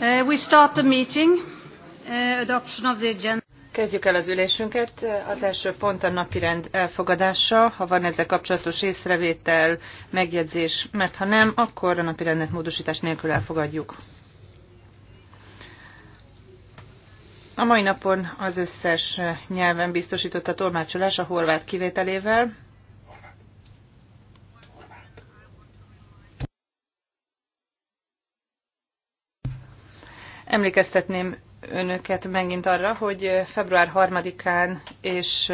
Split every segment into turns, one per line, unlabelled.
Uh, we start the meeting. Uh, adoption of the agenda. Kezdjük el az ülésünket. Az első pont a napirend elfogadása, ha van ezzel kapcsolatos észrevétel, megjegyzés, mert ha nem, akkor a napirendet módosítás nélkül elfogadjuk. A mai napon az összes nyelven biztosított a tolmácsolás a horvát kivételével, Emlékeztetném önöket megint arra, hogy február 3-án és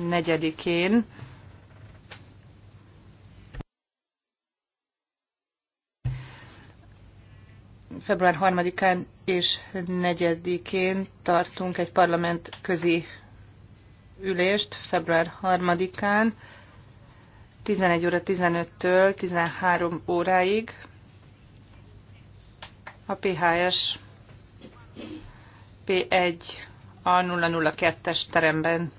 4-én február 3-án és 4-én tartunk egy parlament közi ülést február 3-án 11 óra 15-től 13 óráig a PHS P1 a 002-es teremben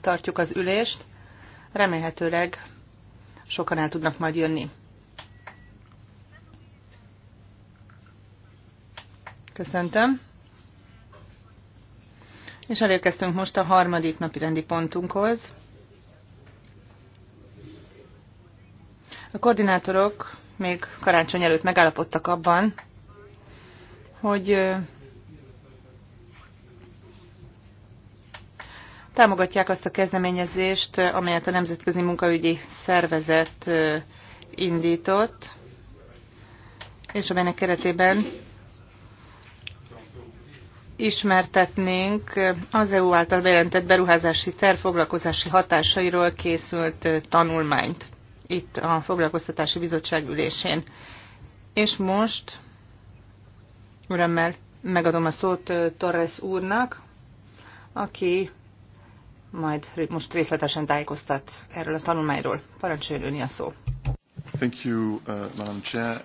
tartjuk az ülést. Remélhetőleg sokan el tudnak majd jönni. Köszöntöm. És elérkeztünk most a harmadik napi rendi pontunkhoz. A koordinátorok még karácsony előtt megállapodtak abban, hogy támogatják azt a kezdeményezést, amelyet a Nemzetközi Munkaügyi Szervezet indított, és amelynek keretében ismertetnénk az EU által bejelentett beruházási terv foglalkozási hatásairól készült tanulmányt itt a Foglalkoztatási Bizottság ülésén. És most Örömmel megadom a szót Torres úrnak, aki majd most részletesen tájékoztat erről a tanulmányról. Parancsoljon a szó. Thank you,
uh, Madam Chair.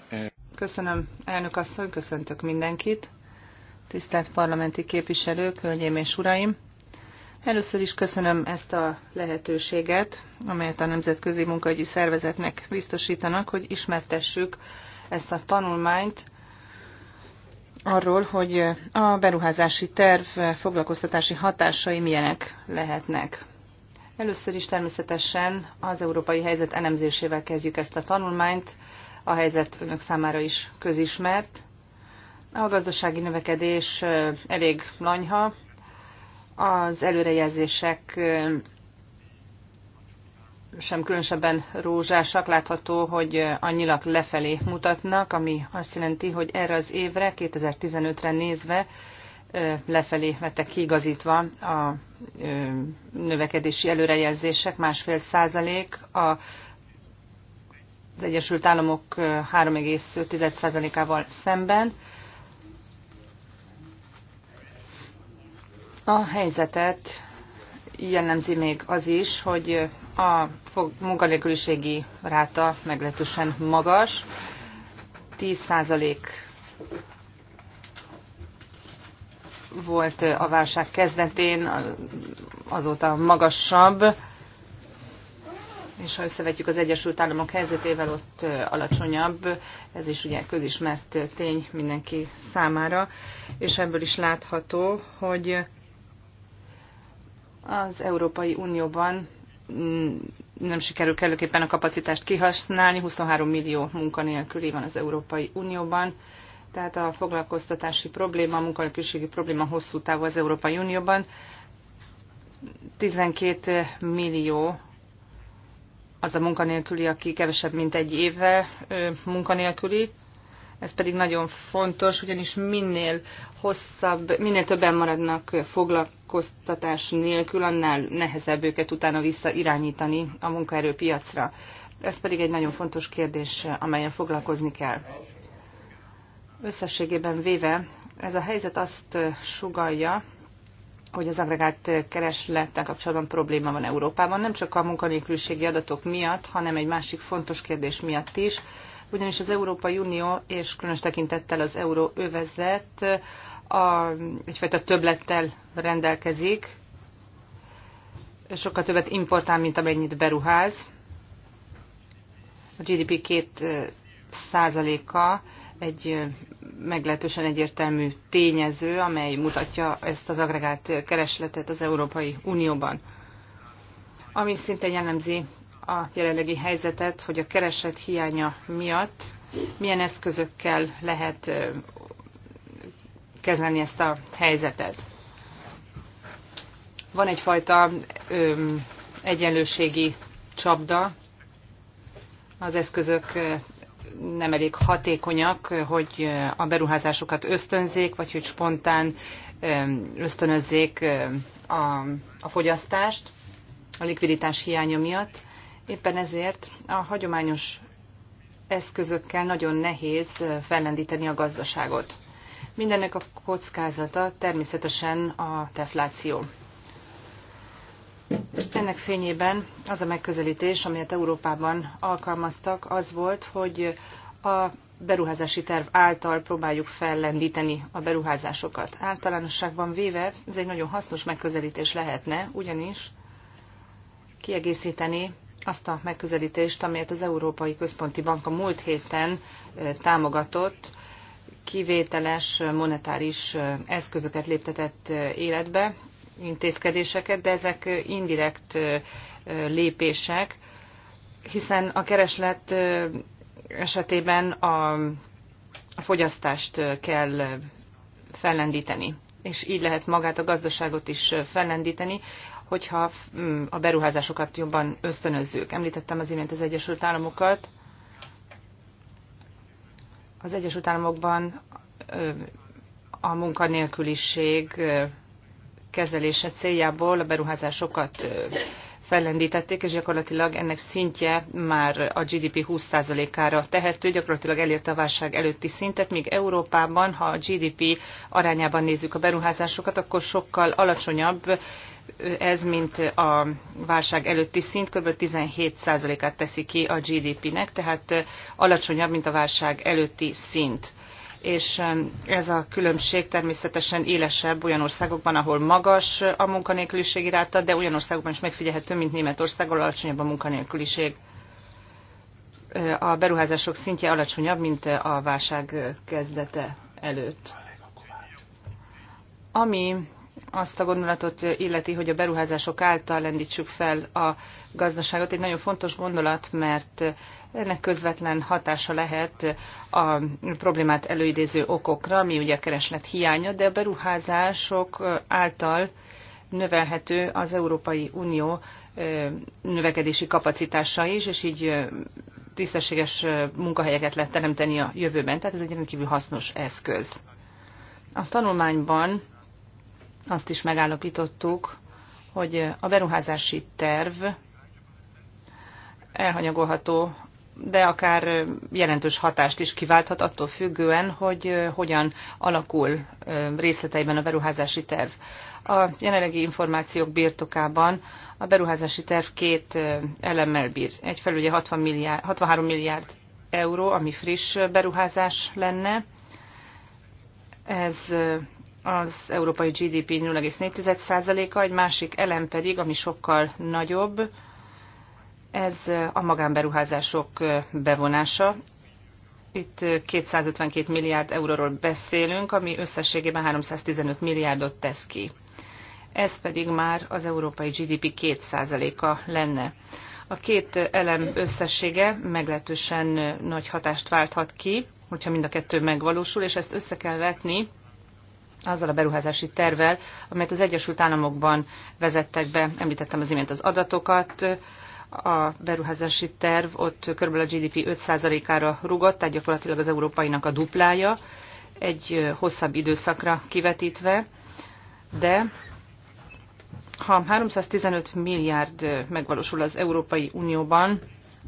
Köszönöm, elnök asszony, köszöntök mindenkit. Tisztelt parlamenti képviselők, hölgyeim és uraim! Először is köszönöm ezt a lehetőséget, amelyet a Nemzetközi Munkaügyi Szervezetnek biztosítanak, hogy ismertessük ezt a tanulmányt, arról, hogy a beruházási terv foglalkoztatási hatásai milyenek lehetnek. Először is természetesen az európai helyzet elemzésével kezdjük ezt a tanulmányt. A helyzet önök számára is közismert. A gazdasági növekedés elég lanyha, az előrejelzések sem különösebben rózsásak, látható, hogy annyilag lefelé mutatnak, ami azt jelenti, hogy erre az évre, 2015-re nézve lefelé vettek kiigazítva a növekedési előrejelzések, másfél százalék, a az Egyesült Államok 3,5%-ával szemben. A helyzetet jellemzi még az is, hogy a munkanélküliségi ráta meglehetősen magas, 10% volt a válság kezdetén, azóta magasabb, és ha összevetjük az Egyesült Államok helyzetével, ott alacsonyabb, ez is ugye közismert tény mindenki számára, és ebből is látható, hogy az Európai Unióban mm, nem sikerül kellőképpen a kapacitást kihasználni, 23 millió munkanélküli van az Európai Unióban, tehát a foglalkoztatási probléma, a munkanélküliségi probléma hosszú távú az Európai Unióban. 12 millió az a munkanélküli, aki kevesebb mint egy éve munkanélküli, ez pedig nagyon fontos, ugyanis minél hosszabb, minél többen maradnak foglalkoztatás nélkül, annál nehezebb őket utána visszairányítani a munkaerőpiacra. Ez pedig egy nagyon fontos kérdés, amelyen foglalkozni kell. Összességében véve ez a helyzet azt sugalja, hogy az agregált kereslettel kapcsolatban probléma van Európában, nem csak a munkanélküliségi adatok miatt, hanem egy másik fontos kérdés miatt is, ugyanis az Európai Unió, és különös tekintettel az euróövezet a, egyfajta többlettel rendelkezik, sokkal többet importál, mint amennyit beruház. A GDP két százaléka egy meglehetősen egyértelmű tényező, amely mutatja ezt az agregált keresletet az Európai Unióban. Ami szintén jellemzi a jelenlegi helyzetet, hogy a kereset hiánya miatt milyen eszközökkel lehet kezelni ezt a helyzetet. Van egyfajta öm, egyenlőségi csapda, az eszközök nem elég hatékonyak, hogy a beruházásokat ösztönzék, vagy hogy spontán ösztönözzék a, a fogyasztást a likviditás hiánya miatt. Éppen ezért a hagyományos eszközökkel nagyon nehéz fellendíteni a gazdaságot. Mindennek a kockázata természetesen a defláció. Ennek fényében az a megközelítés, amelyet Európában alkalmaztak, az volt, hogy a beruházási terv által próbáljuk fellendíteni a beruházásokat. Általánosságban véve ez egy nagyon hasznos megközelítés lehetne, ugyanis kiegészíteni azt a megközelítést, amelyet az Európai Központi Bank a múlt héten támogatott, kivételes monetáris eszközöket léptetett életbe, intézkedéseket, de ezek indirekt lépések, hiszen a kereslet esetében a fogyasztást kell fellendíteni és így lehet magát a gazdaságot is fellendíteni, hogyha mm, a beruházásokat jobban ösztönözzük. Említettem az imént az Egyesült Államokat. Az Egyesült Államokban a munkanélküliség kezelése céljából a beruházásokat fellendítették, és gyakorlatilag ennek szintje már a GDP 20%-ára tehető, gyakorlatilag elérte a válság előtti szintet, míg Európában, ha a GDP arányában nézzük a beruházásokat, akkor sokkal alacsonyabb ez, mint a válság előtti szint, kb. 17%-át teszi ki a GDP-nek, tehát alacsonyabb, mint a válság előtti szint. És um, ez a különbség természetesen élesebb olyan országokban, ahol magas a munkanélküliség iráta, de olyan országokban is megfigyelhető, mint Németország, ahol alacsonyabb a munkanélküliség. A beruházások szintje alacsonyabb, mint a válság kezdete előtt. Ami azt a gondolatot illeti, hogy a beruházások által lendítsük fel a gazdaságot. Egy nagyon fontos gondolat, mert ennek közvetlen hatása lehet a problémát előidéző okokra, mi ugye a kereslet hiánya, de a beruházások által növelhető az Európai Unió növekedési kapacitása is, és így tisztességes munkahelyeket lehet teremteni a jövőben. Tehát ez egy rendkívül hasznos eszköz. A tanulmányban azt is megállapítottuk, hogy a beruházási terv elhanyagolható, de akár jelentős hatást is kiválthat attól függően, hogy hogyan alakul részleteiben a beruházási terv. A jelenlegi információk birtokában a beruházási terv két elemmel bír. Egyfelül ugye 60 milliárd, 63 milliárd euró, ami friss beruházás lenne. Ez az európai GDP 0,4%-a, egy másik elem pedig, ami sokkal nagyobb, ez a magánberuházások bevonása. Itt 252 milliárd euróról beszélünk, ami összességében 315 milliárdot tesz ki. Ez pedig már az európai GDP 2%-a lenne. A két elem összessége meglehetősen nagy hatást válthat ki, hogyha mind a kettő megvalósul, és ezt össze kell vetni azzal a beruházási tervel, amelyet az Egyesült Államokban vezettek be. Említettem az imént az adatokat, a beruházási terv ott körülbelül a GDP 5%-ára rugott, tehát gyakorlatilag az európainak a duplája, egy hosszabb időszakra kivetítve, de ha 315 milliárd megvalósul az Európai Unióban,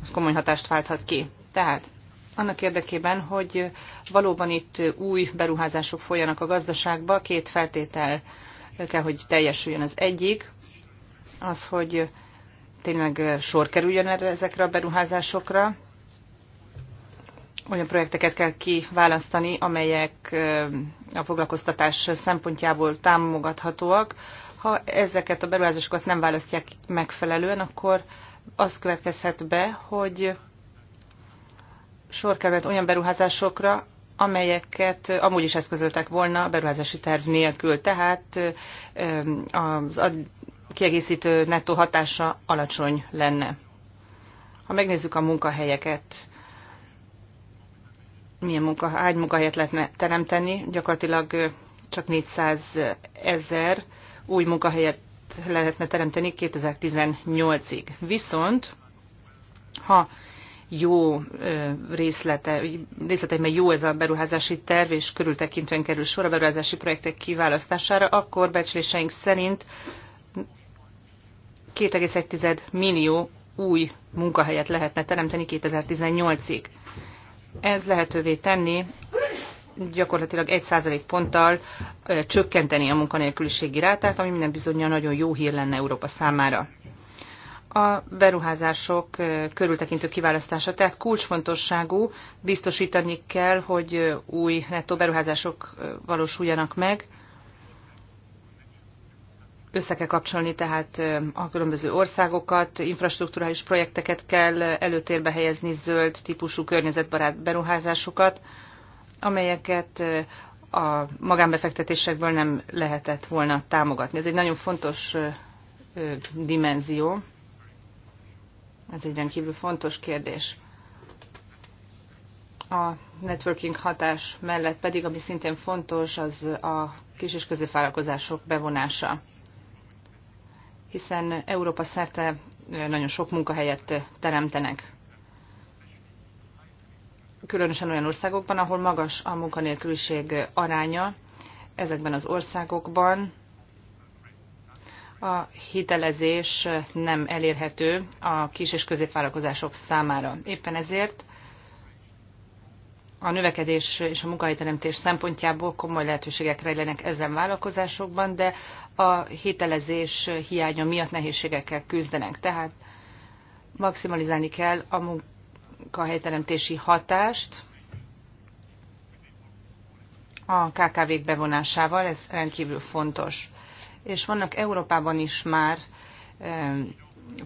az komoly hatást válthat ki. Tehát annak érdekében, hogy valóban itt új beruházások folyanak a gazdaságba, két feltétel kell, hogy teljesüljön. Az egyik az, hogy tényleg sor kerüljön erre ezekre a beruházásokra, olyan projekteket kell kiválasztani, amelyek a foglalkoztatás szempontjából támogathatóak. Ha ezeket a beruházásokat nem választják megfelelően, akkor az következhet be, hogy sor került olyan beruházásokra, amelyeket amúgy is eszközöltek volna a beruházási terv nélkül. Tehát az a kiegészítő nettó hatása alacsony lenne. Ha megnézzük a munkahelyeket, milyen munka, hány munkahelyet lehetne teremteni, gyakorlatilag csak 400 ezer új munkahelyet lehetne teremteni 2018-ig. Viszont, ha jó részlete, részleteiben jó ez a beruházási terv, és körültekintően kerül sor a beruházási projektek kiválasztására, akkor becsléseink szerint 2,1 millió új munkahelyet lehetne teremteni 2018-ig. Ez lehetővé tenni gyakorlatilag 1 ponttal csökkenteni a munkanélküliségi rátát, ami minden bizonyal nagyon jó hír lenne Európa számára a beruházások körültekintő kiválasztása. Tehát kulcsfontosságú biztosítani kell, hogy új nettó beruházások valósuljanak meg. Össze kell kapcsolni tehát a különböző országokat, infrastruktúrális projekteket kell előtérbe helyezni, zöld típusú környezetbarát beruházásokat, amelyeket a magánbefektetésekből nem lehetett volna támogatni. Ez egy nagyon fontos dimenzió ez egy rendkívül fontos kérdés. A networking hatás mellett pedig, ami szintén fontos, az a kis- és középvállalkozások bevonása. Hiszen Európa szerte nagyon sok munkahelyet teremtenek különösen olyan országokban, ahol magas a munkanélküliség aránya. Ezekben az országokban a hitelezés nem elérhető a kis- és középvállalkozások számára. Éppen ezért a növekedés és a munkahelyteremtés szempontjából komoly lehetőségek rejlenek ezen vállalkozásokban, de a hitelezés hiánya miatt nehézségekkel küzdenek. Tehát maximalizálni kell a munkahelyteremtési hatást a KKV-k bevonásával, ez rendkívül fontos és vannak Európában is már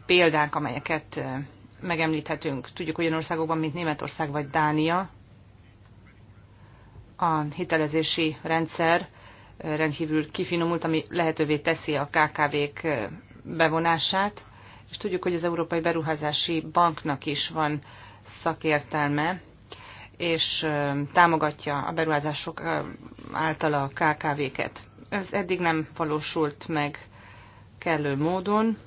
példák, amelyeket megemlíthetünk. Tudjuk olyan országokban, mint Németország vagy Dánia, a hitelezési rendszer rendkívül kifinomult, ami lehetővé teszi a KKV-k bevonását, és tudjuk, hogy az Európai Beruházási Banknak is van szakértelme, és támogatja a beruházások által a KKV-ket ez eddig nem valósult meg kellő módon,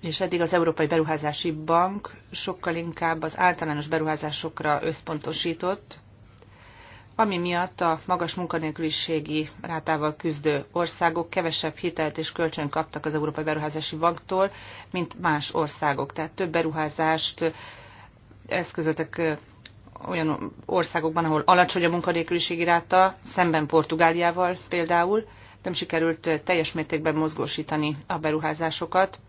és eddig az Európai Beruházási Bank sokkal inkább az általános beruházásokra összpontosított, ami miatt a magas munkanélküliségi rátával küzdő országok kevesebb hitelt és kölcsön kaptak az Európai Beruházási Banktól, mint más országok. Tehát több beruházást eszközöltek olyan országokban, ahol alacsony a munkanélküliség iráta, szemben Portugáliával például, nem sikerült teljes mértékben mozgósítani a beruházásokat,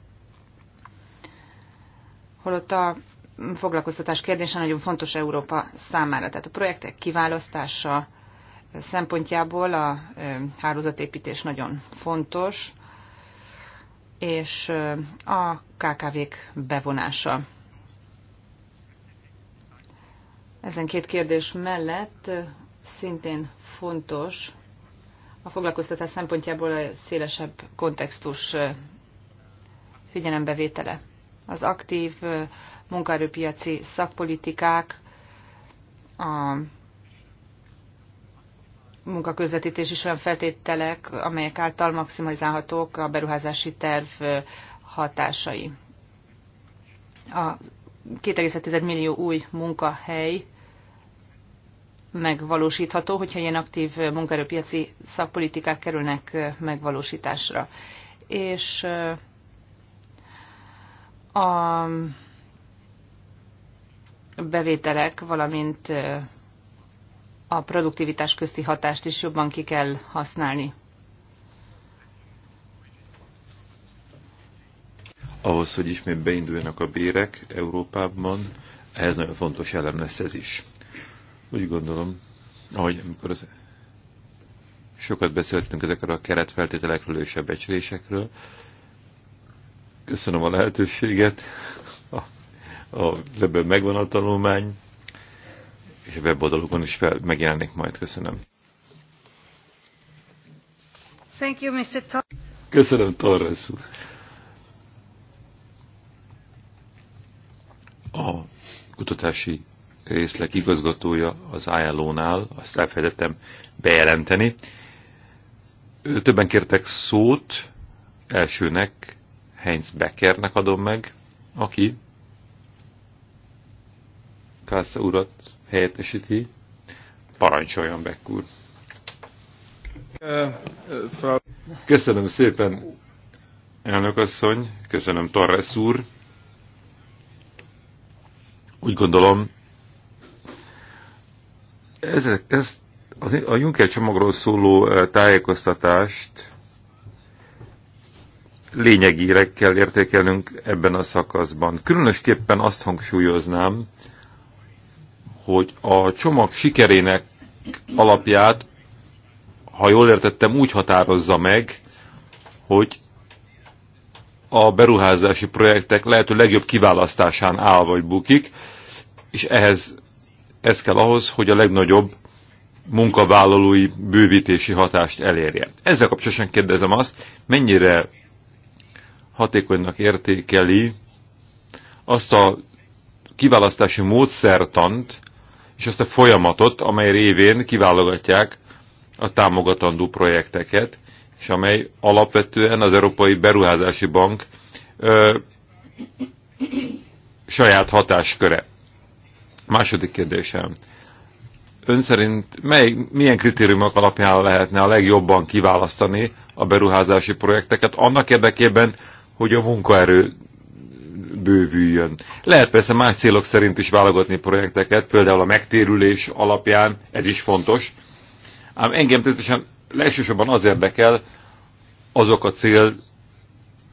holott a foglalkoztatás kérdése nagyon fontos Európa számára. Tehát a projektek kiválasztása szempontjából a hálózatépítés nagyon fontos, és a KKV-k bevonása. Ezen két kérdés mellett szintén fontos a foglalkoztatás szempontjából a szélesebb kontextus figyelembevétele. Az aktív munkaerőpiaci szakpolitikák, a munkaközvetítés is olyan feltételek, amelyek által maximalizálhatók a beruházási terv hatásai. A 2,1 millió új munkahely megvalósítható, hogyha ilyen aktív munkaerőpiaci szakpolitikák kerülnek megvalósításra. És a bevételek, valamint a produktivitás közti hatást is jobban ki kell használni.
ahhoz, hogy ismét beinduljanak a bérek Európában, ehhez nagyon fontos elem lesz ez is. Úgy gondolom, ahogy amikor az sokat beszéltünk ezekről a keretfeltételekről és a becslésekről. Köszönöm a lehetőséget. A, a, ebben megvan a tanulmány, és a weboldalukon is fel, megjelenik majd. Köszönöm.
Thank you, Mr. Torres.
Köszönöm, Torres úr. a kutatási részleg igazgatója az ILO-nál, azt elfelejtettem bejelenteni. Többen kértek szót, elsőnek Heinz Beckernek adom meg, aki Kásza urat helyettesíti. Parancsoljon, Beck úr! Köszönöm szépen, elnök asszony, köszönöm Torres úr, úgy gondolom, ez, ez az, a Juncker csomagról szóló tájékoztatást lényegére kell értékelnünk ebben a szakaszban. Különösképpen azt hangsúlyoznám, hogy a csomag sikerének alapját, ha jól értettem, úgy határozza meg, hogy a beruházási projektek lehető legjobb kiválasztásán áll vagy bukik, és ehhez ez kell ahhoz, hogy a legnagyobb munkavállalói bővítési hatást elérje. Ezzel kapcsolatban kérdezem azt, mennyire hatékonynak értékeli azt a kiválasztási módszertant és azt a folyamatot, amely révén kiválogatják a támogatandó projekteket, és amely alapvetően az Európai Beruházási Bank ö, saját hatásköre. Második kérdésem. Ön szerint mely, milyen kritériumok alapján lehetne a legjobban kiválasztani a beruházási projekteket annak érdekében, hogy a munkaerő bővüljön. Lehet persze más célok szerint is válogatni projekteket, például a megtérülés alapján, ez is fontos. Ám engem tényleg elsősorban az érdekel, azok a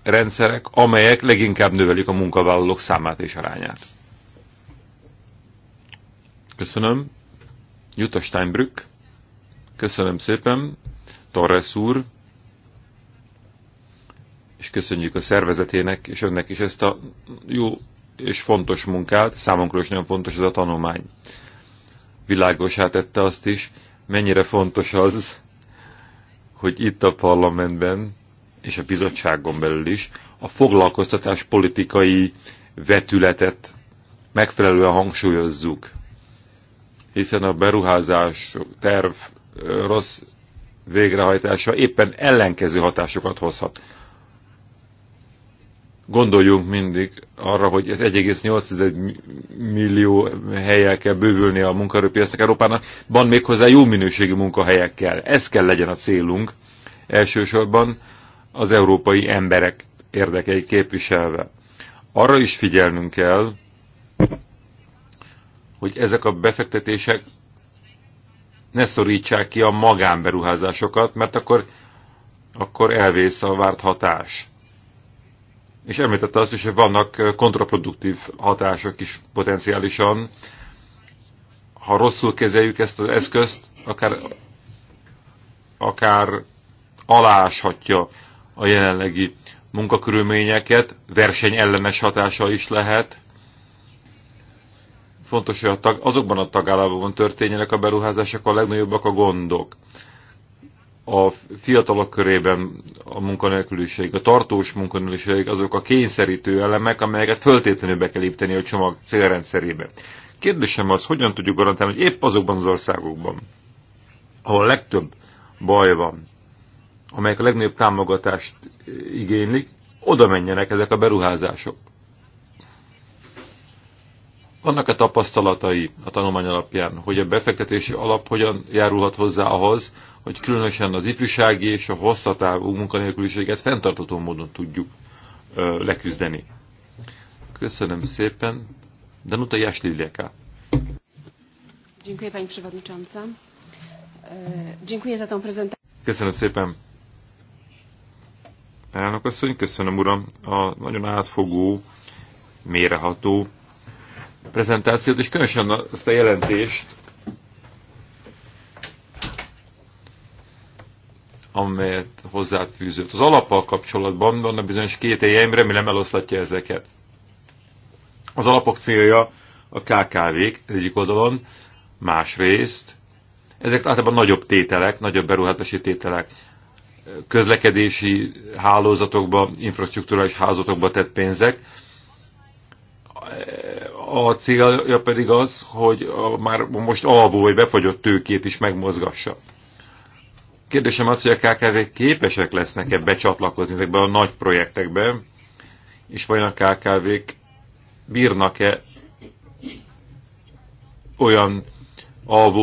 célrendszerek, amelyek leginkább növelik a munkavállalók számát és arányát. Köszönöm. Jutta Steinbrück. Köszönöm szépen. Torres úr. És köszönjük a szervezetének és önnek is ezt a jó és fontos munkát. Számunkra is nagyon fontos ez a tanulmány. Világosá tette azt is, mennyire fontos az, hogy itt a parlamentben és a bizottságon belül is a foglalkoztatás politikai vetületet megfelelően hangsúlyozzuk, hiszen a beruházás terv rossz végrehajtása éppen ellenkező hatásokat hozhat Gondoljunk mindig arra, hogy 1,8 millió helyel kell bővülni a munkaerőpiacnak Európának, van méghozzá jó minőségi munkahelyekkel. Ez kell legyen a célunk, elsősorban az európai emberek érdekeit képviselve. Arra is figyelnünk kell, hogy ezek a befektetések ne szorítsák ki a magánberuházásokat, mert akkor, akkor elvész a várt hatás és említette azt is, hogy vannak kontraproduktív hatások is potenciálisan. Ha rosszul kezeljük ezt az eszközt, akár, akár aláshatja a jelenlegi munkakörülményeket, versenyellenes hatása is lehet. Fontos, hogy a tag, azokban a tagállamokban történjenek a beruházások, a legnagyobbak a gondok a fiatalok körében a munkanélküliség, a tartós munkanélküliség, azok a kényszerítő elemek, amelyeket föltétlenül be kell építeni a csomag célrendszerébe. Kérdésem az, hogyan tudjuk garantálni, hogy épp azokban az országokban, ahol a legtöbb baj van, amelyek a legnagyobb támogatást igénylik, oda menjenek ezek a beruházások. Vannak-e tapasztalatai a tanulmány alapján, hogy a befektetési alap hogyan járulhat hozzá ahhoz, hogy különösen az ifjúsági és a hosszatávú munkanélküliséget fenntartató módon tudjuk ö, leküzdeni. Köszönöm szépen. Danuta Jászlilieka.
Dziękuję Pani Przewodnicząca. E,
dziękuję za tą prezentację.
Köszönöm szépen. Elnök asszony, köszönöm uram a nagyon átfogó, méreható prezentációt, és különösen azt a jelentést, amelyet hozzáfűzött. Az alappal kapcsolatban vannak bizonyos két éjjel, remélem eloszlatja ezeket. Az alapok célja a KKV-k egyik oldalon, másrészt, ezek általában nagyobb tételek, nagyobb beruházási tételek, közlekedési hálózatokba, infrastruktúrális házatokba tett pénzek. A célja pedig az, hogy a már most alvó vagy befagyott tőkét is megmozgassa. Kérdésem az, hogy a KKV képesek lesznek-e becsatlakozni ezekbe a nagy projektekbe, és vajon a KKV-k bírnak-e olyan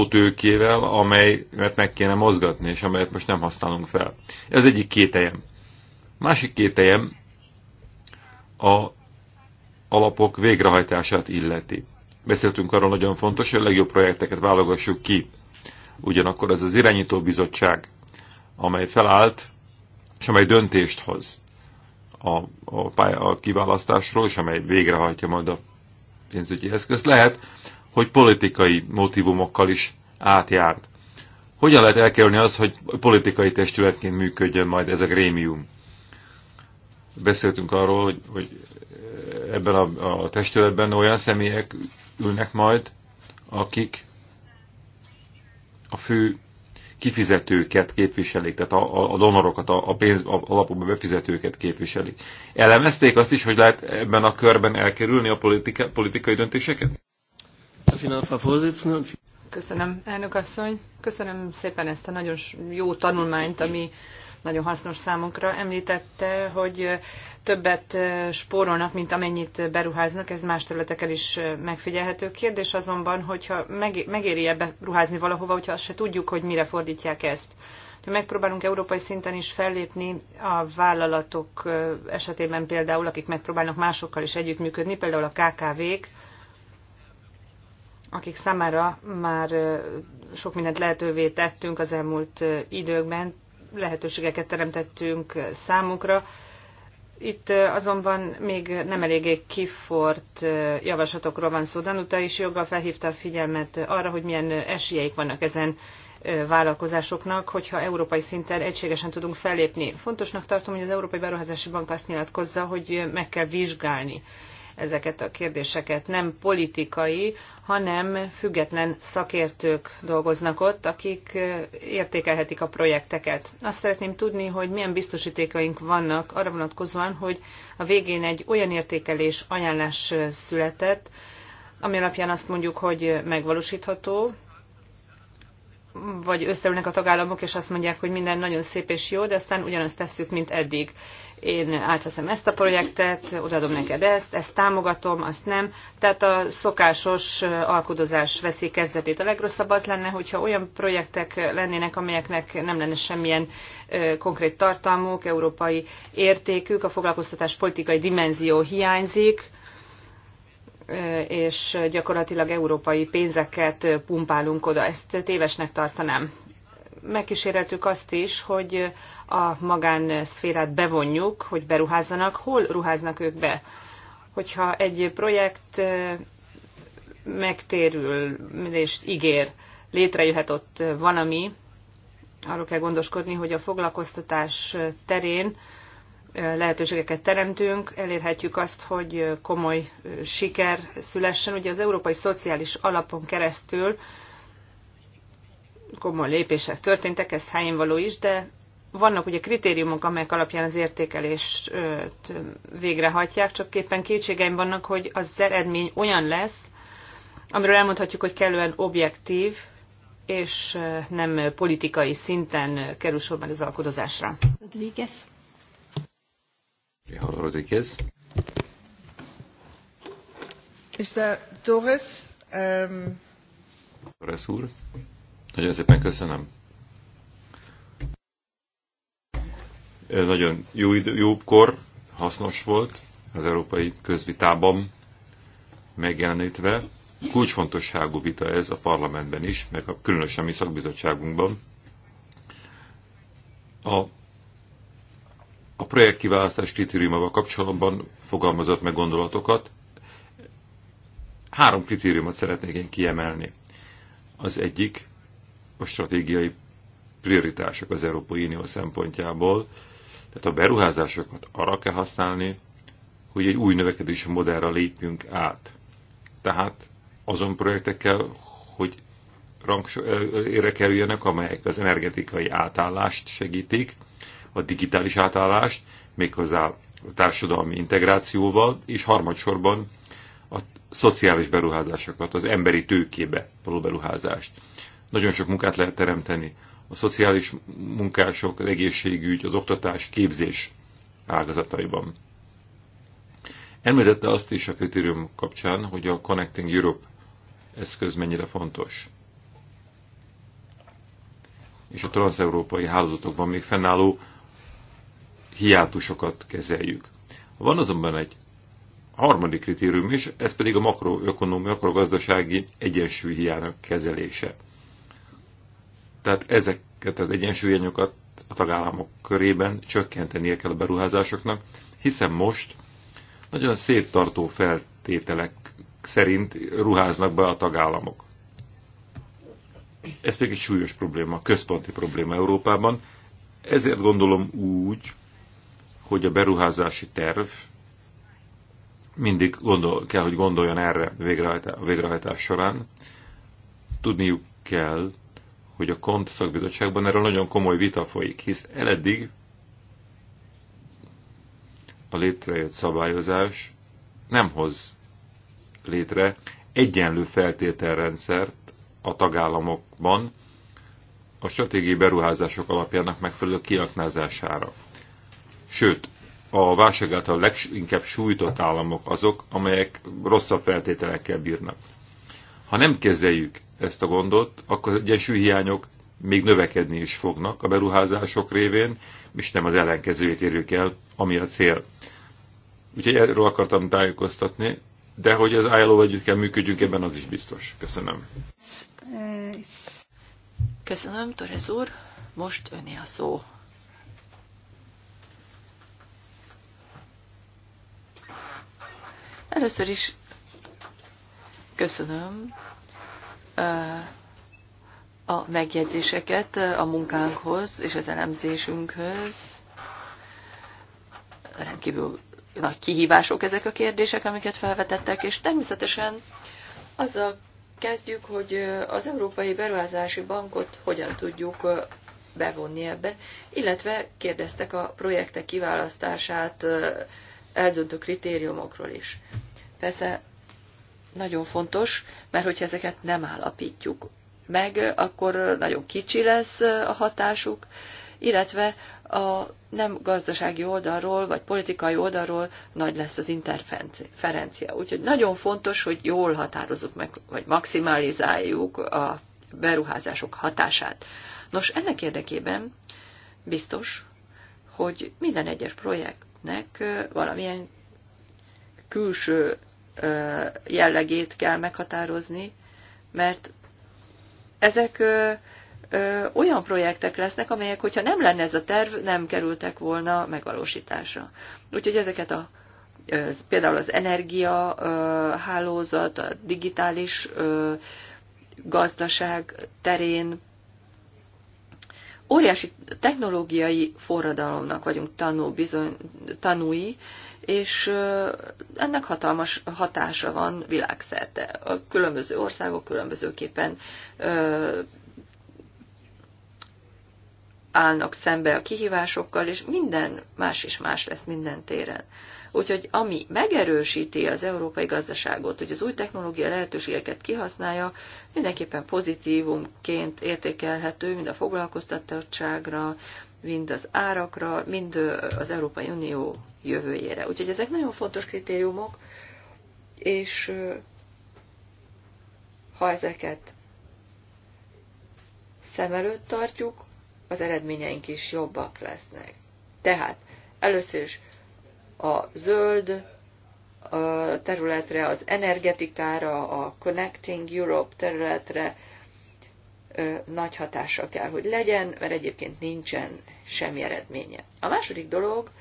tőkével, amelyet meg kéne mozgatni, és amelyet most nem használunk fel. Ez egyik kételjem. Másik kételjem a alapok végrehajtását illeti. Beszéltünk arról nagyon fontos, hogy a legjobb projekteket válogassuk ki. Ugyanakkor ez az irányító bizottság amely felállt, és amely döntést hoz a, a, pálya, a kiválasztásról, és amely végrehajtja majd a pénzügyi eszközt. Lehet, hogy politikai motivumokkal is átjárt. Hogyan lehet elkerülni az, hogy politikai testületként működjön majd ez a grémium? Beszéltünk arról, hogy, hogy ebben a, a testületben olyan személyek ülnek majd, akik a fő kifizetőket képviselik, tehát a, a donorokat, a, a pénz alapú befizetőket képviselik. Elemezték azt is, hogy lehet ebben a körben elkerülni a politika, politikai döntéseket?
Köszönöm, elnök asszony. Köszönöm szépen ezt a nagyon jó tanulmányt, ami nagyon hasznos számunkra. Említette, hogy többet spórolnak, mint amennyit beruháznak, ez más területeken is megfigyelhető. Kérdés azonban, hogyha megéri ebbe ruházni valahova, hogyha azt se tudjuk, hogy mire fordítják ezt. Ha megpróbálunk európai szinten is fellépni a vállalatok esetében például, akik megpróbálnak másokkal is együttműködni, például a KKV-k, akik számára már sok mindent lehetővé tettünk az elmúlt időkben, lehetőségeket teremtettünk számukra. Itt azonban még nem eléggé kifort javaslatokról van szó. Danuta is joggal felhívta a figyelmet arra, hogy milyen esélyeik vannak ezen vállalkozásoknak, hogyha európai szinten egységesen tudunk fellépni. Fontosnak tartom, hogy az Európai Beruházási Bank azt nyilatkozza, hogy meg kell vizsgálni ezeket a kérdéseket. Nem politikai, hanem független szakértők dolgoznak ott, akik értékelhetik a projekteket. Azt szeretném tudni, hogy milyen biztosítékaink vannak arra vonatkozóan, hogy a végén egy olyan értékelés ajánlás született, ami alapján azt mondjuk, hogy megvalósítható, vagy összeülnek a tagállamok, és azt mondják, hogy minden nagyon szép és jó, de aztán ugyanazt tesszük, mint eddig. Én átveszem ezt a projektet, odaadom neked ezt, ezt támogatom, azt nem. Tehát a szokásos alkudozás veszi kezdetét. A legrosszabb az lenne, hogyha olyan projektek lennének, amelyeknek nem lenne semmilyen konkrét tartalmuk, európai értékük, a foglalkoztatás politikai dimenzió hiányzik, és gyakorlatilag európai pénzeket pumpálunk oda. Ezt tévesnek tartanám. Megkíséreltük azt is, hogy a magánszférát bevonjuk, hogy beruházzanak. Hol ruháznak ők be? Hogyha egy projekt megtérül, és ígér, létrejöhet ott valami, arról kell gondoskodni, hogy a foglalkoztatás terén lehetőségeket teremtünk, elérhetjük azt, hogy komoly siker szülessen. Ugye az Európai Szociális Alapon keresztül komoly lépések történtek, ez helyén való is, de vannak ugye kritériumok, amelyek alapján az értékelést végrehajtják, csak éppen kétségeim vannak, hogy az eredmény olyan lesz, amiről elmondhatjuk, hogy kellően objektív, és nem politikai szinten kerül sor meg az alkodozásra. Rodríguez.
Rodriguez.
Mr.
Torres. Um...
Torres úr. Nagyon szépen köszönöm. Nagyon jó, idő, kor, hasznos volt az európai közvitában megjelenítve. Kulcsfontosságú vita ez a parlamentben is, meg a, különösen mi szakbizottságunkban. A a projektkiválasztás kritériumával kapcsolatban fogalmazott meg gondolatokat. Három kritériumot szeretnék én kiemelni. Az egyik a stratégiai prioritások az Európai Unió szempontjából, tehát a beruházásokat arra kell használni, hogy egy új növekedési modellre lépjünk át. Tehát azon projektekkel, hogy rangsorra kerüljenek, amelyek az energetikai átállást segítik, a digitális átállást, méghozzá a társadalmi integrációval, és harmadsorban a szociális beruházásokat, az emberi tőkébe való beruházást. Nagyon sok munkát lehet teremteni. A szociális munkások, az egészségügy, az oktatás, képzés ágazataiban. Említette azt is a kritérium kapcsán, hogy a Connecting Europe eszköz mennyire fontos. És a transeurópai hálózatokban még fennálló hiátusokat kezeljük. Van azonban egy harmadik kritérium is, ez pedig a makroökonomi, makrogazdasági egyensúly hiányok kezelése. Tehát ezeket az egyensúlyhiányokat a tagállamok körében csökkentenie kell a beruházásoknak, hiszen most nagyon széttartó feltételek szerint ruháznak be a tagállamok. Ez pedig egy súlyos probléma, központi probléma Európában. Ezért gondolom úgy, hogy a beruházási terv mindig gondol, kell, hogy gondoljon erre a végrehajtás során. Tudniuk kell, hogy a KONT szakbizottságban erről nagyon komoly vita folyik, hisz eleddig a létrejött szabályozás nem hoz létre egyenlő feltételrendszert a tagállamokban a stratégiai beruházások alapjának megfelelő kiaknázására. Sőt, a válság által leginkább sújtott államok azok, amelyek rosszabb feltételekkel bírnak. Ha nem kezeljük ezt a gondot, akkor egyensúlyhiányok még növekedni is fognak a beruházások révén, és nem az ellenkezőjét érjük el, ami a cél. Úgyhogy erről akartam tájékoztatni, de hogy az ILO vagyunk, kell működjünk, ebben az is biztos. Köszönöm.
Köszönöm, Torez úr. Most öné a szó. Először is köszönöm a megjegyzéseket a munkánkhoz és az elemzésünkhöz. Rendkívül nagy kihívások ezek a kérdések, amiket felvetettek, és természetesen azzal kezdjük, hogy az Európai Beruházási Bankot hogyan tudjuk bevonni ebbe, illetve kérdeztek a projektek kiválasztását eldöntő kritériumokról is. Persze nagyon fontos, mert hogyha ezeket nem állapítjuk meg, akkor nagyon kicsi lesz a hatásuk, illetve a nem gazdasági oldalról, vagy politikai oldalról nagy lesz az interferencia. Úgyhogy nagyon fontos, hogy jól határozzuk meg, vagy maximalizáljuk a beruházások hatását. Nos, ennek érdekében biztos, hogy minden egyes projekt üzenetnek valamilyen külső jellegét kell meghatározni, mert ezek olyan projektek lesznek, amelyek, hogyha nem lenne ez a terv, nem kerültek volna megvalósításra. Úgyhogy ezeket a például az energia hálózat, a digitális gazdaság terén óriási technológiai forradalomnak vagyunk tanú, bizony, tanúi, és ennek hatalmas hatása van világszerte. A különböző országok különbözőképpen állnak szembe a kihívásokkal, és minden más is más lesz minden téren. Úgyhogy ami megerősíti az európai gazdaságot, hogy az új technológia lehetőségeket kihasználja, mindenképpen pozitívumként értékelhető mind a foglalkoztatottságra, mind az árakra, mind az Európai Unió jövőjére. Úgyhogy ezek nagyon fontos kritériumok, és ha ezeket szem előtt tartjuk, az eredményeink is jobbak lesznek. Tehát először is a zöld a területre, az energetikára, a Connecting Europe területre nagy hatása kell, hogy legyen, mert egyébként nincsen semmi eredménye. A második dolog,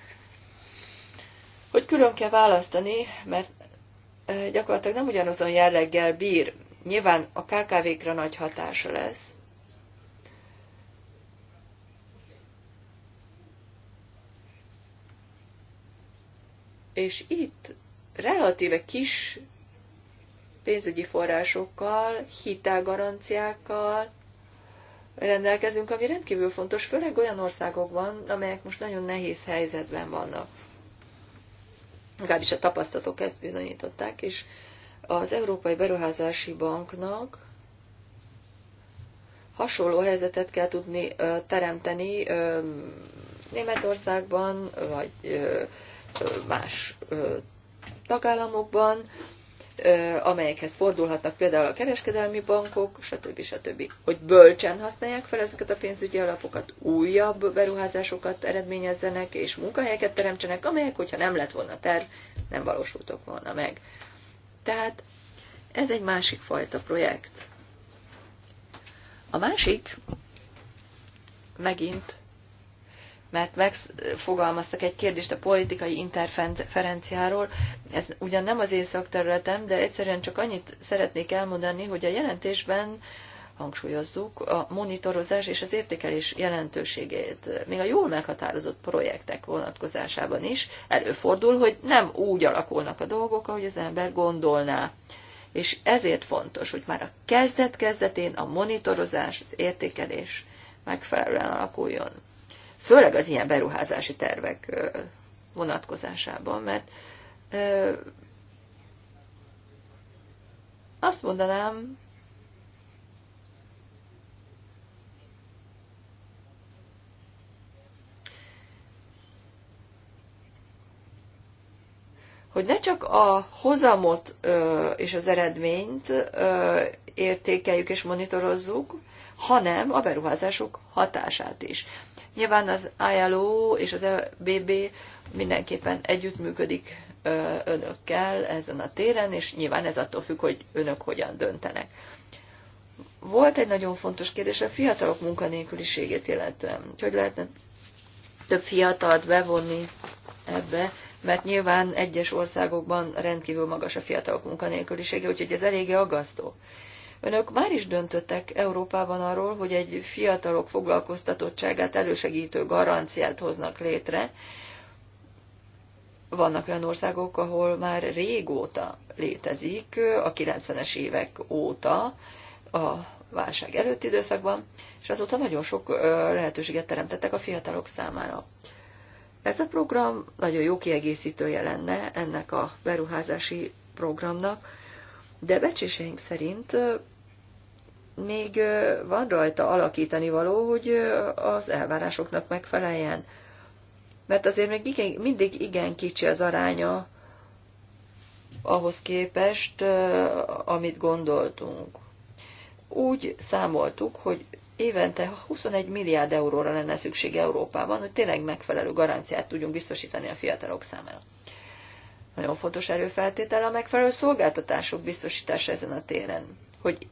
hogy külön kell választani, mert gyakorlatilag nem ugyanazon jelleggel bír. Nyilván a KKV-kra nagy hatása lesz, És itt relatíve kis pénzügyi forrásokkal, hitelgaranciákkal rendelkezünk, ami rendkívül fontos, főleg olyan országokban, amelyek most nagyon nehéz helyzetben vannak. Legalábbis a tapasztalatok ezt bizonyították, és az Európai Beruházási Banknak hasonló helyzetet kell tudni teremteni Németországban, vagy más tagállamokban, amelyekhez fordulhatnak például a kereskedelmi bankok, stb. stb. Hogy bölcsen használják fel ezeket a pénzügyi alapokat, újabb beruházásokat eredményezzenek és munkahelyeket teremtsenek, amelyek, hogyha nem lett volna terv, nem valósultak volna meg. Tehát ez egy másik fajta projekt. A másik megint mert megfogalmaztak egy kérdést a politikai interferenciáról. Ez ugyan nem az én szakterületem, de egyszerűen csak annyit szeretnék elmondani, hogy a jelentésben hangsúlyozzuk a monitorozás és az értékelés jelentőségét. Még a jól meghatározott projektek vonatkozásában is előfordul, hogy nem úgy alakulnak a dolgok, ahogy az ember gondolná. És ezért fontos, hogy már a kezdet-kezdetén a monitorozás, az értékelés megfelelően alakuljon főleg az ilyen beruházási tervek vonatkozásában, mert azt mondanám, hogy ne csak a hozamot ö, és az eredményt ö, értékeljük és monitorozzuk, hanem a beruházások hatását is. Nyilván az ILO és az BB e mindenképpen együttműködik önökkel ezen a téren, és nyilván ez attól függ, hogy önök hogyan döntenek. Volt egy nagyon fontos kérdés a fiatalok munkanélküliségét illetően, hogy lehetne több fiatalt bevonni ebbe, mert nyilván egyes országokban rendkívül magas a fiatalok munkanélkülisége, úgyhogy ez eléggé aggasztó. Önök már is döntöttek Európában arról, hogy egy fiatalok foglalkoztatottságát elősegítő garanciát hoznak létre. Vannak olyan országok, ahol már régóta létezik, a 90-es évek óta, a válság előtti időszakban, és azóta nagyon sok lehetőséget teremtettek a fiatalok számára. Ez a program nagyon jó kiegészítője lenne ennek a beruházási programnak, de becséseink szerint még van rajta alakítani való, hogy az elvárásoknak megfeleljen. Mert azért még igen, mindig igen kicsi az aránya ahhoz képest, amit gondoltunk. Úgy számoltuk, hogy évente 21 milliárd euróra lenne szükség Európában, hogy tényleg megfelelő garanciát tudjunk biztosítani a fiatalok számára. Nagyon fontos erőfeltétel a megfelelő szolgáltatások biztosítása ezen a téren, hogy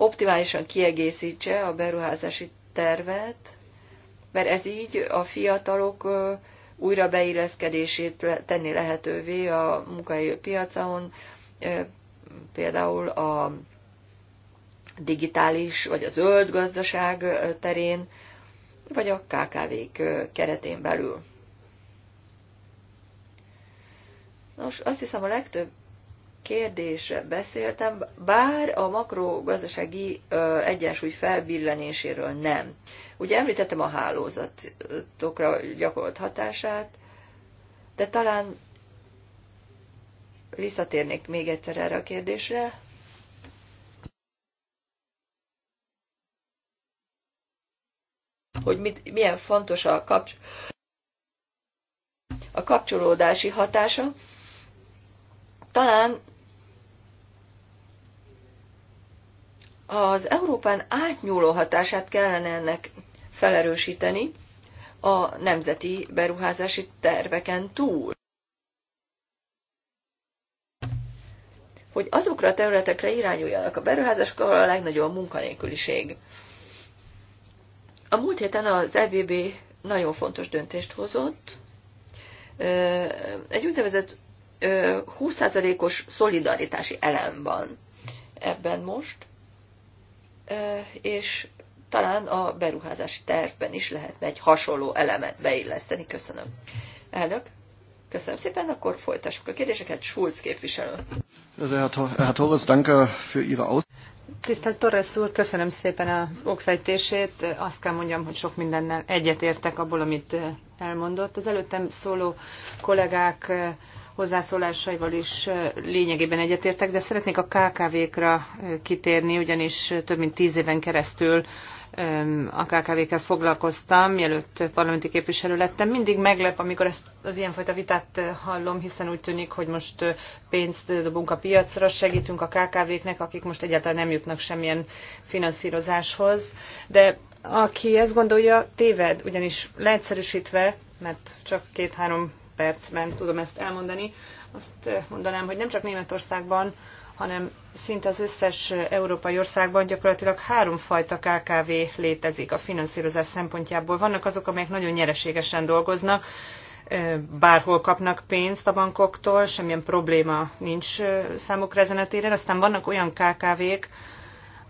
optimálisan kiegészítse a beruházási tervet, mert ez így a fiatalok újra beilleszkedését tenni lehetővé a munkai piacon, például a digitális vagy a zöld gazdaság terén, vagy a KKV-k keretén belül. Nos, azt hiszem a legtöbb kérdésre beszéltem, bár a makrogazdasági egyensúly felbillenéséről nem. Ugye említettem a hálózatokra gyakorolt hatását, de talán visszatérnék még egyszer erre a kérdésre. Hogy mit, milyen fontos a, kapcs- a kapcsolódási hatása. Talán Az Európán átnyúló hatását kellene ennek felerősíteni a nemzeti beruházási terveken túl. Hogy azokra a területekre irányuljanak a beruházások, ahol a legnagyobb a munkanélküliség. A múlt héten az EBB nagyon fontos döntést hozott. Egy úgynevezett 20%-os szolidaritási elem van ebben most és talán a beruházási tervben is lehetne egy hasonló elemet beilleszteni. Köszönöm. Elnök,
köszönöm szépen, akkor folytassuk a kérdéseket. Schulz képviselő. Tisztelt Torres úr, köszönöm szépen az okfejtését. Azt kell mondjam, hogy sok mindennel egyetértek abból, amit elmondott. Az előttem szóló kollégák hozzászólásaival is lényegében egyetértek, de szeretnék a KKV-kra kitérni, ugyanis több mint tíz éven keresztül a KKV-kkel foglalkoztam, mielőtt parlamenti képviselő lettem. Mindig meglep, amikor ezt az ilyenfajta vitát hallom, hiszen úgy tűnik, hogy most pénzt dobunk a piacra, segítünk a KKV-knek, akik most egyáltalán nem jutnak semmilyen finanszírozáshoz. De aki ezt gondolja, téved, ugyanis leegyszerűsítve, mert csak két-három percben tudom ezt elmondani. Azt eh, mondanám, hogy nem csak Németországban, hanem szinte az összes eh, európai országban gyakorlatilag háromfajta KKV létezik a finanszírozás szempontjából. Vannak azok, amelyek nagyon nyereségesen dolgoznak, eh, bárhol kapnak pénzt a bankoktól, semmilyen probléma nincs számukra ezen a téren. Aztán vannak olyan KKV-k,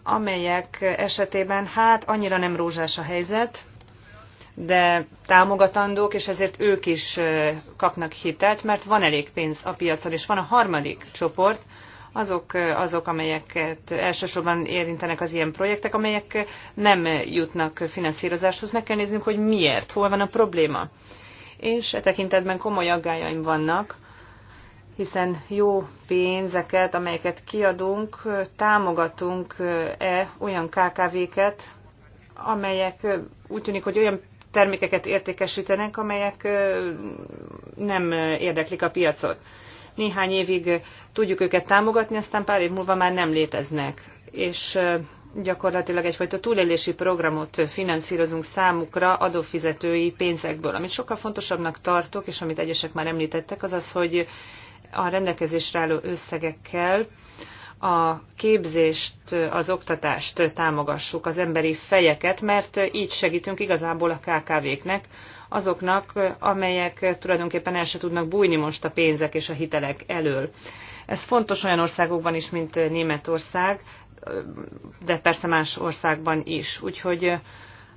amelyek esetében hát annyira nem rózsás a helyzet, de támogatandók, és ezért ők is kapnak hitelt, mert van elég pénz a piacon, és van a harmadik csoport, azok, azok, amelyeket elsősorban érintenek az ilyen projektek, amelyek nem jutnak finanszírozáshoz. Meg kell néznünk, hogy miért, hol van a probléma. És e tekintetben komoly aggájaim vannak, hiszen jó pénzeket, amelyeket kiadunk, támogatunk-e olyan KKV-ket, amelyek úgy tűnik, hogy olyan termékeket értékesítenek, amelyek nem érdeklik a piacot. Néhány évig tudjuk őket támogatni, aztán pár év múlva már nem léteznek. És gyakorlatilag egyfajta túlélési programot finanszírozunk számukra adófizetői pénzekből. Amit sokkal fontosabbnak tartok, és amit egyesek már említettek, az az, hogy a rendelkezésre álló összegekkel a képzést, az oktatást támogassuk, az emberi fejeket, mert így segítünk igazából a KKV-knek, azoknak, amelyek tulajdonképpen el se tudnak bújni most a pénzek és a hitelek elől. Ez fontos olyan országokban is, mint Németország, de persze más országban is. Úgyhogy,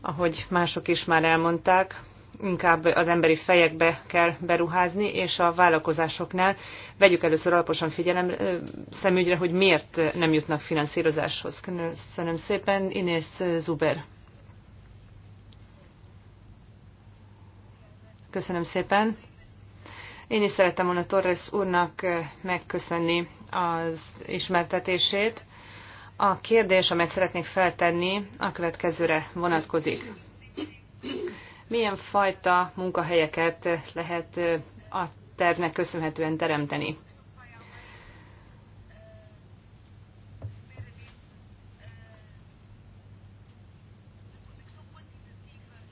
ahogy mások is már elmondták, inkább az emberi fejekbe kell beruházni, és a vállalkozásoknál vegyük először alaposan figyelem szemügyre, hogy miért nem jutnak finanszírozáshoz. Köszönöm szépen, Inés Zuber. Köszönöm szépen. Én is szerettem volna Torres úrnak megköszönni az ismertetését. A kérdés, amit szeretnék feltenni, a következőre vonatkozik milyen fajta munkahelyeket lehet a tervnek köszönhetően teremteni.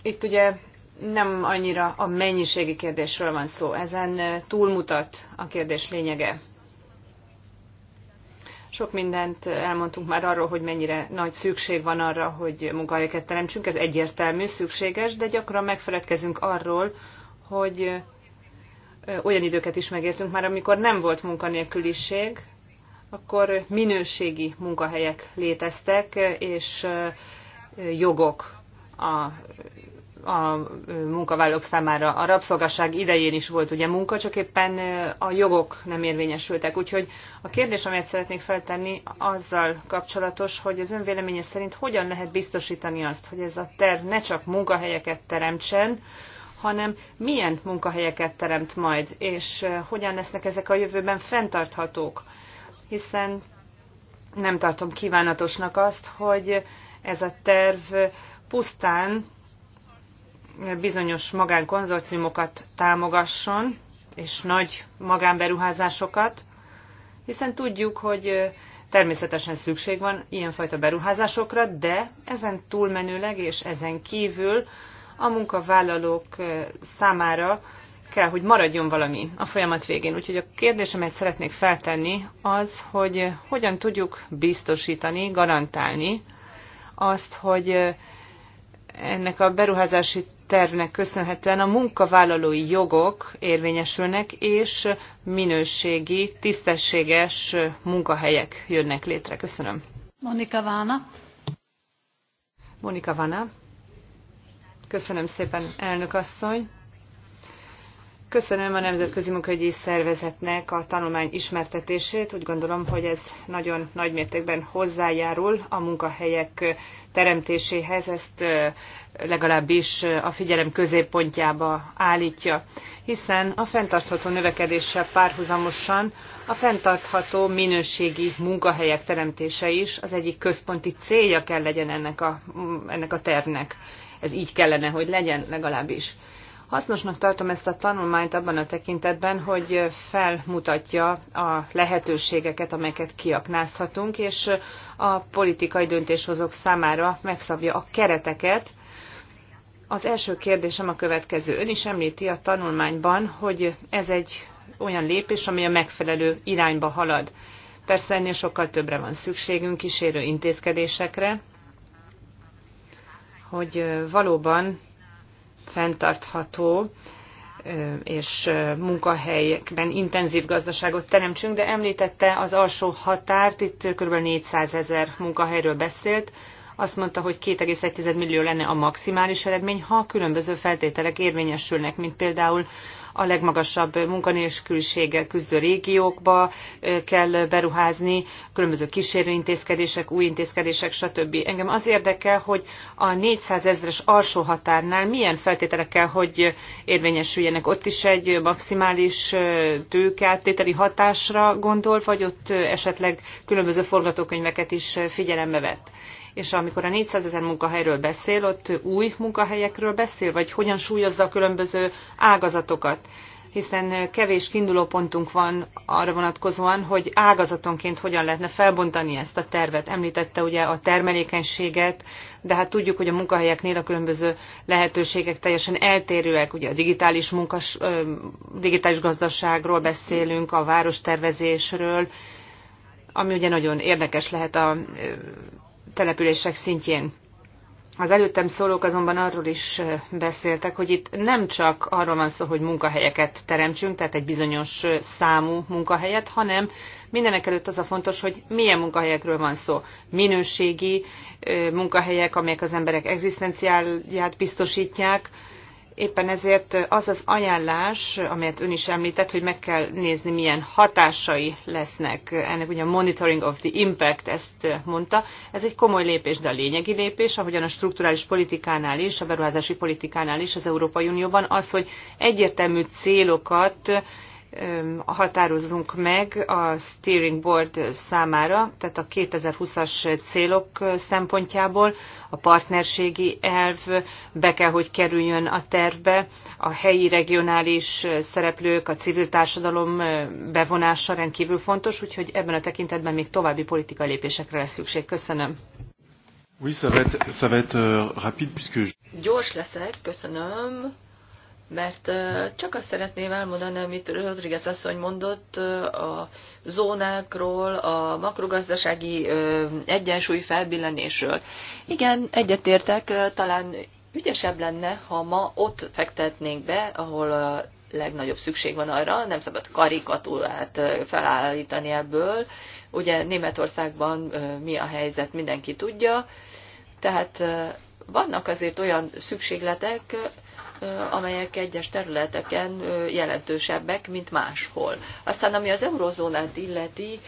Itt ugye nem annyira a mennyiségi kérdésről van szó, ezen túlmutat a kérdés lényege. Sok mindent elmondtunk már arról, hogy mennyire nagy szükség van arra, hogy munkahelyeket teremtsünk, ez egyértelmű, szükséges, de gyakran megfeledkezünk arról, hogy olyan időket is megértünk már, amikor nem volt munkanélküliség, akkor minőségi munkahelyek léteztek, és jogok a a munkavállalók számára. A rabszolgaság idején is volt ugye munka, csak éppen a jogok nem érvényesültek. Úgyhogy a kérdés, amelyet szeretnék feltenni, azzal kapcsolatos, hogy az önvéleménye szerint hogyan lehet biztosítani azt, hogy ez a terv ne csak munkahelyeket teremtsen, hanem milyen munkahelyeket teremt majd, és hogyan lesznek ezek a jövőben fenntarthatók. Hiszen nem tartom kívánatosnak azt, hogy ez a terv pusztán bizonyos magánkonzorciumokat támogasson, és nagy magánberuházásokat, hiszen tudjuk, hogy természetesen szükség van ilyenfajta beruházásokra, de ezen túlmenőleg és ezen kívül a munkavállalók számára kell, hogy maradjon valami a folyamat végén. Úgyhogy a kérdésemet szeretnék feltenni az, hogy hogyan tudjuk biztosítani, garantálni azt, hogy ennek a beruházási tervnek köszönhetően a munkavállalói jogok érvényesülnek, és minőségi, tisztességes munkahelyek jönnek létre. Köszönöm.
Monika Vána.
Monika Vána. Köszönöm szépen, elnök asszony. Köszönöm a Nemzetközi Munkahogyi Szervezetnek a tanulmány ismertetését. Úgy gondolom, hogy ez nagyon nagy mértékben hozzájárul a munkahelyek teremtéséhez, ezt legalábbis a figyelem középpontjába állítja, hiszen a fenntartható növekedéssel párhuzamosan a fenntartható minőségi munkahelyek teremtése is az egyik központi célja kell legyen ennek a, ennek a tervnek. Ez így kellene, hogy legyen legalábbis. Hasznosnak tartom ezt a tanulmányt abban a tekintetben, hogy felmutatja a lehetőségeket, amelyeket kiaknázhatunk, és a politikai döntéshozók számára megszabja a kereteket. Az első kérdésem a következő. Ön is említi a tanulmányban, hogy ez egy olyan lépés, ami a megfelelő irányba halad. Persze ennél sokkal többre van szükségünk kísérő intézkedésekre, hogy valóban fenntartható és munkahelyekben intenzív gazdaságot teremtsünk, de említette az alsó határt, itt kb. 400 ezer munkahelyről beszélt, azt mondta, hogy 2,1 millió lenne a maximális eredmény, ha különböző feltételek érvényesülnek, mint például a legmagasabb munkanélküliséggel küzdő régiókba kell beruházni, különböző kísérőintézkedések, új intézkedések, stb. Engem az érdekel, hogy a 400 ezres alsó határnál milyen feltételek kell, hogy érvényesüljenek. Ott is egy maximális tőkeáttételi hatásra gondol, vagy ott esetleg különböző forgatókönyveket is figyelembe vett. És amikor a 400 ezer munkahelyről beszél, ott új munkahelyekről beszél, vagy hogyan súlyozza a különböző ágazatokat? hiszen kevés kiindulópontunk van arra vonatkozóan, hogy ágazatonként hogyan lehetne felbontani ezt a tervet. Említette ugye a termelékenységet, de hát tudjuk, hogy a munkahelyeknél a különböző lehetőségek teljesen eltérőek. Ugye a digitális, munkas, digitális gazdaságról beszélünk, a várostervezésről, ami ugye nagyon érdekes lehet a települések szintjén. Az előttem szólók azonban arról is beszéltek, hogy itt nem csak arról van szó, hogy munkahelyeket teremtsünk, tehát egy bizonyos számú munkahelyet, hanem mindenek előtt az a fontos, hogy milyen munkahelyekről van szó. Minőségi munkahelyek, amelyek az emberek egzisztenciáját biztosítják, Éppen ezért az az ajánlás, amelyet ön is említett, hogy meg kell nézni, milyen hatásai lesznek ennek, ugye a monitoring of the impact, ezt mondta. Ez egy komoly lépés, de a lényegi lépés, ahogyan a strukturális politikánál is, a beruházási politikánál is az Európai Unióban, az, hogy egyértelmű célokat határozunk meg a Steering Board számára, tehát a 2020-as célok szempontjából a partnerségi elv be kell, hogy kerüljön a tervbe, a helyi regionális szereplők, a civil társadalom bevonása rendkívül fontos, úgyhogy ebben a tekintetben még további politikai lépésekre lesz szükség. Köszönöm.
Oui, ça va être, ça va être euh, rapide, puisque...
Gyors leszek, köszönöm mert csak azt szeretném elmondani, amit Rodriguez asszony mondott a zónákról, a makrogazdasági egyensúly felbillenésről. Igen, egyetértek, talán ügyesebb lenne, ha ma ott fektetnénk be, ahol a legnagyobb szükség van arra, nem szabad karikatúrát felállítani ebből. Ugye Németországban mi a helyzet, mindenki tudja, tehát vannak azért olyan szükségletek, amelyek egyes területeken jelentősebbek, mint máshol. Aztán ami az eurozónát illeti,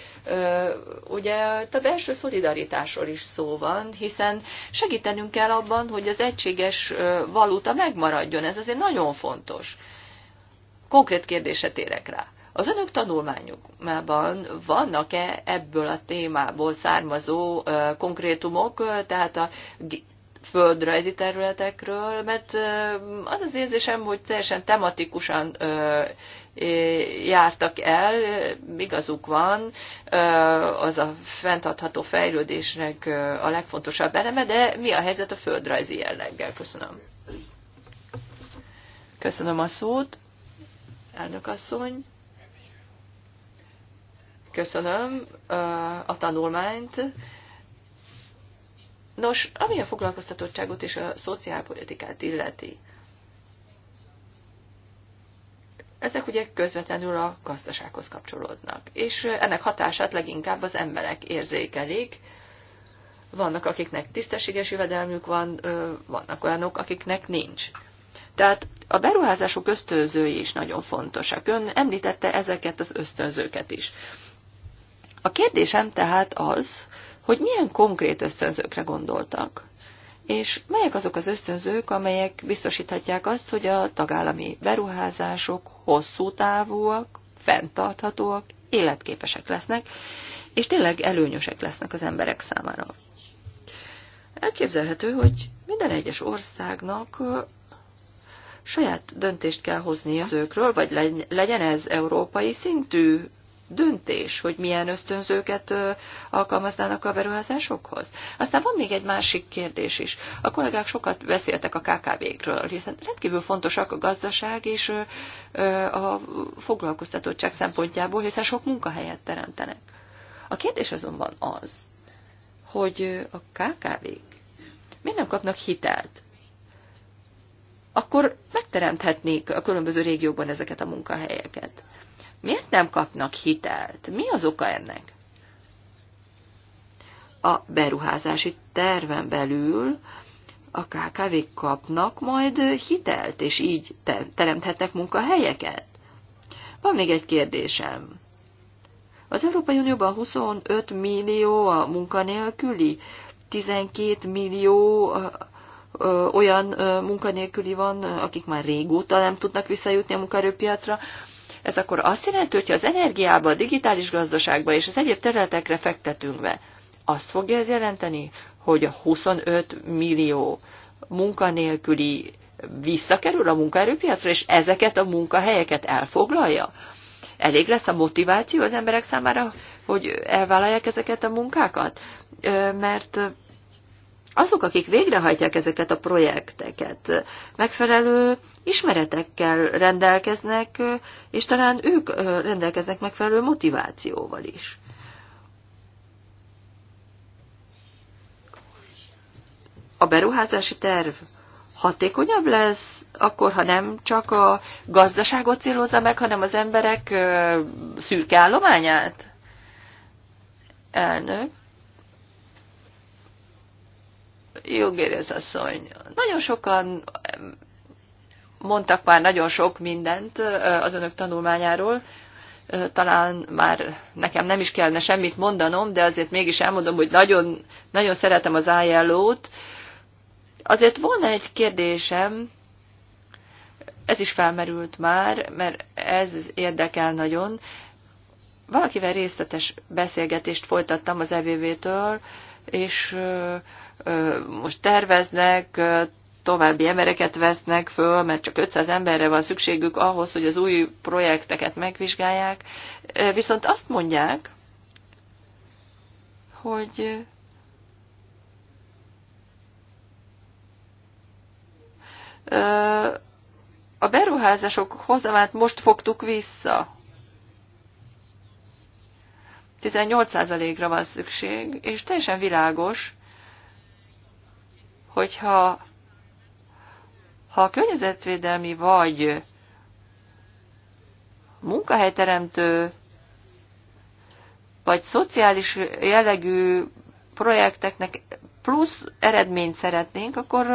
ugye a belső szolidaritásról is szó van, hiszen segítenünk kell abban, hogy az egységes valuta megmaradjon. Ez azért nagyon fontos. Konkrét kérdése térek rá. Az önök tanulmányokban vannak-e ebből a témából származó konkrétumok, tehát a földrajzi területekről, mert az az érzésem, hogy teljesen tematikusan jártak el, igazuk van, az a fenntartható fejlődésnek a legfontosabb eleme, de mi a helyzet a földrajzi jelleggel? Köszönöm. Köszönöm a szót, elnök asszony. Köszönöm a tanulmányt Nos, ami a foglalkoztatottságot és a szociálpolitikát illeti, ezek ugye közvetlenül a gazdasághoz kapcsolódnak, és ennek hatását leginkább az emberek érzékelik. Vannak, akiknek tisztességes jövedelmük van, vannak olyanok, akiknek nincs. Tehát a beruházások ösztönzői is nagyon fontosak. Ön említette ezeket az ösztönzőket is. A kérdésem tehát az, hogy milyen konkrét ösztönzőkre gondoltak, és melyek azok az ösztönzők, amelyek biztosíthatják azt, hogy a tagállami beruházások hosszú távúak, fenntarthatóak, életképesek lesznek, és tényleg előnyösek lesznek az emberek számára. Elképzelhető, hogy minden egyes országnak saját döntést kell hoznia az őkről, vagy legyen ez európai szintű döntés, hogy milyen ösztönzőket alkalmaznának a beruházásokhoz. Aztán van még egy másik kérdés is. A kollégák sokat beszéltek a KKV-kről, hiszen rendkívül fontosak a gazdaság és a foglalkoztatottság szempontjából, hiszen sok munkahelyet teremtenek. A kérdés azonban az, hogy a KKV-k miért nem kapnak hitelt? Akkor megteremthetnék a különböző régiókban ezeket a munkahelyeket miért nem kapnak hitelt? Mi az oka ennek? A beruházási terven belül a kkv kapnak majd hitelt, és így teremthetnek munkahelyeket. Van még egy kérdésem. Az Európai Unióban 25 millió a munkanélküli, 12 millió olyan munkanélküli van, akik már régóta nem tudnak visszajutni a munkaerőpiacra, ez akkor azt jelenti, hogy az energiába, a digitális gazdaságba és az egyéb területekre fektetünk be, azt fogja ez jelenteni, hogy a 25 millió munkanélküli visszakerül a munkaerőpiacra, és ezeket a munkahelyeket elfoglalja? Elég lesz a motiváció az emberek számára, hogy elvállalják ezeket a munkákat? Mert azok, akik végrehajtják ezeket a projekteket, megfelelő ismeretekkel rendelkeznek, és talán ők rendelkeznek megfelelő motivációval is. A beruházási terv hatékonyabb lesz, akkor, ha nem csak a gazdaságot célozza meg, hanem az emberek szürke állományát? Elnök az asszony, nagyon sokan mondtak már nagyon sok mindent az önök tanulmányáról, talán már nekem nem is kellene semmit mondanom, de azért mégis elmondom, hogy nagyon, nagyon szeretem az ájállót. Azért volna egy kérdésem, ez is felmerült már, mert ez érdekel nagyon. Valakivel részletes beszélgetést folytattam az EVV-től, és most terveznek, további embereket vesznek föl, mert csak 500 emberre van szükségük ahhoz, hogy az új projekteket megvizsgálják. Viszont azt mondják, hogy a beruházások hozamát most fogtuk vissza. 18%-ra van szükség, és teljesen világos, hogyha ha a környezetvédelmi vagy munkahelyteremtő vagy szociális jellegű projekteknek plusz eredményt szeretnénk, akkor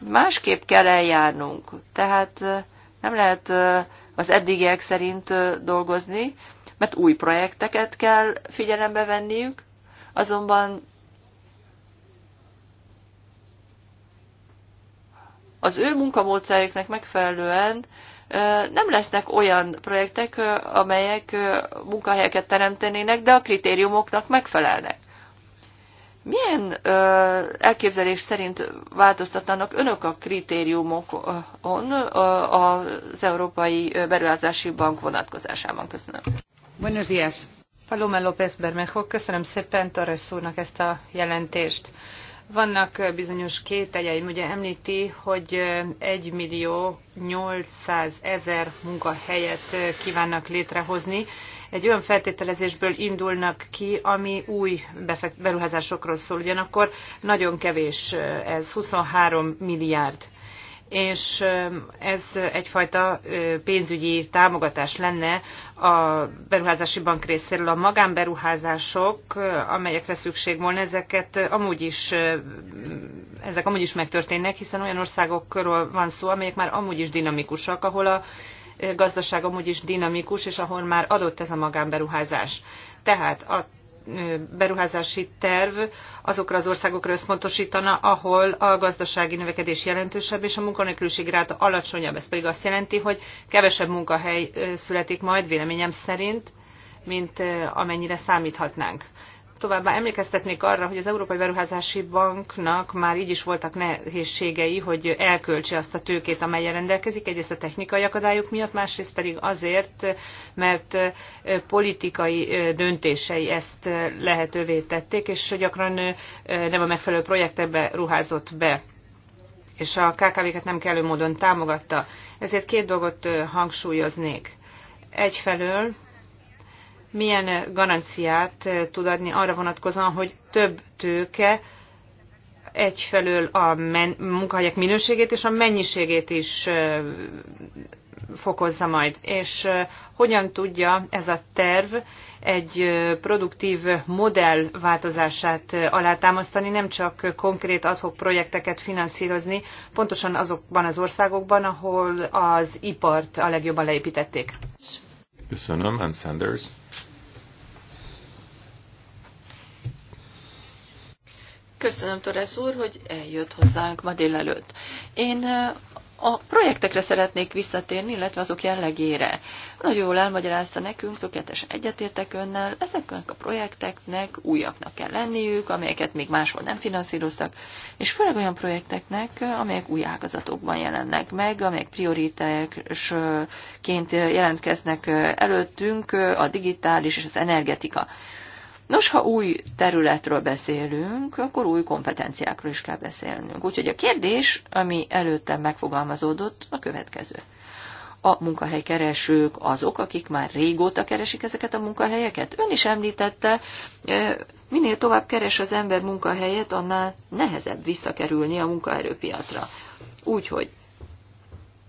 másképp kell eljárnunk. Tehát nem lehet az eddigiek szerint dolgozni, mert új projekteket kell figyelembe venniük, azonban az ő munkamódszereknek megfelelően nem lesznek olyan projektek, amelyek munkahelyeket teremtenének, de a kritériumoknak megfelelnek. Milyen elképzelés szerint változtatnának önök a kritériumokon az Európai Beruházási
Bank vonatkozásában? Köszönöm. Buenos días. Paloma López Bermejo, köszönöm szépen Torres úrnak ezt a jelentést. Vannak bizonyos kételjeim, ugye említi, hogy 1 millió 800 ezer munkahelyet kívánnak létrehozni. Egy olyan feltételezésből indulnak ki, ami új beruházásokról szól. Ugyanakkor nagyon kevés ez, 23 milliárd és ez egyfajta pénzügyi támogatás lenne a beruházási bank részéről. A magánberuházások, amelyekre szükség volna, ezeket amúgy is, ezek amúgy is megtörténnek, hiszen olyan országokról van szó, amelyek már amúgy is dinamikusak, ahol a gazdaság amúgy is dinamikus, és ahol már adott ez a magánberuházás. Tehát a beruházási terv azokra az országokra összpontosítana, ahol a gazdasági növekedés jelentősebb és a munkanélküliség ráta alacsonyabb. Ez pedig azt jelenti, hogy kevesebb munkahely születik majd, véleményem szerint, mint amennyire számíthatnánk. Továbbá emlékeztetnék arra, hogy az Európai Beruházási Banknak már így is voltak nehézségei, hogy elköltse azt a tőkét, amelyen rendelkezik, egyrészt a technikai akadályok miatt, másrészt pedig azért, mert politikai döntései ezt lehetővé tették, és gyakran nem a megfelelő projektekbe ruházott be és a KKV-ket nem kellő módon támogatta. Ezért két dolgot hangsúlyoznék. Egyfelől milyen garanciát eh, tud adni arra vonatkozóan, hogy több tőke egyfelől a men- munkahelyek minőségét és a mennyiségét is eh, fokozza majd, és eh, hogyan tudja ez a terv egy produktív modell változását alátámasztani, nem csak konkrét adhok projekteket finanszírozni, pontosan azokban az országokban, ahol az ipart a legjobban leépítették.
Köszönöm, Ann Sanders.
Köszönöm, Torres úr, hogy eljött hozzánk ma délelőtt. Én a projektekre szeretnék visszatérni, illetve azok jellegére. Nagyon jól elmagyarázta nekünk, tökéletesen egyetértek önnel, ezeknek a projekteknek újaknak kell lenniük, amelyeket még máshol nem finanszíroztak, és főleg olyan projekteknek, amelyek új ágazatokban jelennek meg, amelyek prioritásként jelentkeznek előttünk, a digitális és az energetika. Nos, ha új területről beszélünk, akkor új kompetenciákról is kell beszélnünk. Úgyhogy a kérdés, ami előttem megfogalmazódott, a következő. A munkahelykeresők azok, akik már régóta keresik ezeket a munkahelyeket? Ön is említette, eh, minél tovább keres az ember munkahelyet, annál nehezebb visszakerülni a munkaerőpiacra. Úgyhogy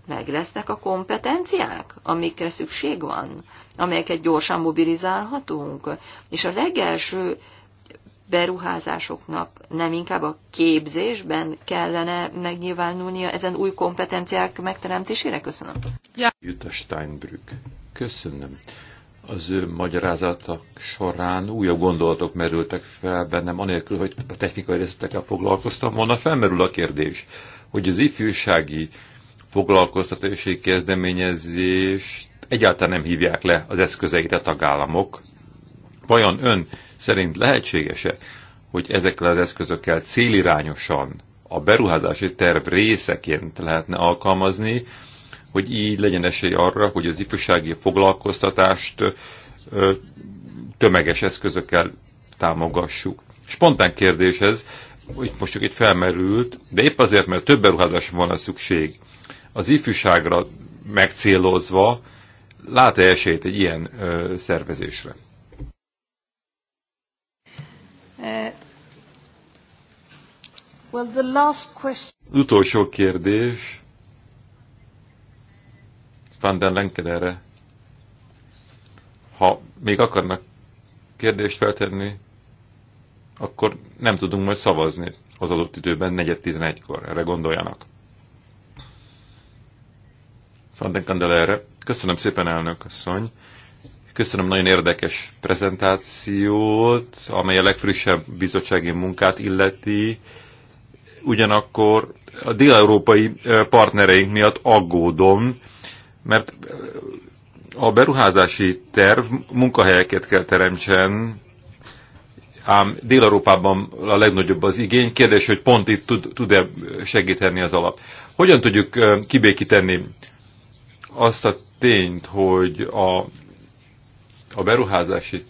meg lesznek a kompetenciák, amikre szükség van, amelyeket gyorsan mobilizálhatunk. És a legelső beruházásoknak nem inkább a képzésben kellene megnyilvánulnia ezen új kompetenciák megteremtésére? Köszönöm. Ja.
Jutta Steinbrück. Köszönöm. Az ő magyarázatok során újabb gondolatok merültek fel bennem, anélkül, hogy a technikai részletekkel foglalkoztam volna, felmerül a kérdés, hogy az ifjúsági foglalkoztatási kezdeményezést egyáltalán nem hívják le az eszközeit a tagállamok. Vajon ön szerint lehetséges-e, hogy ezekkel az eszközökkel célirányosan a beruházási terv részeként lehetne alkalmazni, hogy így legyen esély arra, hogy az ifjúsági foglalkoztatást ö, tömeges eszközökkel támogassuk. Spontán kérdés ez, hogy most csak itt felmerült, de épp azért, mert több beruházásra van a szükség az ifjúságra megcélozva lát-e esélyt egy ilyen ö, szervezésre?
Uh, well, the last question...
Utolsó kérdés. Van den Lenkederre. Ha még akarnak kérdést feltenni, akkor nem tudunk majd szavazni az adott időben, 4.11-kor. Erre gondoljanak. Fanden Kandelere. Köszönöm szépen, elnök asszony. Köszönöm nagyon érdekes prezentációt, amely a legfrissebb bizottsági munkát illeti. Ugyanakkor a dél-európai partnereink miatt aggódom, mert a beruházási terv munkahelyeket kell teremtsen, ám Dél-Európában a legnagyobb az igény. Kérdés, hogy pont itt tud-e tud -e segíteni az alap. Hogyan tudjuk kibékíteni azt a tényt, hogy a, a beruházási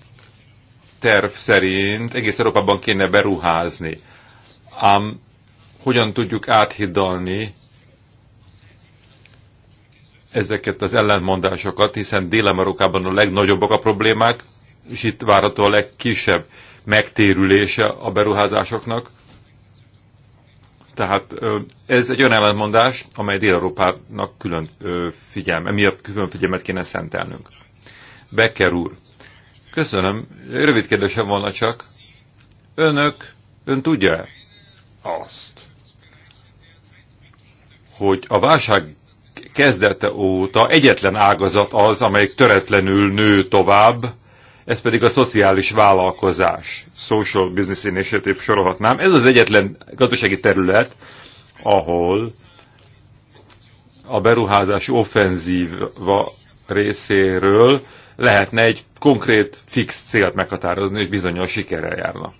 terv szerint egész Európában kéne beruházni. Ám hogyan tudjuk áthidalni ezeket az ellentmondásokat, hiszen Dél-Amerikában a legnagyobbak a problémák, és itt várható a legkisebb megtérülése a beruházásoknak. Tehát ez egy olyan ellentmondás, amely Dél-Európának külön figyelm, emiatt külön figyelmet kéne szentelnünk. Becker úr, köszönöm. Rövid kérdésem volna csak. Önök, ön tudja -e azt, hogy a válság kezdete óta egyetlen ágazat az, amelyik töretlenül nő tovább, ez pedig a szociális vállalkozás, Social Business Initiative sorolhatnám. Ez az egyetlen gazdasági terület, ahol a beruházási offenzíva részéről lehetne egy konkrét fix célt meghatározni, és bizonyos sikerrel járna.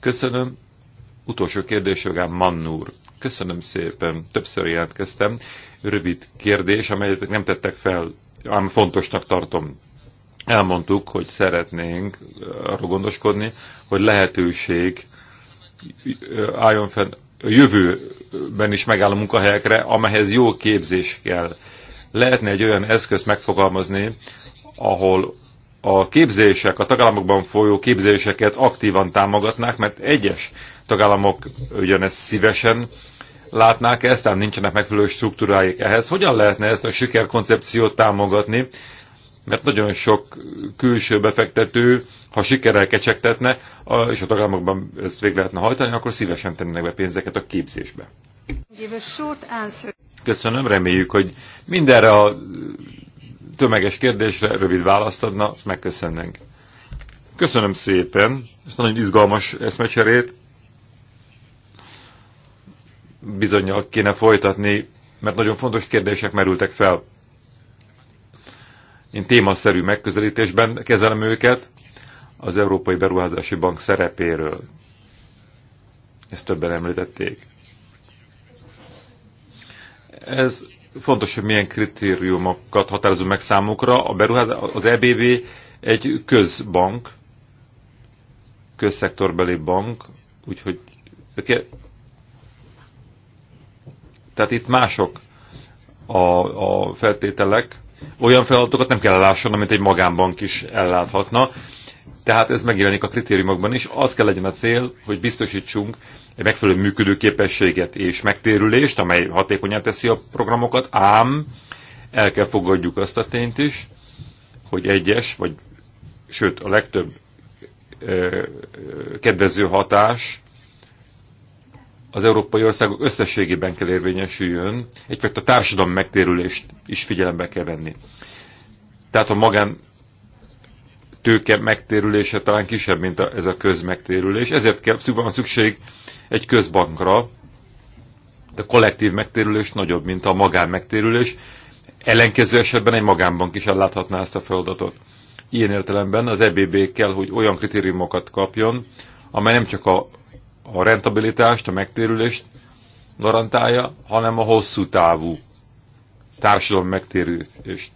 Köszönöm. Utolsó kérdés jogán Mannur. Köszönöm szépen. Többször jelentkeztem. Rövid kérdés, amelyet nem tettek fel, ám fontosnak tartom elmondtuk, hogy szeretnénk eh, arról gondoskodni, hogy lehetőség eh, álljon fenn a jövőben is megáll a munkahelyekre, amelyhez jó képzés kell. Lehetne egy olyan eszközt megfogalmazni, ahol a képzések, a tagállamokban folyó képzéseket aktívan támogatnák, mert egyes tagállamok ugyanezt szívesen látnák ezt, ám nincsenek megfelelő struktúráik ehhez. Hogyan lehetne ezt a sikerkoncepciót támogatni, mert nagyon sok külső befektető, ha sikerrel kecsegtetne, és a tagállamokban ezt végre lehetne hajtani, akkor szívesen tennének be pénzeket a képzésbe. Köszönöm, reméljük, hogy mindenre a tömeges kérdésre rövid választ adna, ezt megköszönnénk. Köszönöm szépen ezt nagyon izgalmas eszmecserét. Bizonyal kéne folytatni, mert nagyon fontos kérdések merültek fel. Én témaszerű megközelítésben kezelem őket az Európai Beruházási Bank szerepéről. Ezt többen említették. Ez fontos, hogy milyen kritériumokat határozunk meg számukra. A beruház az EBB egy közbank, közszektorbeli bank, úgyhogy e- tehát itt mások a, a feltételek, olyan feladatokat nem kell ellásson, amit egy magánbank is elláthatna. Tehát ez megjelenik a kritériumokban is. Az kell legyen a cél, hogy biztosítsunk egy megfelelő működőképességet és megtérülést, amely hatékonyan teszi a programokat, ám el kell fogadjuk azt a tényt is, hogy egyes, vagy sőt a legtöbb ö, ö, kedvező hatás az európai országok összességében kell érvényesüljön, egyfajta társadalmi megtérülést is figyelembe kell venni. Tehát a magán tőke megtérülése talán kisebb, mint a, ez a közmegtérülés. Ezért kell, van szükség egy közbankra, de a kollektív megtérülés nagyobb, mint a magán megtérülés. Ellenkező esetben egy magánbank is elláthatná ezt a feladatot. Ilyen értelemben az EBB kell, hogy olyan kritériumokat kapjon, amely nem csak a a rentabilitást, a megtérülést garantálja, hanem a hosszú távú társadalom megtérülést.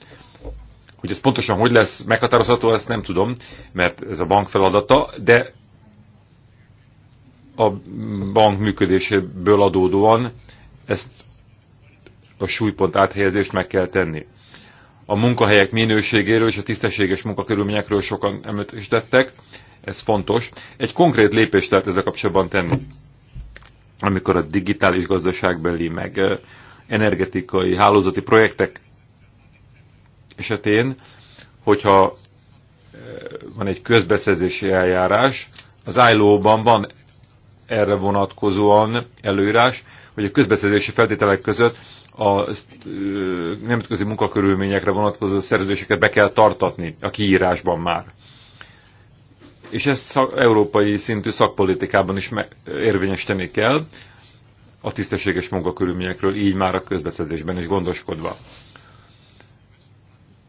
Hogy ez pontosan hogy lesz meghatározható, ezt nem tudom, mert ez a bank feladata, de a bank működéséből adódóan ezt a súlypont áthelyezést meg kell tenni a munkahelyek minőségéről és a tisztességes munkakörülményekről sokan említést tettek. ez fontos. Egy konkrét lépést lehet ezzel kapcsolatban tenni, amikor a digitális gazdaságbeli, meg energetikai, hálózati projektek esetén, hogyha van egy közbeszerzési eljárás, az ILO-ban van erre vonatkozóan előírás, hogy a közbeszerzési feltételek között a nemzetközi munkakörülményekre vonatkozó szerződéseket be kell tartatni a kiírásban már. És ezt szak, európai szintű szakpolitikában is érvényesíteni kell, a tisztességes munkakörülményekről, így már a közbeszedésben is gondoskodva.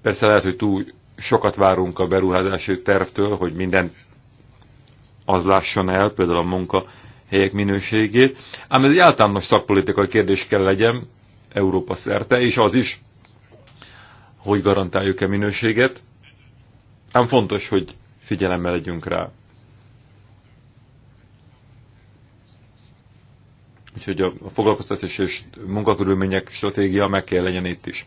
Persze lehet, hogy túl sokat várunk a beruházási tervtől, hogy minden az lásson el, például a munkahelyek minőségét, ám ez egy általános szakpolitikai kérdés kell legyen, Európa szerte, és az is, hogy garantáljuk-e minőséget. Ám fontos, hogy figyelemmel legyünk rá. Úgyhogy a foglalkoztatás és munkakörülmények stratégia meg kell legyen itt is.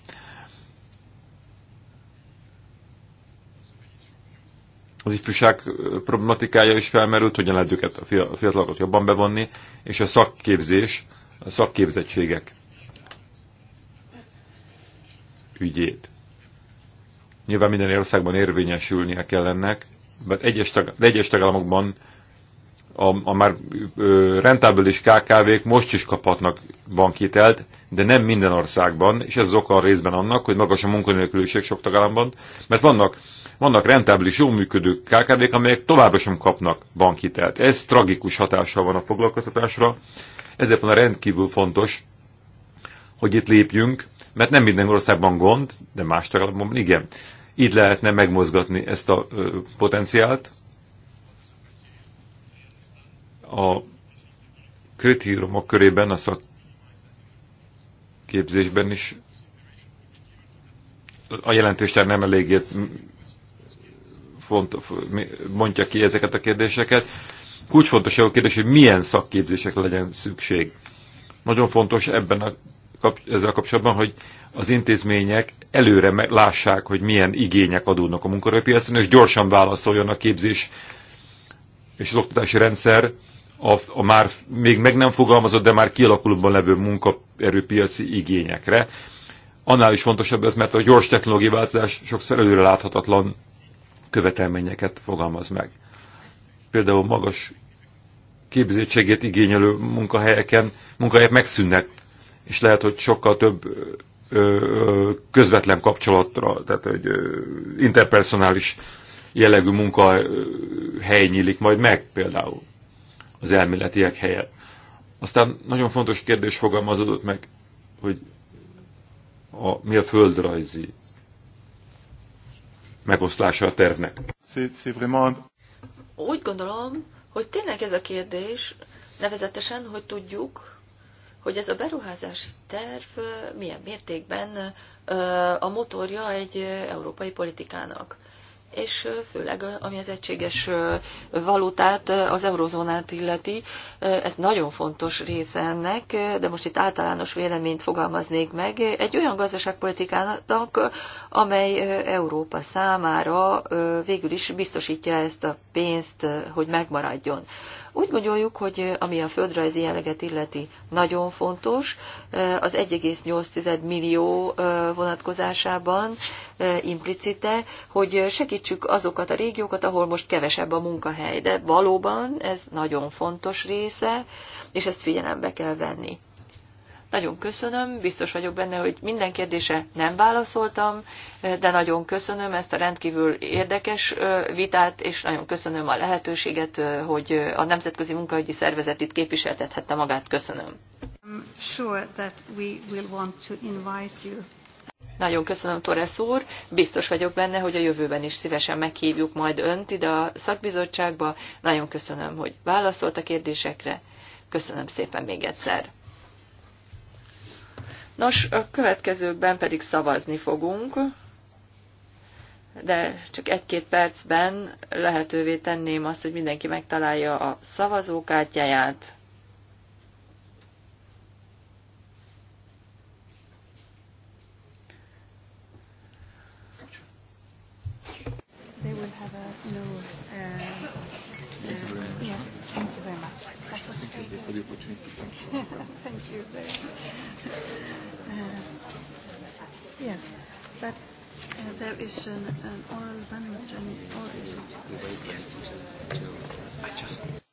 Az ifjúság problematikája is felmerült, hogyan lehet őket a fiatalokat jobban bevonni, és a szakképzés, a szakképzettségek ügyét. Nyilván minden országban érvényesülnie kell ennek, mert egyes, tag, egyes tagállamokban a, a már ö, rentábilis KKV-k most is kaphatnak bankitelt, de nem minden országban, és ez az oka a részben annak, hogy magas a munkanélküliség sok tagállamban, mert vannak, vannak rentábilis, jó működő KKV-k, amelyek továbbra sem kapnak bankitelt. Ez tragikus hatással van a foglalkoztatásra, ezért van a rendkívül fontos, hogy itt lépjünk, mert nem minden országban gond, de más tagállamokban igen. Így lehetne megmozgatni ezt a potenciált. A kritériumok körében a szakképzésben is a jelentéstár nem eléggé font, mondja ki ezeket a kérdéseket. Kulcsfontosságú kérdés, hogy milyen szakképzések legyen szükség. Nagyon fontos ebben a ezzel kapcsolatban, hogy az intézmények előre lássák, hogy milyen igények adódnak a munkaerőpiacon, és gyorsan válaszoljon a képzés és az oktatási rendszer a, a már még meg nem fogalmazott, de már kialakulóban levő munkaerőpiaci igényekre. Annál is fontosabb ez, mert a gyors technológiai változás sokszor előre láthatatlan követelményeket fogalmaz meg. Például magas képzettségét igényelő munkahelyeken, munkahelyek megszűnnek és lehet, hogy sokkal több közvetlen kapcsolatra, tehát egy interpersonális jellegű munkahely nyílik majd meg például az elméletiek helyett. Aztán nagyon fontos kérdés fogalmazódott meg, hogy a, mi a földrajzi megoszlása a tervnek.
Úgy gondolom, hogy tényleg ez a kérdés, nevezetesen, hogy tudjuk, hogy ez a beruházási terv milyen mértékben a motorja egy európai politikának. És főleg, ami az egységes valutát, az eurozónát illeti, ez nagyon fontos része ennek, de most itt általános véleményt fogalmaznék meg, egy olyan gazdaságpolitikának, amely Európa számára végül is biztosítja ezt a pénzt, hogy megmaradjon. Úgy gondoljuk, hogy eh, ami a földrajzi jelleget illeti nagyon fontos, eh, az 1,8 millió eh, vonatkozásában implicite, hogy segítsük azokat a régiókat, ahol most kevesebb a munkahely, de valóban ez nagyon fontos része, és ezt figyelembe kell venni. Nagyon köszönöm, biztos vagyok benne, hogy minden kérdése nem válaszoltam, de nagyon köszönöm ezt a rendkívül érdekes vitát, és nagyon köszönöm a lehetőséget, hogy a Nemzetközi Munkahogyi Szervezet itt képviseltethette magát. Köszönöm. nagyon köszönöm, Torres úr. Biztos vagyok benne, hogy a jövőben is szívesen meghívjuk majd önt ide a szakbizottságba. Nagyon köszönöm, hogy válaszolt a kérdésekre. Köszönöm szépen még egyszer. Nos, a következőkben pedig szavazni fogunk, de csak egy-két percben lehetővé tenném azt, hogy mindenki megtalálja a szavazókártyáját. Uh, thank you very
much. Yes, but uh, there is an, an oral amendment, and or is yes. I just.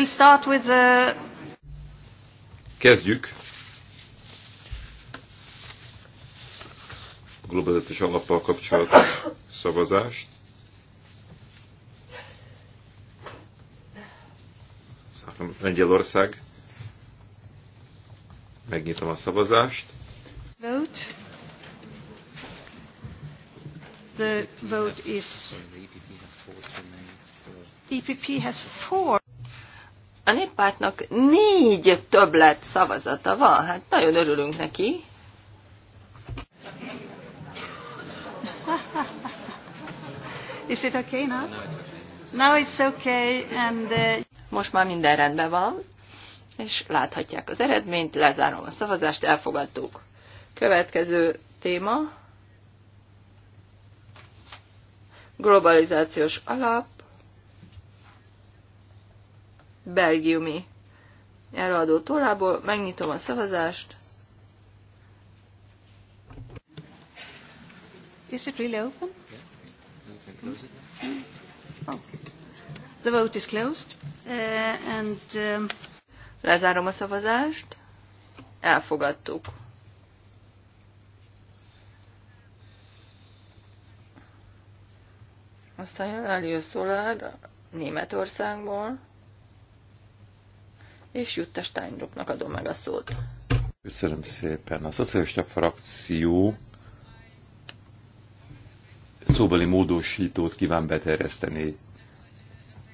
We'll start with the...
Kezdjük. A globalizációs alappal kapcsolatos szavazást. Lengyelország. Megnyitom a szavazást.
Vote. The vote is...
EPP e has four. E a néppártnak négy többlet szavazata
van, hát nagyon örülünk neki. Is it okay now? Now it's okay and... Uh... Most már minden rendben van, és láthatják az eredményt,
lezárom a szavazást, elfogadtuk. Következő téma globalizációs alap, belgiumi előadó tollából. Megnyitom a szavazást.
Is it really open? Hmm. Oh.
The vote is closed. Uh, and, um... Lezárom a szavazást. Elfogadtuk. Aztán jön Elio Szolár Németországból és Jutta Steinrupnak adom meg a szót.
Köszönöm szépen. A szocialista frakció szóbeli módosítót kíván beterjeszteni.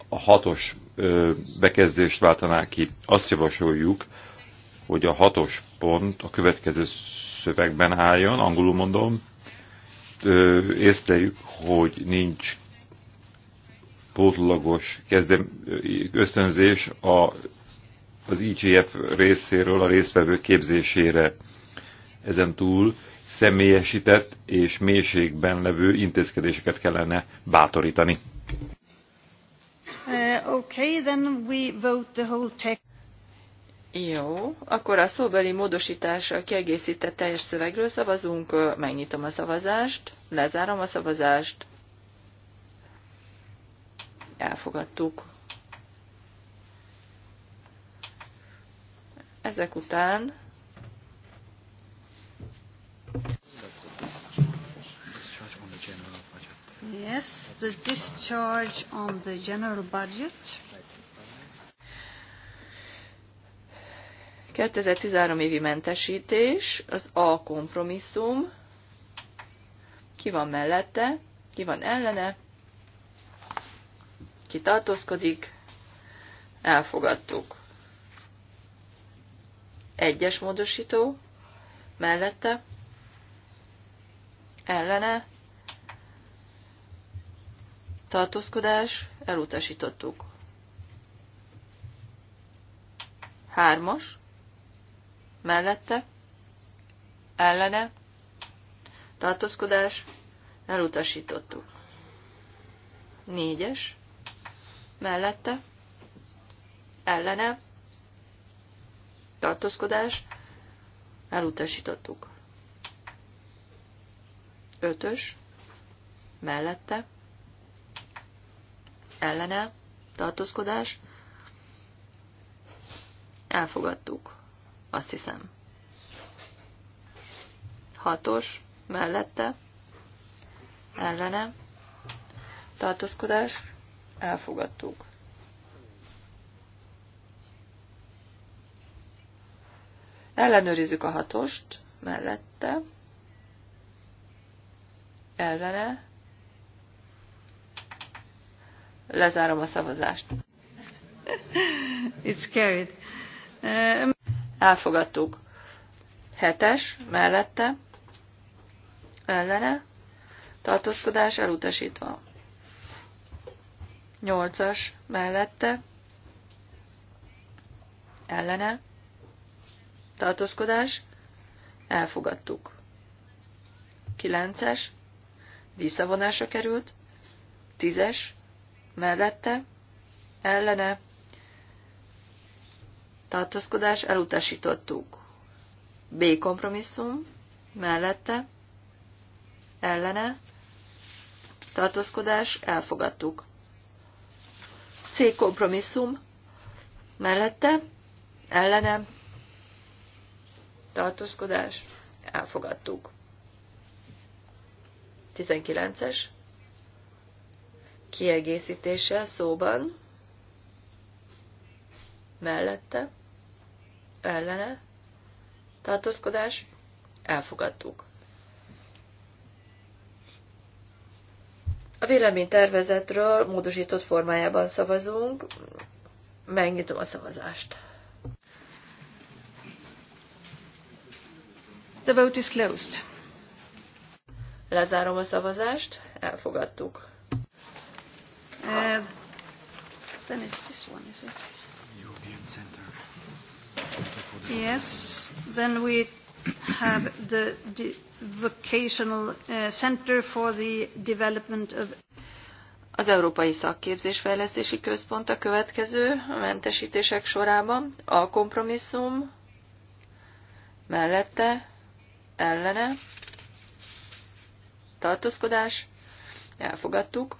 A hatos ö, bekezdést váltaná ki. Azt javasoljuk, hogy a hatos pont a következő szövegben álljon, angolul mondom, ö, észleljük, hogy nincs pótlagos kezdem, ösztönzés a az IGF részéről a résztvevő képzésére. Ezen túl személyesített és mélységben levő intézkedéseket kellene bátorítani.
Uh, okay, then we vote the whole text. Jó, akkor
a szóbeli a kiegészített teljes szövegről szavazunk, megnyitom a szavazást, lezárom a szavazást, elfogadtuk. Ezek után
Yes, the discharge on the general budget. 2013
évi mentesítés, az A kompromisszum. Ki van mellette, ki van ellene, ki tartózkodik, elfogadtuk. Egyes módosító mellette ellene tartózkodás elutasítottuk. Hármas mellette ellene tartózkodás elutasítottuk. Négyes mellette ellene tartózkodás, elutasítottuk. Ötös, mellette, ellene, tartózkodás, elfogadtuk, azt hiszem. Hatos, mellette, ellene, tartózkodás, elfogadtuk. Ellenőrizzük a hatost mellette. Ellene. Lezárom a szavazást. It's carried. Um... Elfogadtuk. Hetes mellette. Ellene. Tartózkodás elutasítva. Nyolcas mellette. Ellene tartózkodás, elfogadtuk. 9-es, visszavonásra került, 10-es, mellette, ellene, tartózkodás, elutasítottuk. B kompromisszum, mellette, ellene, tartózkodás, elfogadtuk. C kompromisszum, mellette, ellene, tartózkodás, elfogadtuk. 19-es, kiegészítéssel szóban, mellette, ellene, tartózkodás, elfogadtuk. A véleménytervezetről módosított formájában szavazunk. Megnyitom a szavazást. The vote is closed. Lezárom a szavazást. Elfogadtuk. Uh,
then is this one, is it? European Center. Center yes. Then we have the, the vocational uh, center for the development of az Európai Szakképzés Fejlesztési
Központ a következő a mentesítések sorában, a kompromisszum mellette ellene, tartózkodás, elfogadtuk,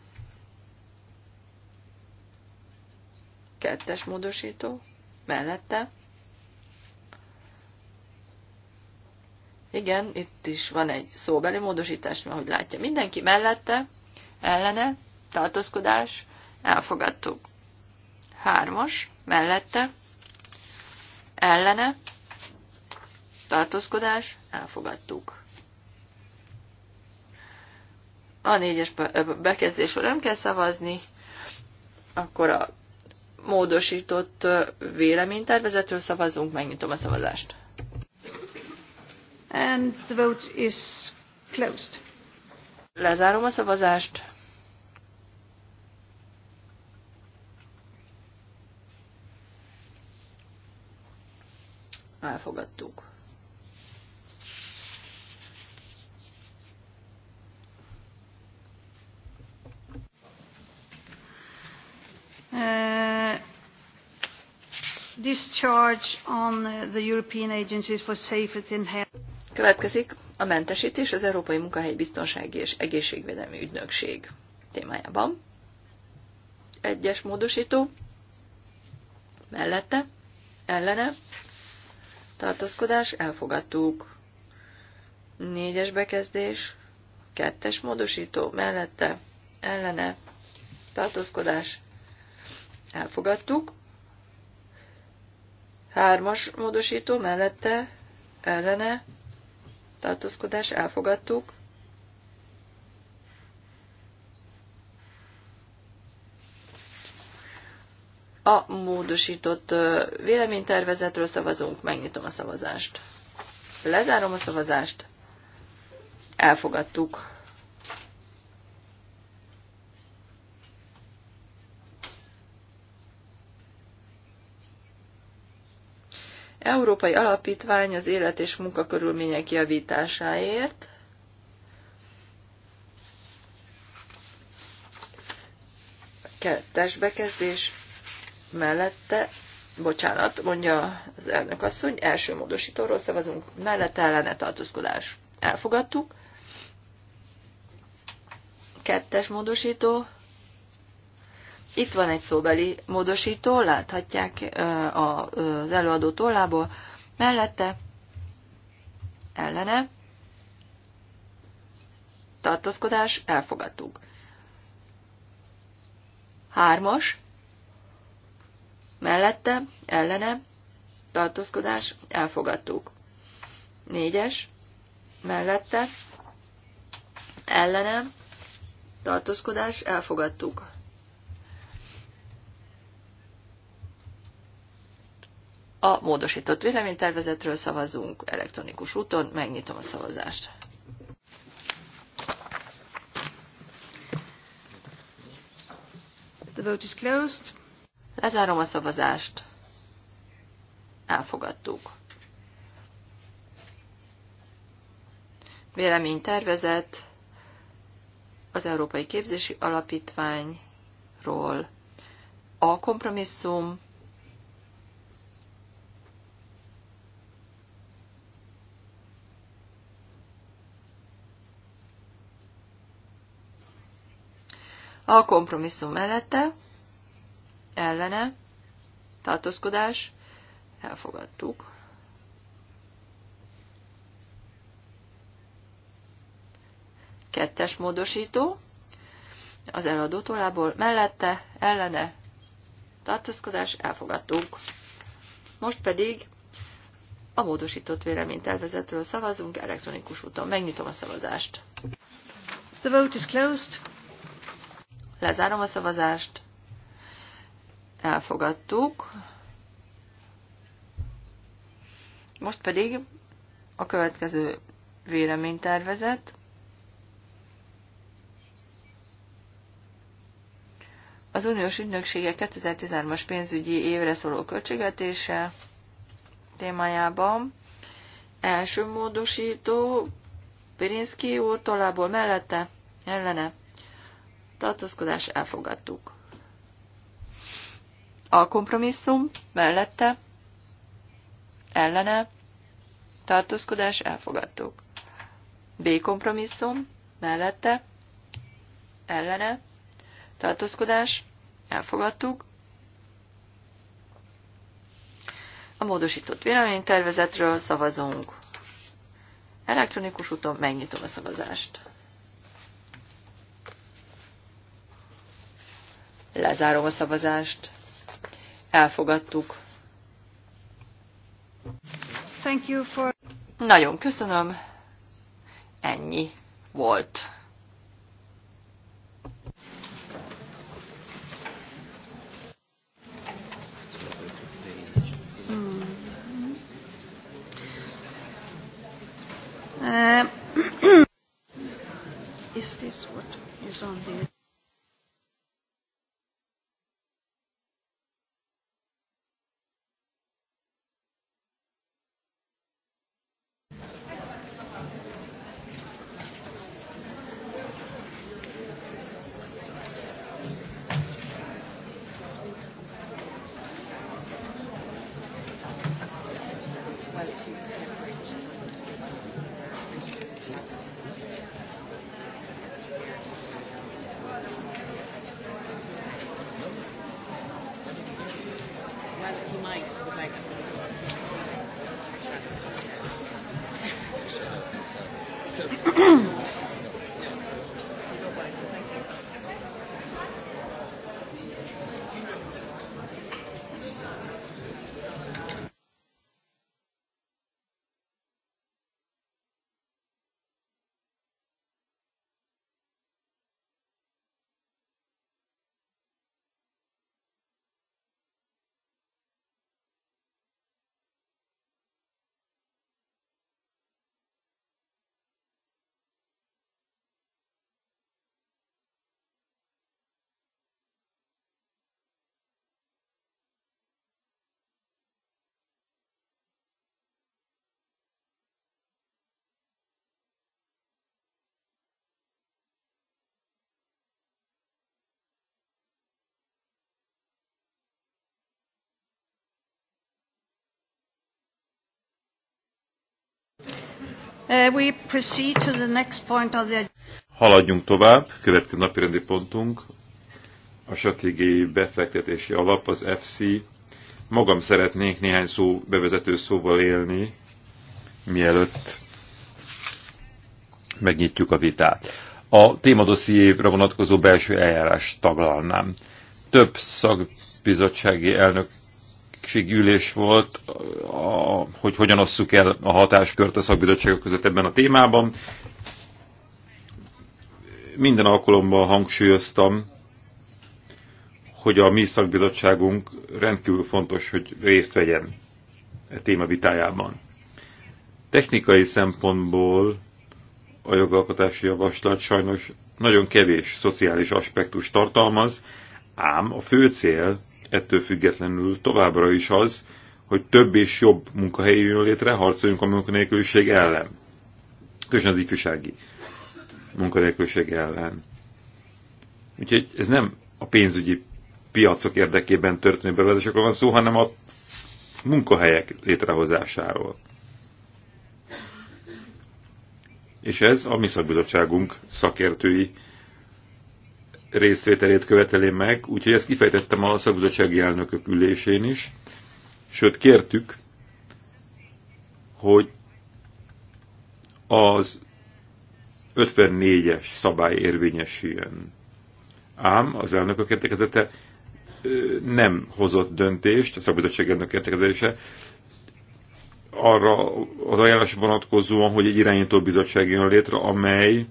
kettes módosító, mellette, Igen, itt is van egy szóbeli módosítás, mert ahogy látja mindenki mellette, ellene, tartózkodás, elfogadtuk. Hármas, mellette, ellene, tartózkodás, elfogadtuk. A négyes bekezdésről nem kell szavazni, akkor a módosított véleménytervezetről szavazunk, megnyitom a szavazást.
And the vote is closed. Lezárom a szavazást.
elfogadtuk.
discharge on the European Agencies for Safety and Health.
Következik a mentesítés az Európai Munkahelyi Biztonsági és Egészségvédelmi Ügynökség témájában. Egyes módosító mellette, ellene, tartózkodás, elfogadtuk. Négyes bekezdés, kettes módosító, mellette, ellene, tartózkodás, elfogadtuk. Hármas módosító mellette ellene tartózkodás elfogadtuk. A módosított véleménytervezetről szavazunk, megnyitom a szavazást. Lezárom a szavazást. Elfogadtuk. Európai Alapítvány az élet és munkakörülmények javításáért. Kettes bekezdés mellette, bocsánat, mondja az elnök asszony, első módosítóról szavazunk, mellette ellene tartózkodás. Elfogadtuk. Kettes módosító, itt van egy szóbeli módosító, láthatják az előadó tollából, mellette, ellene, tartózkodás, elfogadtuk. Hármas, mellette, ellene, tartózkodás, elfogadtuk. Négyes, mellette, ellene, tartózkodás, elfogadtuk. A módosított véleménytervezetről szavazunk elektronikus úton. Megnyitom a szavazást. The vote is closed. Lezárom a szavazást. Elfogadtuk. Véleménytervezet az Európai Képzési Alapítványról. A kompromisszum A kompromisszum mellette, ellene, tartózkodás, elfogadtuk. Kettes módosító, az eladó tolából mellette, ellene, tartózkodás, elfogadtuk. Most pedig a módosított véleménytervezetről szavazunk elektronikus úton. Megnyitom a szavazást. The vote is closed. Lezárom a szavazást. Elfogadtuk. Most pedig a következő véleménytervezet. Az uniós ügynöksége 2013-as pénzügyi évre szóló költségvetése témájában első módosító Pirinszki úr tollából mellette, ellene tartózkodás elfogadtuk. A kompromisszum mellette, ellene, tartózkodás elfogadtuk. B kompromisszum mellette, ellene, tartózkodás elfogadtuk. A módosított véleménytervezetről szavazunk. Elektronikus úton megnyitom a szavazást. Lezárom a szavazást. Elfogadtuk.
Thank you for...
Nagyon köszönöm. Ennyi volt.
Hmm. Uh, is this what is on there? Uh, Haladjunk
tovább, következő napi rendi pontunk, a stratégiai befektetési alap, az FC. Magam szeretnék néhány szó, bevezető szóval élni, mielőtt megnyitjuk a vitát. A témadossziévre vonatkozó belső eljárás taglalnám. Több szakbizottsági elnök ülés volt, a, hogy hogyan osszuk el a hatáskört a szakbizottságok között ebben a témában. Minden alkalommal hangsúlyoztam, hogy a mi szakbizottságunk rendkívül fontos, hogy részt vegyen e téma vitájában. Technikai szempontból a jogalkotási javaslat sajnos nagyon kevés szociális aspektus tartalmaz, ám a fő cél, ettől függetlenül továbbra is az, hogy több és jobb munkahely jön létre, harcoljunk a munkanélküliség ellen. Különösen az ifjúsági munkanélküliség ellen. Úgyhogy ez nem a pénzügyi piacok érdekében történő bevezetésekről van szó, hanem a munkahelyek létrehozásáról. És ez a mi szakbizottságunk szakértői részvételét követelé meg, úgyhogy ezt kifejtettem a szakbizottsági elnökök ülésén is, sőt kértük, hogy az 54-es szabály érvényesüljön. Ám az elnökök értekezete nem hozott döntést, a szakbizottsági elnök értekezése, arra az ajánlás vonatkozóan, hogy egy irányító bizottság jön létre, amely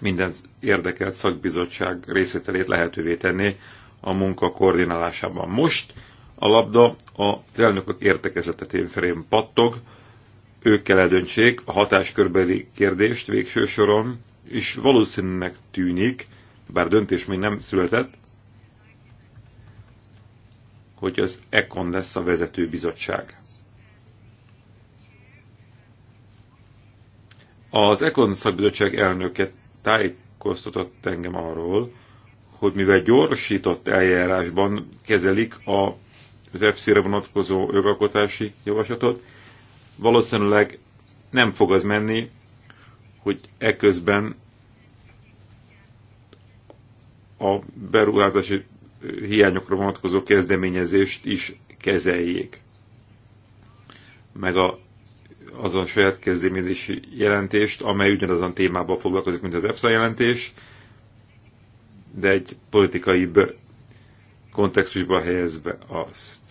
minden érdekelt szakbizottság részvételét lehetővé tenni a munka koordinálásában. Most a labda a elnökök értekezetetén felén pattog, ők kell eldöntsék a hatáskörbeli kérdést végső soron, és valószínűnek tűnik, bár döntés még nem született, hogy az ECON lesz a vezető bizottság. Az ECON szakbizottság elnöket tájékoztatott engem arról, hogy mivel gyorsított eljárásban kezelik a, az fc re vonatkozó jogalkotási javaslatot, valószínűleg nem fog az menni, hogy eközben a beruházási hiányokra vonatkozó kezdeményezést is kezeljék, meg a azon saját kezdeményezési jelentést, amely ugyanazon témában foglalkozik, mint az EFSA jelentés, de egy politikai kontextusba helyezve azt.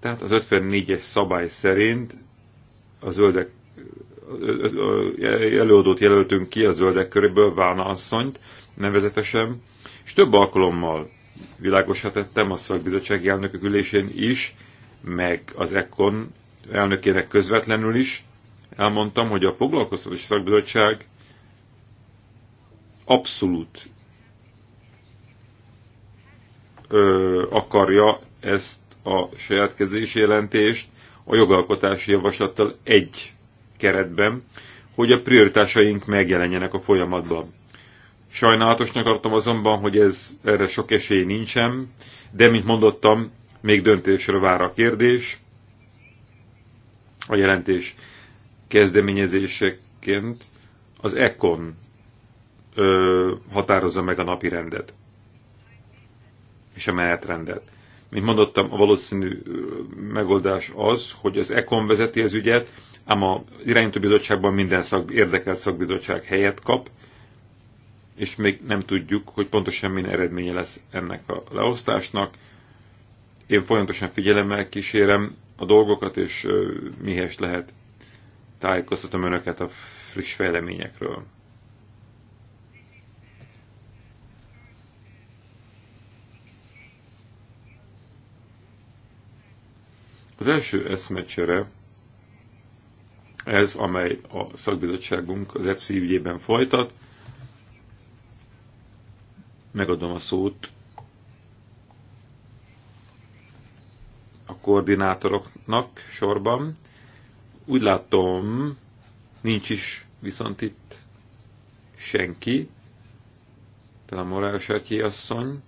Tehát az 54-es szabály szerint a zöldek előadót jelöltünk ki a zöldek köréből, Vána asszonyt nevezetesen, és több alkalommal világosat tettem a szakbizottsági elnökök ülésén is, meg az ekkon elnökének közvetlenül is elmondtam, hogy a foglalkoztatási szakbizottság abszolút ö, akarja ezt a saját kezdési jelentést a jogalkotási javaslattal egy keretben, hogy a prioritásaink megjelenjenek a folyamatban. Sajnálatosnak tartom azonban, hogy ez erre sok esély nincsen, de mint mondottam, még döntésre vár a kérdés, a jelentés kezdeményezéseként az ECON ö, határozza meg a napi rendet és a menetrendet. Mint mondottam, a valószínű megoldás az, hogy az ECON vezeti az ügyet, ám a irányító bizottságban minden szak, érdekelt szakbizottság helyet kap, és még nem tudjuk, hogy pontosan milyen eredménye lesz ennek a leosztásnak. Én folyamatosan figyelemmel kísérem a dolgokat, és mihez lehet tájékoztatom önöket a friss fejleményekről. Az első eszmecsere, ez, amely a szakbizottságunk az FC ügyében folytat, megadom a szót koordinátoroknak sorban. Úgy látom, nincs is viszont itt senki, talán Morel Sertjé asszony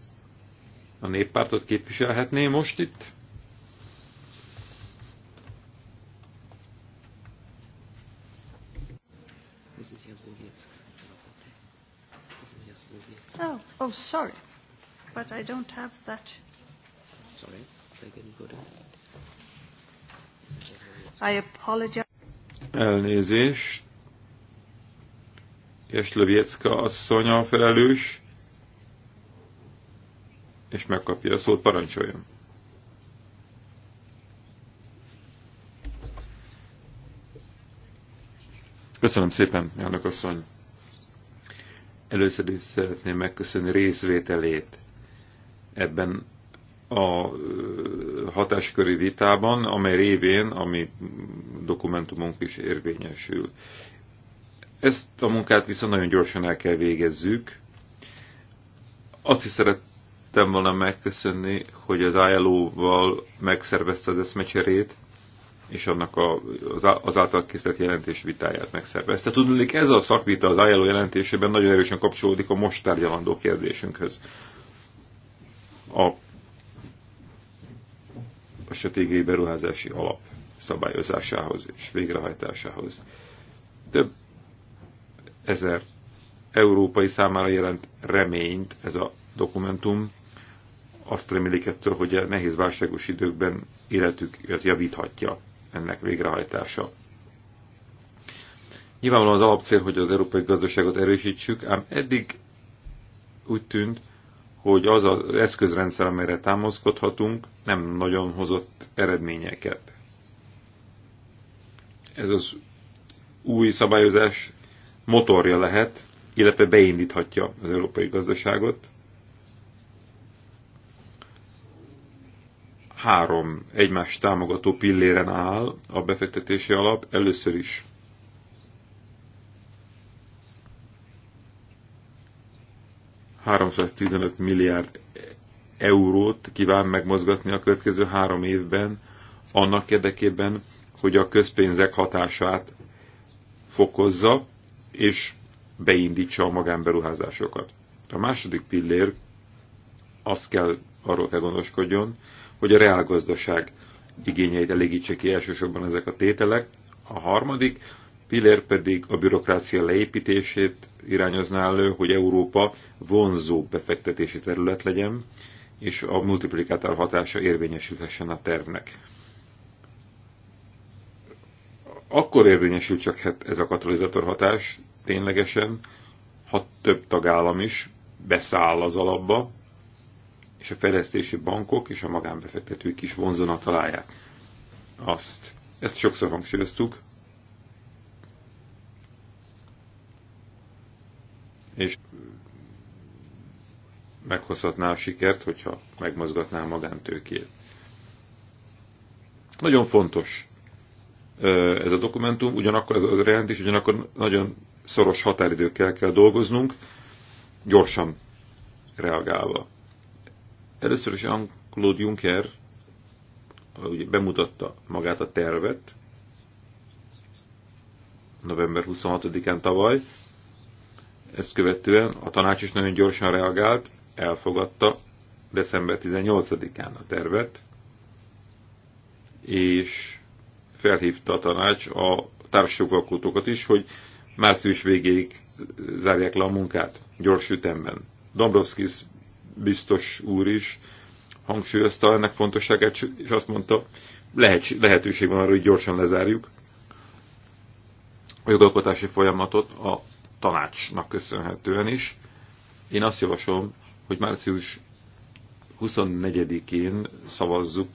a néppártot képviselhetné most itt.
Oh, oh, sorry, but I don't have that.
Sorry. Elnézés. És Lövjecka asszony a felelős, és megkapja a szót, parancsoljon. Köszönöm szépen, elnök asszony. Először is szeretném megköszönni részvételét ebben a hatásköri vitában, amely révén a mi dokumentumunk is érvényesül. Ezt a munkát viszont nagyon gyorsan el kell végezzük. Azt is szerettem volna megköszönni, hogy az ILO-val megszervezte az eszmecserét, és annak a, az által készített jelentés vitáját megszervezte. Tudnék, ez a szakvita az ILO jelentésében nagyon erősen kapcsolódik a most tárgyalandó kérdésünkhöz. A a stratégiai beruházási alap szabályozásához és végrehajtásához. Több ezer európai számára jelent reményt ez a dokumentum, azt remélik ettől, hogy a nehéz válságos időkben életüket javíthatja ennek végrehajtása. Nyilvánvalóan az alapcél, hogy az európai gazdaságot erősítsük, ám eddig úgy tűnt, hogy az az eszközrendszer, amelyre támaszkodhatunk, nem nagyon hozott eredményeket. Ez az új szabályozás motorja lehet, illetve beindíthatja az európai gazdaságot. Három egymást támogató pilléren áll a befektetési alap. Először is 315 milliárd eurót kíván megmozgatni a következő három évben, annak érdekében, hogy a közpénzek hatását fokozza, és beindítsa a magánberuházásokat. A második pillér azt kell, arról kell gondoskodjon, hogy a reálgazdaság igényeit elégítse ki elsősorban ezek a tételek. A harmadik pillér pedig a bürokrácia leépítését irányozná elő, hogy Európa vonzó befektetési terület legyen, és a multiplikátor hatása érvényesülhessen a tervnek. Akkor érvényesül csak hát ez a katalizátor hatás ténylegesen, ha több tagállam is beszáll az alapba, és a fejlesztési bankok és a magánbefektetők is vonzona találják azt. Ezt sokszor hangsúlyoztuk, és meghozhatná a sikert, hogyha megmozgatná a magántőkét. Nagyon fontos ez a dokumentum, ugyanakkor ez a is, ugyanakkor nagyon szoros határidőkkel kell dolgoznunk, gyorsan reagálva. Először is Jean-Claude Juncker ugye bemutatta magát a tervet, november 26-án tavaly, ezt követően a tanács is nagyon gyorsan reagált, elfogadta december 18-án a tervet, és felhívta a tanács a társjogalkotókat is, hogy március végéig zárják le a munkát gyors ütemben. Dombrovskis biztos úr is hangsúlyozta ennek fontosságát, és azt mondta, lehet, lehetőség van arra, hogy gyorsan lezárjuk a jogalkotási folyamatot a tanácsnak köszönhetően is. Én azt javaslom, hogy március 24-én szavazzuk,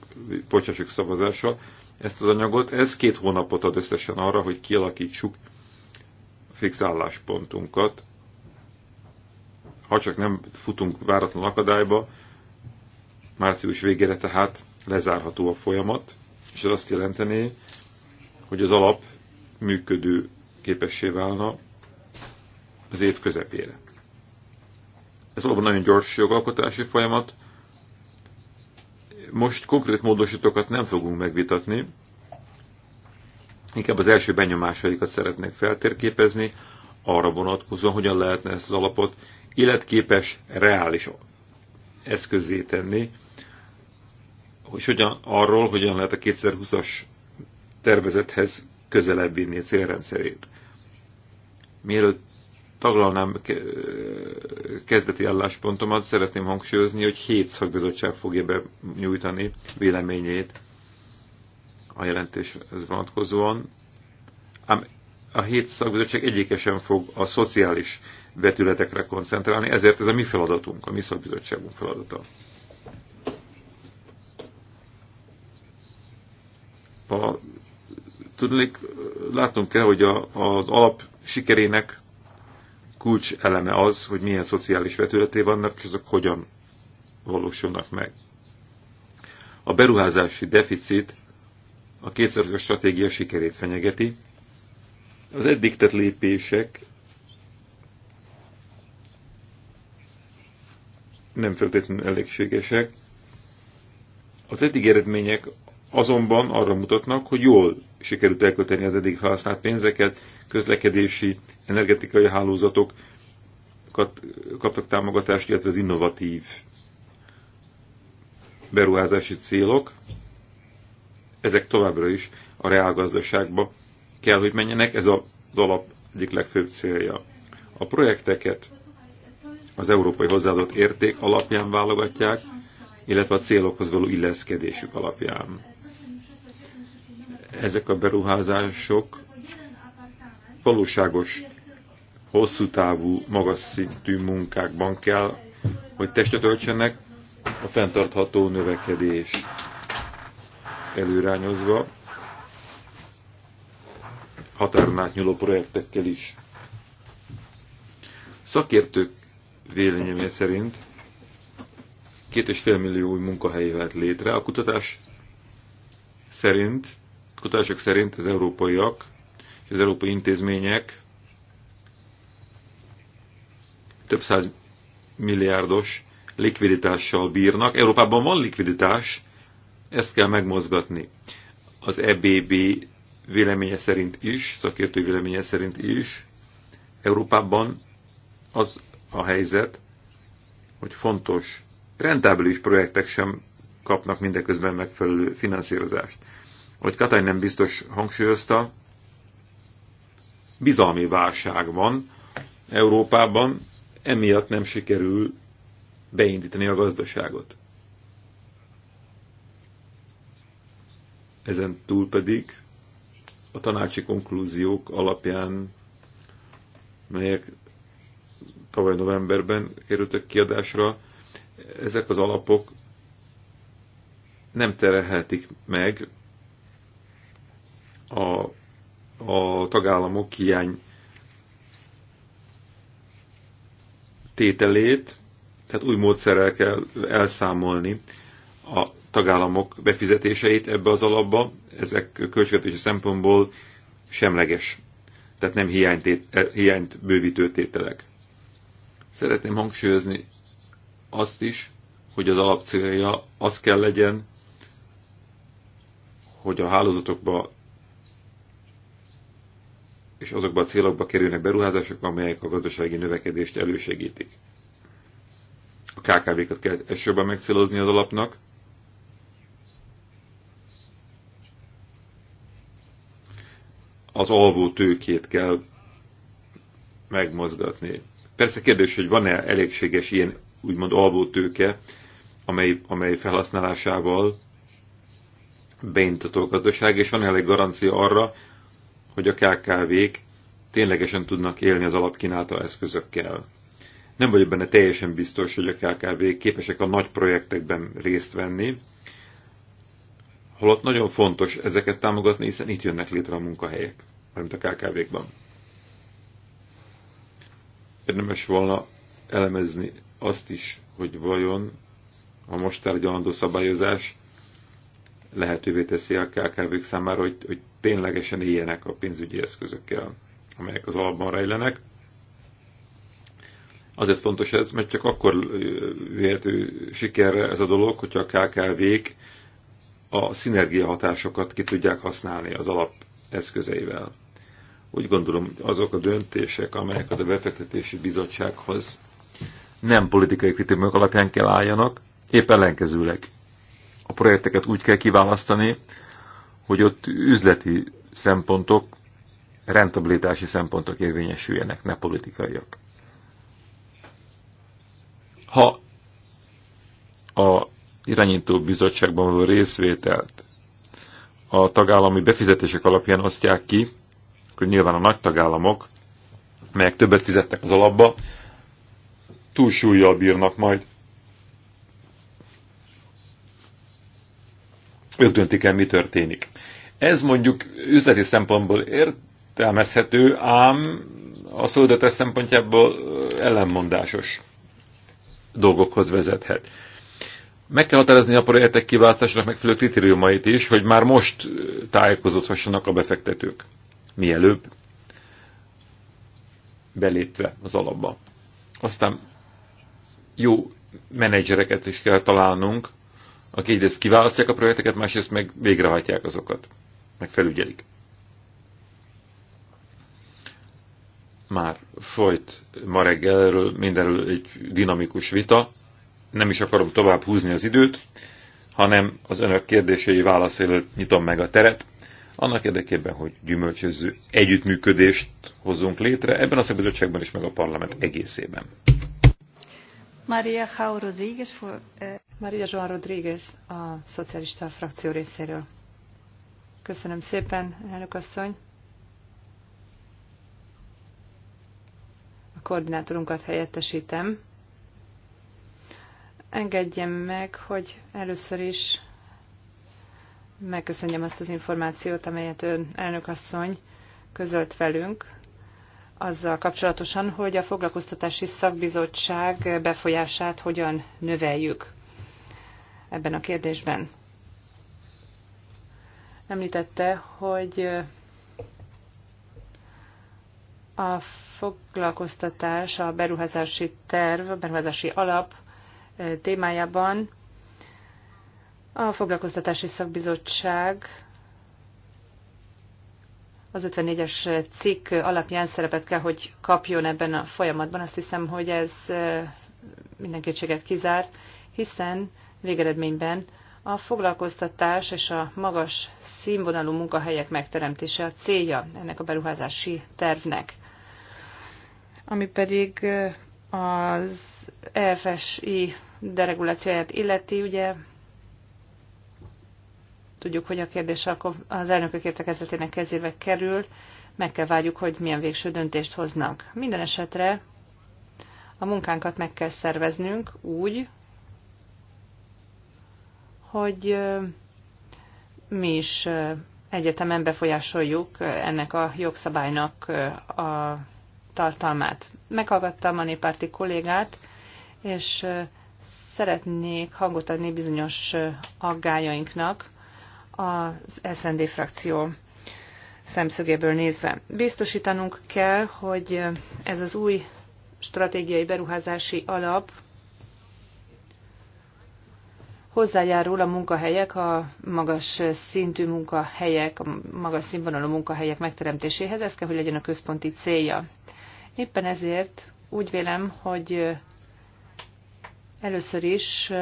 bocsássuk szavazásra ezt az anyagot. Ez két hónapot ad összesen arra, hogy kialakítsuk fix álláspontunkat. Ha csak nem futunk váratlan akadályba, március végére tehát lezárható a folyamat, és ez azt jelenteni, hogy az alap működő képessé válna, az év közepére. Ez valóban nagyon gyors jogalkotási folyamat. Most konkrét módosítókat nem fogunk megvitatni, inkább az első benyomásaikat szeretnék feltérképezni, arra vonatkozóan, hogyan lehetne ezt az alapot életképes, reális eszközé tenni, és hogyan, arról, hogyan lehet a 2020-as tervezethez közelebb vinni a célrendszerét. Mielőtt taglalnám kezdeti álláspontomat, szeretném hangsúlyozni, hogy hét szakbizottság fogja be nyújtani véleményét a jelentéshez vonatkozóan. Ám a hét szakbizottság egyike sem fog a szociális vetületekre koncentrálni, ezért ez a mi feladatunk, a mi szakbizottságunk feladata. A, tudnék, látnunk kell, hogy a, az alap sikerének kulcs eleme az, hogy milyen szociális vetületé vannak, és azok hogyan valósulnak meg. A beruházási deficit a kétszeres stratégia sikerét fenyegeti. Az eddig tett lépések nem feltétlenül elégségesek. Az eddig eredmények azonban arra mutatnak, hogy jól sikerült elkölteni az eddig felhasznált pénzeket, közlekedési, energetikai hálózatokat kaptak támogatást, illetve az innovatív beruházási célok, ezek továbbra is a reálgazdaságba kell, hogy menjenek, ez az alap egyik legfőbb célja. A projekteket az európai hozzáadott érték alapján válogatják, illetve a célokhoz való illeszkedésük alapján ezek a beruházások valóságos, hosszú távú, magas szintű munkákban kell, hogy testet öltsenek a fenntartható növekedés előrányozva határon átnyúló projektekkel is. Szakértők véleménye szerint két és fél millió új munkahely létre, a kutatás szerint Kutatások szerint az európaiak és az európai intézmények több száz milliárdos likviditással bírnak. Európában van likviditás, ezt kell megmozgatni. Az EBB véleménye szerint is, szakértő véleménye szerint is, Európában az a helyzet, hogy fontos, rentábilis projektek sem kapnak mindeközben megfelelő finanszírozást hogy Katalin nem biztos hangsúlyozta, bizalmi válság van Európában, emiatt nem sikerül beindítani a gazdaságot. Ezen túl pedig a tanácsi konklúziók alapján, melyek tavaly novemberben kerültek kiadásra, ezek az alapok nem terelhetik meg a, a tagállamok hiány tételét, tehát új módszerrel kell elszámolni a tagállamok befizetéseit ebbe az alapba, ezek költségvetési szempontból semleges, tehát nem hiányt, e, hiányt bővítő tételek. Szeretném hangsúlyozni azt is, hogy az alapcélja az kell legyen, hogy a hálózatokba és azokba a célokba kerülnek beruházások, amelyek a gazdasági növekedést elősegítik. A KKV-kat kell elsőben megcélozni az alapnak, az alvó tőkét kell megmozgatni. Persze kérdés, hogy van-e elégséges ilyen úgymond alvó tőke, amely, amely felhasználásával beintató a gazdaság, és van elég garancia arra, hogy a KKV-k ténylegesen tudnak élni az alapkínálta eszközökkel. Nem vagyok benne teljesen biztos, hogy a KKV képesek a nagy projektekben részt venni, holott nagyon fontos ezeket támogatni, hiszen itt jönnek létre a munkahelyek, mint a KKV-kban. Érdemes volna elemezni azt is, hogy vajon a most tárgyalandó szabályozás lehetővé teszi a KKV-k számára, hogy, hogy ténylegesen éljenek a pénzügyi eszközökkel, amelyek az alapban rejlenek. Azért fontos ez, mert csak akkor véhető sikerre ez a dolog, hogyha a KKV-k a szinergia hatásokat ki tudják használni az alap eszközeivel. Úgy gondolom, azok a döntések, amelyek a befektetési bizottsághoz nem politikai kritikumok alapján kell álljanak, épp ellenkezőleg. A projekteket úgy kell kiválasztani, hogy ott üzleti szempontok, rentabilitási szempontok érvényesüljenek, ne politikaiak. Ha a irányító bizottságban való részvételt a tagállami befizetések alapján osztják ki, hogy nyilván a nagy tagállamok, melyek többet fizettek az alapba, túlsúlyjal bírnak majd Ők döntik el, mi történik. Ez mondjuk üzleti szempontból értelmezhető, ám a szolgatás szempontjából ellenmondásos dolgokhoz vezethet. Meg kell határozni a projektek kiválasztásának megfelelő kritériumait is, hogy már most tájékozódhassanak a befektetők. Mielőbb belépve az alapba. Aztán jó menedzsereket is kell találnunk, aki egyrészt kiválasztják a projekteket, másrészt meg végrehajtják azokat, meg felügyelik. Már folyt ma reggel erről, mindenről egy dinamikus vita, nem is akarom tovább húzni az időt, hanem az önök kérdései válasz nyitom meg a teret, annak érdekében, hogy gyümölcsöző együttműködést hozunk létre, ebben a szakbizottságban is, meg a parlament egészében.
Maria Jau Rodriguez
for, uh... Maria Joan Rodríguez a szocialista frakció részéről. Köszönöm szépen, elnök asszony. A koordinátorunkat helyettesítem. Engedjem meg, hogy először is megköszönjem azt az információt, amelyet ön, elnök asszony, közölt velünk azzal kapcsolatosan, hogy a foglalkoztatási szakbizottság befolyását hogyan növeljük ebben a kérdésben. Említette, hogy a foglalkoztatás, a beruházási terv, a beruházási alap eh, témájában a foglalkoztatási szakbizottság az 54-es cikk alapján szerepet kell, hogy kapjon ebben a folyamatban. Azt hiszem, hogy ez eh, minden kétséget kizár, hiszen Végeredményben a foglalkoztatás és a magas színvonalú munkahelyek megteremtése a célja ennek a beruházási tervnek. Ami pedig az EFSI deregulációját illeti, ugye tudjuk, hogy a kérdés az elnökök értekezletének kezébe kerül, meg kell várjuk, hogy milyen végső döntést hoznak. Minden esetre a munkánkat meg kell szerveznünk úgy, hogy mi is egyetemen befolyásoljuk ennek a jogszabálynak a tartalmát. Meghallgattam a néppárti kollégát, és szeretnék hangot adni bizonyos aggájainknak az SND frakció szemszögéből nézve. Biztosítanunk kell, hogy ez az új stratégiai beruházási alap hozzájárul a munkahelyek, a magas szintű munkahelyek, a magas színvonalú munkahelyek megteremtéséhez, ez kell, hogy legyen a központi célja. Éppen ezért úgy vélem, hogy először is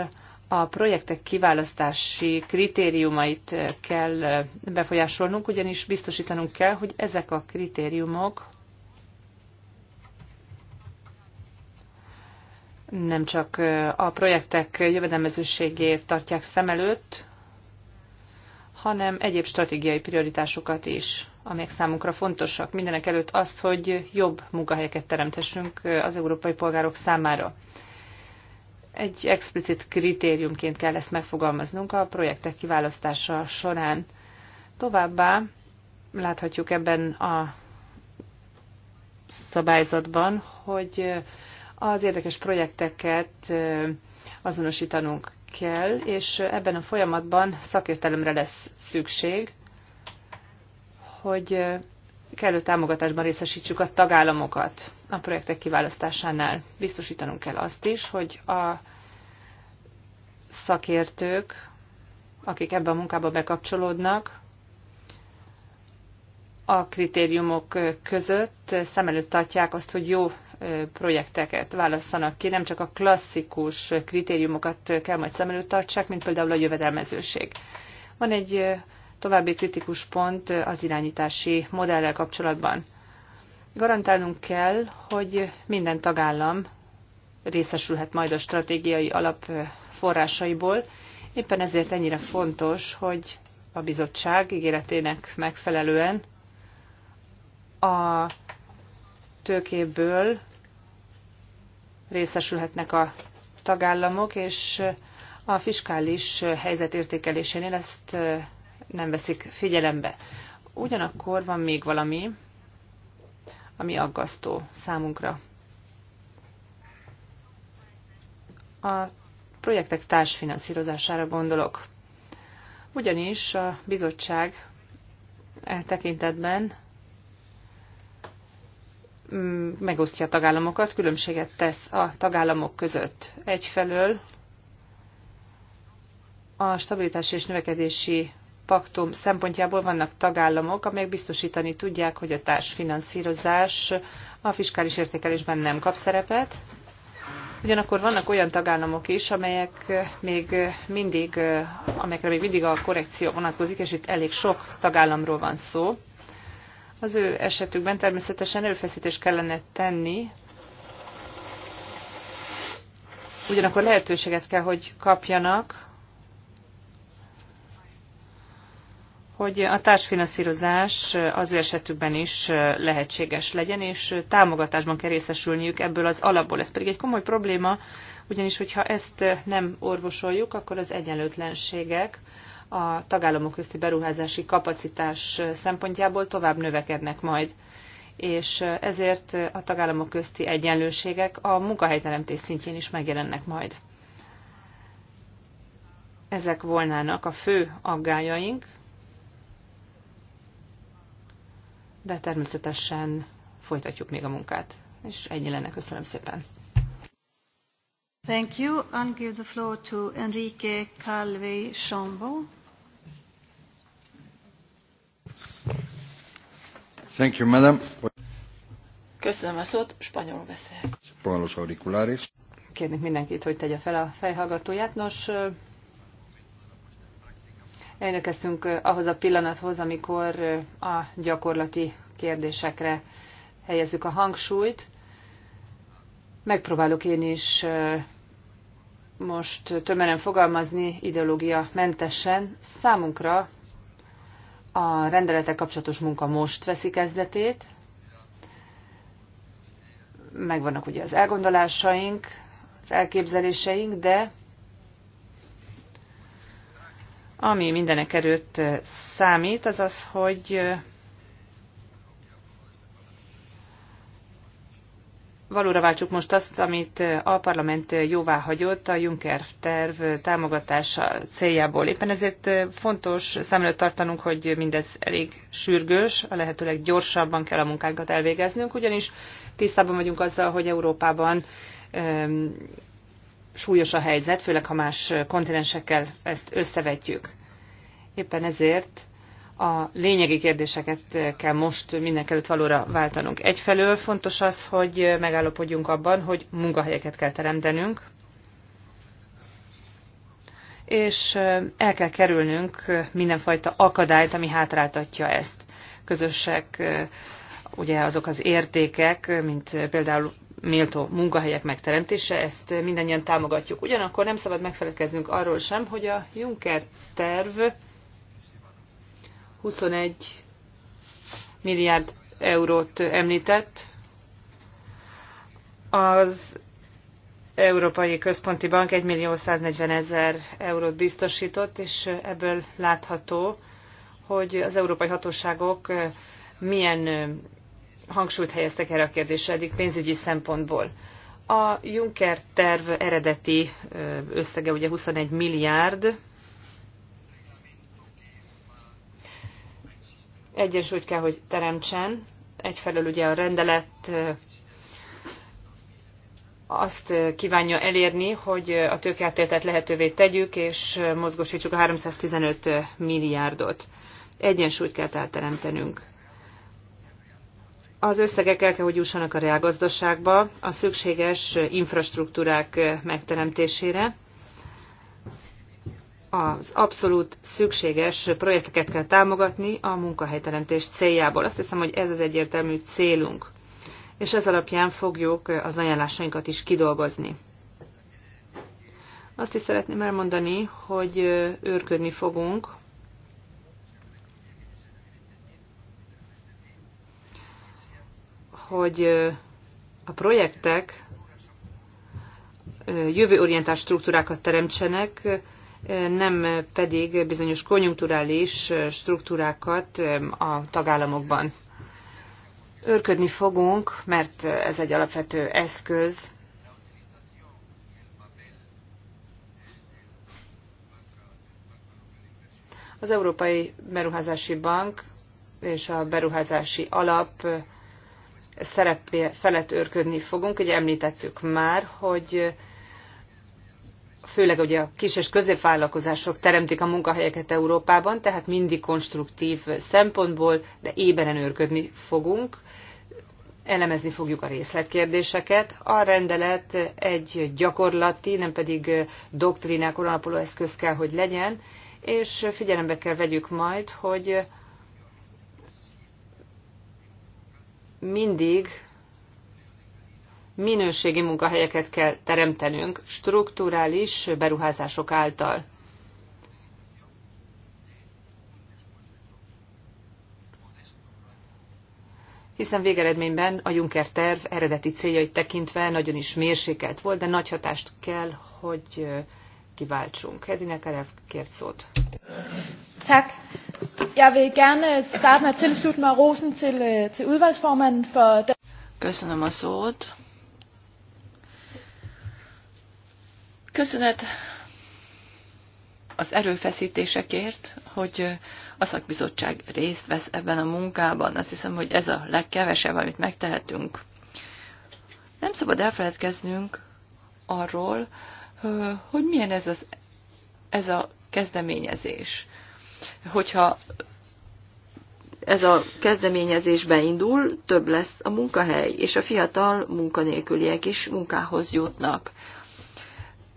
a projektek kiválasztási kritériumait kell befolyásolnunk, ugyanis biztosítanunk kell, hogy ezek a kritériumok nem csak a projektek jövedelmezőségét tartják szem előtt, hanem egyéb stratégiai prioritásokat is, amelyek számunkra fontosak. Mindenek előtt azt, hogy jobb munkahelyeket teremthessünk az európai polgárok számára. Egy explicit kritériumként kell ezt megfogalmaznunk a projektek kiválasztása során. Továbbá láthatjuk ebben a szabályzatban, hogy az érdekes projekteket azonosítanunk kell, és ebben a folyamatban szakértelemre lesz szükség, hogy kellő támogatásban részesítsük a tagállamokat a projektek kiválasztásánál. Biztosítanunk kell azt is, hogy a szakértők, akik ebben a munkába bekapcsolódnak, a kritériumok között szem előtt tartják azt, hogy jó projekteket válasszanak ki, nem csak a klasszikus kritériumokat kell majd szem előtt tartsák, mint például a jövedelmezőség. Van egy további kritikus pont az irányítási modellel kapcsolatban. Garantálnunk kell, hogy minden tagállam részesülhet majd a stratégiai alap forrásaiból. Éppen ezért ennyire fontos, hogy a bizottság ígéretének megfelelően a tőkéből részesülhetnek a tagállamok, és a fiskális helyzetértékelésénél ezt nem veszik figyelembe. Ugyanakkor van még valami, ami aggasztó számunkra. A projektek társfinanszírozására gondolok. Ugyanis a bizottság e tekintetben Mm, megosztja a tagállamokat, különbséget tesz a tagállamok között. Egyfelől a stabilitás és növekedési paktum szempontjából vannak tagállamok, amelyek biztosítani tudják, hogy a társfinanszírozás a fiskális értékelésben nem kap szerepet. Ugyanakkor vannak olyan tagállamok is, amelyek még mindig, amelyekre még mindig a korrekció vonatkozik, és itt elég sok tagállamról van szó. Az ő esetükben természetesen előfeszítést kellene tenni, ugyanakkor lehetőséget kell, hogy kapjanak, hogy a társfinanszírozás az ő esetükben is lehetséges legyen, és támogatásban kell részesülniük ebből az alapból. Ez pedig egy komoly probléma, ugyanis hogyha ezt nem orvosoljuk, akkor az egyenlőtlenségek a tagállamok közti beruházási kapacitás szempontjából tovább növekednek majd és ezért a tagállamok közti egyenlőségek a munkahelyteremtés szintjén is megjelennek majd. Ezek volnának a fő aggájaink, de természetesen folytatjuk még a munkát. És ennyi lenne, köszönöm szépen. Thank you and give the floor
to Enrique Calvi Chambon.
Thank you, madam. Köszönöm a szót, spanyolul beszélek. Spanos Kérnék mindenkit, hogy tegye fel a fejhallgatóját. Nos, elnökeztünk ahhoz a pillanathoz, amikor a gyakorlati kérdésekre helyezzük a hangsúlyt. Megpróbálok én is most tömören fogalmazni, ideológia mentesen. Számunkra a rendeletek kapcsolatos munka most veszi kezdetét. Megvannak ugye az elgondolásaink, az elképzeléseink, de ami mindenek előtt eh, számít, az az, hogy eh, valóra váltsuk most azt, amit a parlament jóvá hagyott a Juncker terv támogatása céljából. Éppen ezért fontos szem előtt tartanunk, hogy mindez elég sürgős, a lehetőleg gyorsabban kell a munkánkat elvégeznünk, ugyanis tisztában vagyunk azzal, hogy Európában um, súlyos a helyzet, főleg ha más kontinensekkel ezt összevetjük. Éppen ezért a lényegi kérdéseket kell most mindenkelőtt valóra váltanunk. Egyfelől fontos az, hogy megállapodjunk abban, hogy munkahelyeket kell teremtenünk, és el kell kerülnünk mindenfajta akadályt, ami hátráltatja ezt. Közösek ugye azok az értékek, mint például méltó munkahelyek megteremtése, ezt mindannyian támogatjuk. Ugyanakkor nem szabad megfelelkeznünk arról sem, hogy a Juncker terv 21 milliárd eurót említett. Az Európai Központi Bank 1 millió 140 ezer eurót biztosított, és ebből látható, hogy az európai hatóságok milyen hangsúlyt helyeztek erre a kérdésre eddig pénzügyi szempontból. A Juncker terv eredeti összege ugye 21 milliárd, egyensúlyt kell, hogy teremtsen. Egyfelől ugye a rendelet azt kívánja elérni, hogy a tőkeáttételt lehetővé tegyük, és mozgósítsuk a 315 milliárdot. Egyensúlyt kell tehát teremtenünk. Az összegek el kell, hogy jussanak a reálgazdaságba, a szükséges infrastruktúrák megteremtésére, az abszolút szükséges projekteket kell támogatni a munkahelyteremtés céljából. Azt hiszem, hogy ez az egyértelmű célunk, és ez alapján fogjuk az ajánlásainkat is kidolgozni. Azt is szeretném elmondani, hogy őrködni fogunk hogy a projektek jövőorientált struktúrákat teremtsenek, nem pedig bizonyos konjunkturális struktúrákat a tagállamokban. Örködni fogunk, mert ez egy alapvető eszköz, Az Európai Beruházási Bank és a beruházási alap szerep felett őrködni fogunk. Ugye említettük már, hogy főleg ugye a kis és középvállalkozások teremtik a munkahelyeket Európában, tehát mindig konstruktív szempontból, de éberen őrködni fogunk. Elemezni fogjuk a részletkérdéseket. A rendelet egy gyakorlati, nem pedig doktrinákon alapuló eszköz kell, hogy legyen, és figyelembe kell vegyük majd, hogy mindig minőségi munkahelyeket kell teremtenünk strukturális beruházások által. hiszen végeredményben a Juncker terv eredeti céljait tekintve nagyon is mérsékelt volt, de nagy hatást kell, hogy kiváltsunk. Hedine Kerev kért szót.
Tak. Jeg vil gerne øh, starte med at tilslutte mig rosen til, øh, til udvalgsformanden for...
Köszönöm a
szót. Köszönet az erőfeszítésekért, hogy a szakbizottság részt vesz ebben a munkában. Azt hiszem, hogy ez a legkevesebb, amit megtehetünk. Nem szabad elfeledkeznünk arról, hogy milyen ez, az, ez a kezdeményezés. Hogyha ez a kezdeményezésbe indul, több lesz a munkahely, és a fiatal munkanélküliek is munkához jutnak.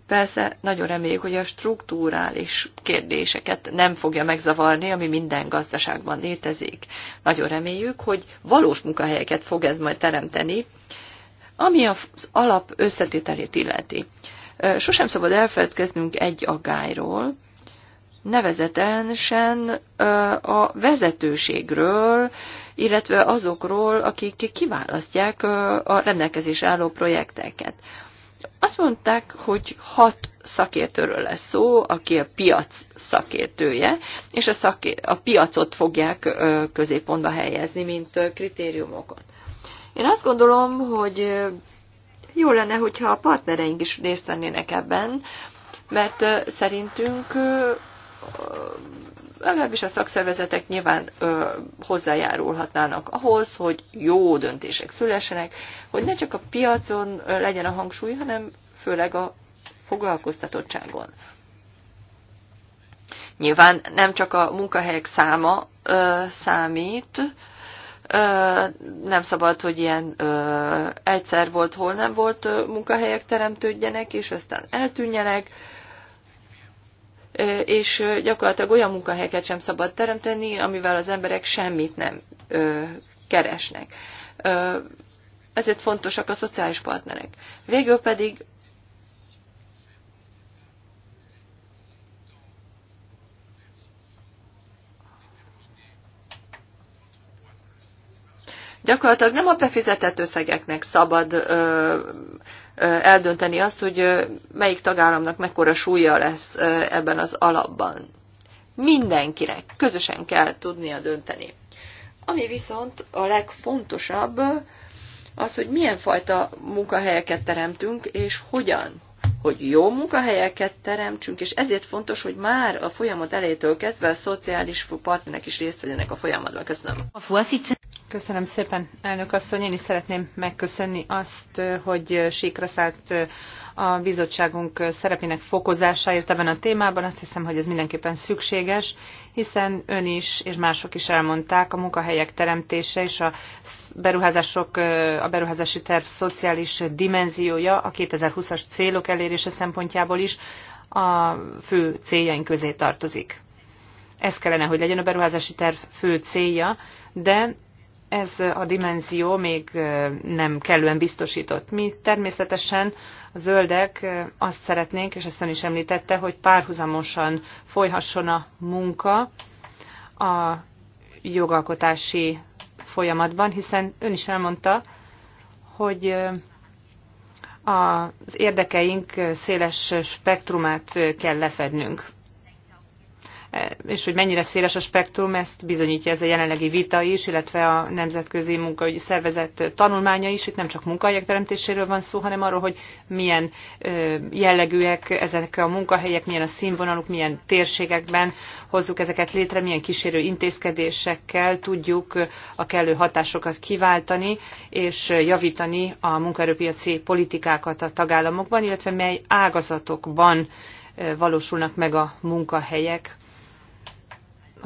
Persze nagyon reméljük, hogy a struktúrális kérdéseket nem fogja megzavarni, ami minden gazdaságban létezik. Nagyon reméljük, hogy valós munkahelyeket fog ez majd teremteni, ami az alap összetételét illeti. Sosem szabad elfeledkeznünk egy agályról, nevezetesen a vezetőségről, illetve azokról, akik kiválasztják a rendelkezés álló projekteket. Azt mondták, hogy hat szakértőről lesz szó, aki a piac szakértője, és a, szaké- a piacot fogják középpontba helyezni, mint kritériumokat. Én azt gondolom, hogy jó lenne, hogyha a partnereink is részt vennének ebben, mert szerintünk legalábbis a szakszervezetek nyilván ö, hozzájárulhatnának ahhoz, hogy jó döntések szülessenek, hogy ne csak a piacon ö, legyen a hangsúly, hanem főleg a foglalkoztatottságon. Nyilván nem csak a munkahelyek száma ö, számít, ö, nem szabad, hogy ilyen ö, egyszer volt, hol nem volt ö, munkahelyek teremtődjenek, és aztán eltűnjenek, ö, és gyakorlatilag olyan munkahelyeket sem szabad teremteni, amivel az emberek semmit nem keresnek. Ezért fontosak a szociális partnerek. Végül pedig gyakorlatilag nem a befizetett összegeknek szabad ö, eldönteni azt, hogy melyik tagállamnak mekkora súlya lesz ebben az alapban. Mindenkinek közösen kell tudnia dönteni. Ami viszont a legfontosabb, az, hogy milyen fajta munkahelyeket teremtünk, és hogyan hogy jó munkahelyeket teremtsünk, és ezért fontos, hogy már a folyamat elejétől kezdve a szociális partnerek is részt vegyenek a
folyamatban. Köszönöm. Köszönöm szépen, elnök asszony. Én is szeretném megköszönni azt, hogy sikra szállt a bizottságunk szerepének fokozásáért ebben a témában. Azt hiszem, hogy ez mindenképpen szükséges, hiszen ön is és mások is elmondták, a munkahelyek teremtése és a, beruházások, a beruházási terv szociális dimenziója a 2020-as célok elérése szempontjából is a fő céljaink közé tartozik. Ez kellene, hogy legyen a beruházási terv fő célja, de ez a dimenzió még nem kellően biztosított. Mi természetesen a zöldek azt szeretnénk, és ezt ön is említette, hogy párhuzamosan folyhasson a munka a jogalkotási folyamatban, hiszen ön is elmondta, hogy az érdekeink széles spektrumát kell lefednünk. E, és hogy mennyire széles a spektrum, ezt bizonyítja ez a jelenlegi vita is, illetve a Nemzetközi Munkaügyi Szervezet tanulmánya is. Itt nem csak munkahelyek teremtéséről van szó, hanem arról, hogy milyen jellegűek ezek a munkahelyek, milyen a színvonaluk, milyen térségekben hozzuk ezeket létre, milyen kísérő intézkedésekkel tudjuk a kellő hatásokat kiváltani, és javítani a munkaerőpiaci politikákat a tagállamokban, illetve mely ágazatokban valósulnak meg a munkahelyek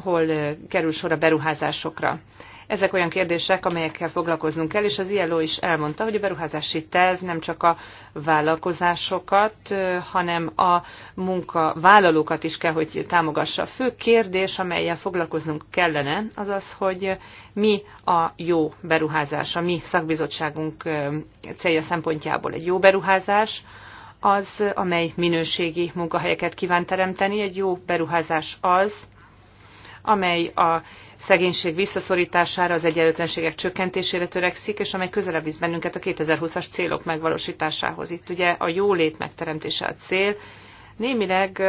hol kerül sor a beruházásokra. Ezek olyan kérdések, amelyekkel foglalkoznunk kell, és az ILO is elmondta, hogy a beruházási terv nem csak a vállalkozásokat, hanem a munkavállalókat is kell, hogy támogassa. A fő kérdés, amelyel foglalkoznunk kellene, az az, hogy mi a jó beruházás, a mi szakbizottságunk célja szempontjából egy jó beruházás, az, amely minőségi munkahelyeket kíván teremteni, egy jó beruházás az, amely a szegénység visszaszorítására, az egyenlőtlenségek csökkentésére törekszik, és amely közelebb visz bennünket a 2020-as célok megvalósításához. Itt ugye a jólét megteremtése a cél, némileg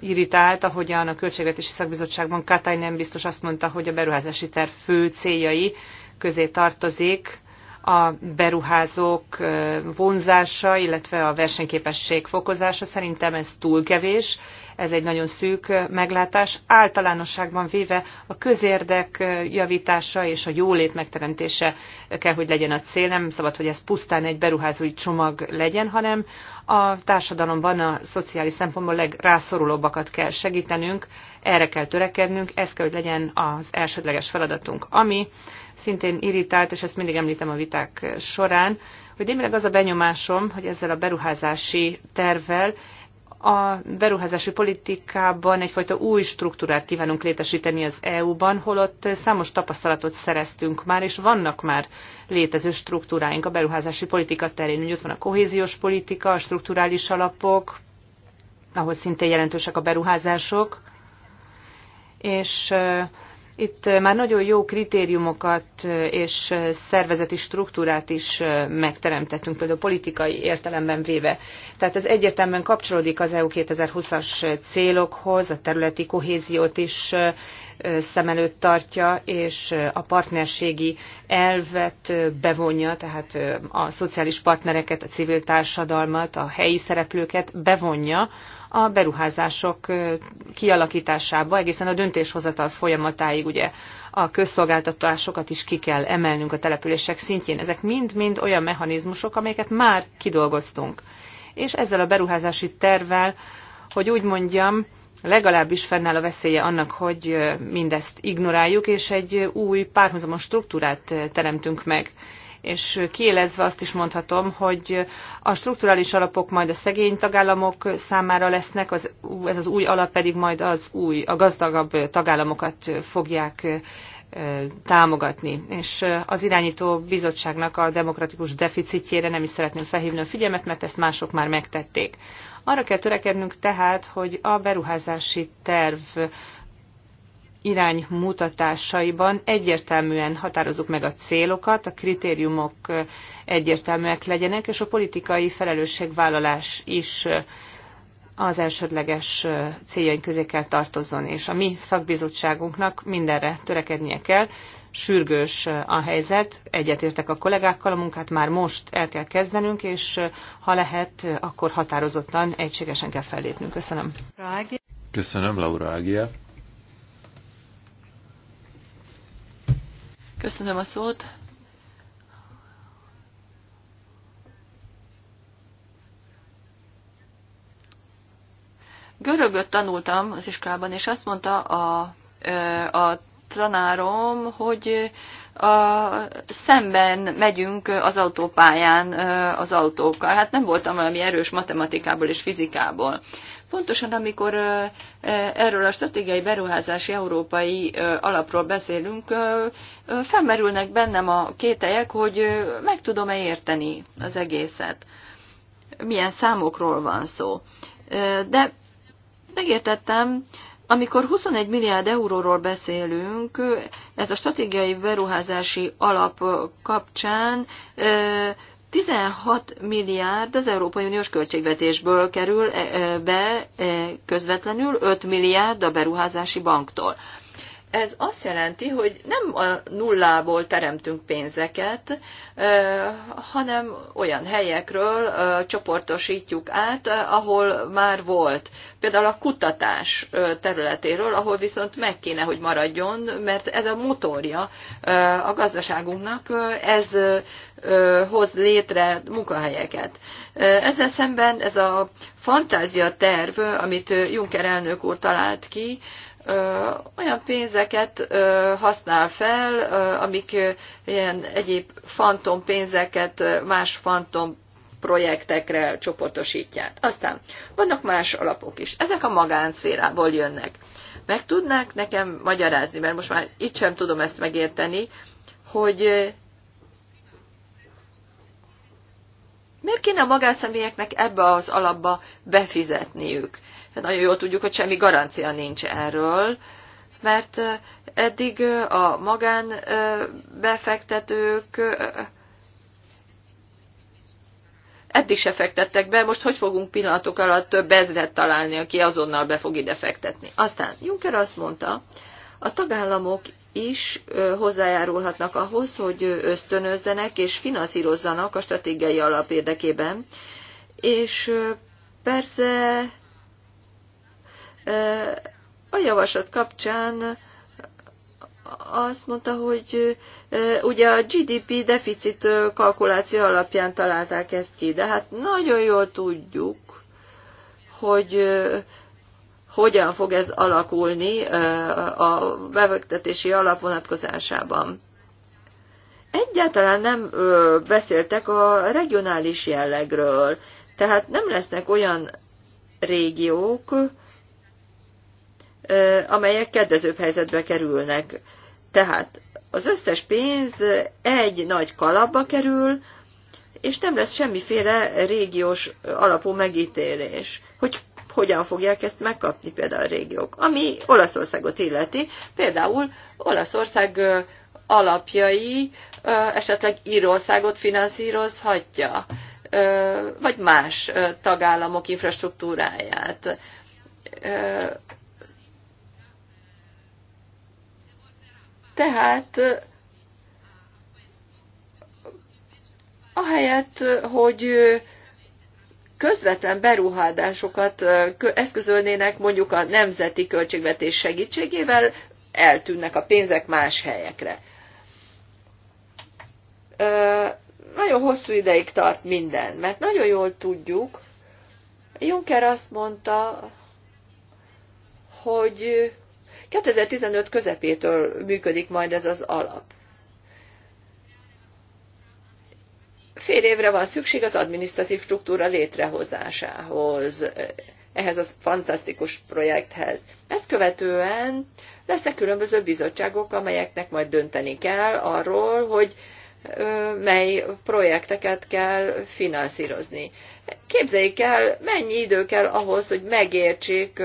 irritált, ahogyan a Költségvetési Szakbizottságban Katály nem biztos azt mondta, hogy a beruházási terv fő céljai közé tartozik a beruházók vonzása, illetve a versenyképesség fokozása. Szerintem ez túl kevés, ez egy nagyon szűk meglátás. Általánosságban véve a közérdek javítása és a jólét megteremtése kell, hogy legyen a cél. Nem szabad, hogy ez pusztán egy beruházói csomag legyen, hanem a társadalomban a szociális szempontból legrászorulóbbakat kell segítenünk, erre kell törekednünk, ez kell, hogy legyen az elsődleges feladatunk. Ami szintén irritált, és ezt mindig említem a viták során, hogy némileg az a benyomásom, hogy ezzel a beruházási tervvel a beruházási politikában egyfajta új struktúrát kívánunk létesíteni az EU-ban, holott számos tapasztalatot szereztünk már, és vannak már létező struktúráink a beruházási politika terén. Úgy ott van a kohéziós politika, a strukturális alapok, ahol szintén jelentősek a beruházások, és itt eh, már nagyon jó kritériumokat eh, és eh, szervezeti struktúrát is megteremtettünk, például politikai értelemben véve. Tehát ez egyértelműen kapcsolódik az EU 2020-as célokhoz, a területi kohéziót is szem előtt tartja, és a partnerségi elvet bevonja, tehát a szociális partnereket, a civil társadalmat, a helyi szereplőket bevonja a beruházások kialakításába, egészen a döntéshozatal folyamatáig ugye a közszolgáltatásokat is ki kell emelnünk a települések szintjén. Ezek mind-mind olyan mechanizmusok, amelyeket már kidolgoztunk. És ezzel a beruházási tervvel, hogy úgy mondjam, legalábbis fennáll a veszélye annak, hogy mindezt ignoráljuk, és egy új párhuzamos struktúrát teremtünk meg és kiélezve azt is mondhatom, hogy a strukturális alapok majd a szegény tagállamok számára lesznek, az, ez az új alap pedig majd az új, a gazdagabb tagállamokat fogják támogatni. És az irányító bizottságnak a demokratikus deficitjére nem is szeretném felhívni a figyelmet, mert ezt mások már megtették. Arra kell törekednünk tehát, hogy a beruházási terv iránymutatásaiban egyértelműen határozzuk meg a célokat, a kritériumok egyértelműek legyenek, és a politikai felelősségvállalás is az elsődleges céljaink közé kell tartozzon, és a mi szakbizottságunknak mindenre törekednie kell. Sürgős a helyzet, egyetértek a kollégákkal, a munkát már most el kell kezdenünk, és ha lehet, akkor határozottan, egységesen kell fellépnünk. Köszönöm.
Köszönöm, Laura Ágia.
Köszönöm a szót. Görögöt tanultam az iskolában, és azt mondta a, a tanárom, hogy a, szemben megyünk az autópályán az autókkal. Hát nem voltam valami erős matematikából és fizikából. Pontosan amikor erről a stratégiai beruházási európai alapról beszélünk, felmerülnek bennem a kételyek, hogy meg tudom-e érteni az egészet, milyen számokról van szó. De megértettem, amikor 21 milliárd euróról beszélünk, ez a stratégiai beruházási alap kapcsán 16 milliárd az Európai Uniós költségvetésből kerül e, e, be e, közvetlenül, 5 milliárd a beruházási banktól. Ez azt jelenti, hogy nem a nullából teremtünk pénzeket, hanem olyan helyekről csoportosítjuk át, ahol már volt például a kutatás területéről, ahol viszont meg kéne, hogy maradjon, mert ez a motorja a gazdaságunknak, ez hoz létre munkahelyeket. Ezzel szemben ez a fantázia terv, amit Juncker elnök úr talált ki, olyan pénzeket használ fel, amik ilyen egyéb fantom pénzeket, más fantom projektekre csoportosítják. Aztán vannak más alapok is. Ezek a magánszférából jönnek. Meg tudnák nekem magyarázni, mert most már itt sem tudom ezt megérteni, hogy miért kéne a magánszemélyeknek ebbe az alapba befizetniük? Hát nagyon jól tudjuk, hogy semmi garancia nincs erről, mert eddig a magánbefektetők eddig se fektettek be, most hogy fogunk pillanatok alatt több ezret találni, aki azonnal be fog ide fektetni. Aztán Juncker azt mondta, a tagállamok is hozzájárulhatnak ahhoz, hogy ösztönözzenek és finanszírozzanak a stratégiai alap érdekében, és persze a javaslat kapcsán azt mondta, hogy ugye a GDP deficit kalkuláció alapján találták ezt ki, de hát nagyon jól tudjuk, hogy hogyan fog ez alakulni a befektetési alap vonatkozásában. Egyáltalán nem beszéltek a regionális jellegről, tehát nem lesznek olyan régiók, amelyek kedvezőbb helyzetbe kerülnek. Tehát az összes pénz egy nagy kalapba kerül, és nem lesz semmiféle régiós alapú megítélés, hogy hogyan fogják ezt megkapni például a régiók. Ami Olaszországot illeti, például Olaszország alapjai esetleg Írországot finanszírozhatja, vagy más tagállamok infrastruktúráját. Tehát ahelyett, hogy közvetlen beruházásokat eszközölnének mondjuk a nemzeti költségvetés segítségével, eltűnnek a pénzek más helyekre. Nagyon hosszú ideig tart minden, mert nagyon jól tudjuk, Juncker azt mondta, hogy 2015 közepétől működik majd ez az alap. Fél évre van szükség az adminisztratív struktúra létrehozásához, ehhez a fantasztikus projekthez. Ezt követően lesznek különböző bizottságok, amelyeknek majd dönteni kell arról, hogy mely projekteket kell finanszírozni. Képzeljék el, mennyi idő kell ahhoz, hogy megértsék,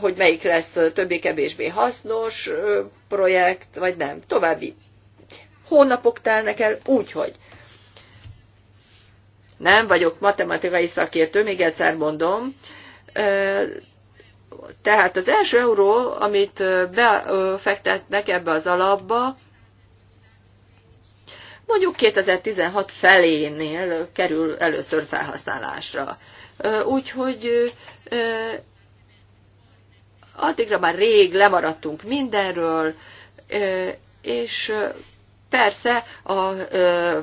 hogy melyik lesz többé-kevésbé hasznos projekt, vagy nem. További hónapok telnek el úgyhogy. Nem vagyok matematikai szakértő, még egyszer mondom. Tehát az első euró, amit befektetnek ebbe az alapba, mondjuk 2016 felénél kerül először felhasználásra. Úgyhogy addigra már rég lemaradtunk mindenről, és persze a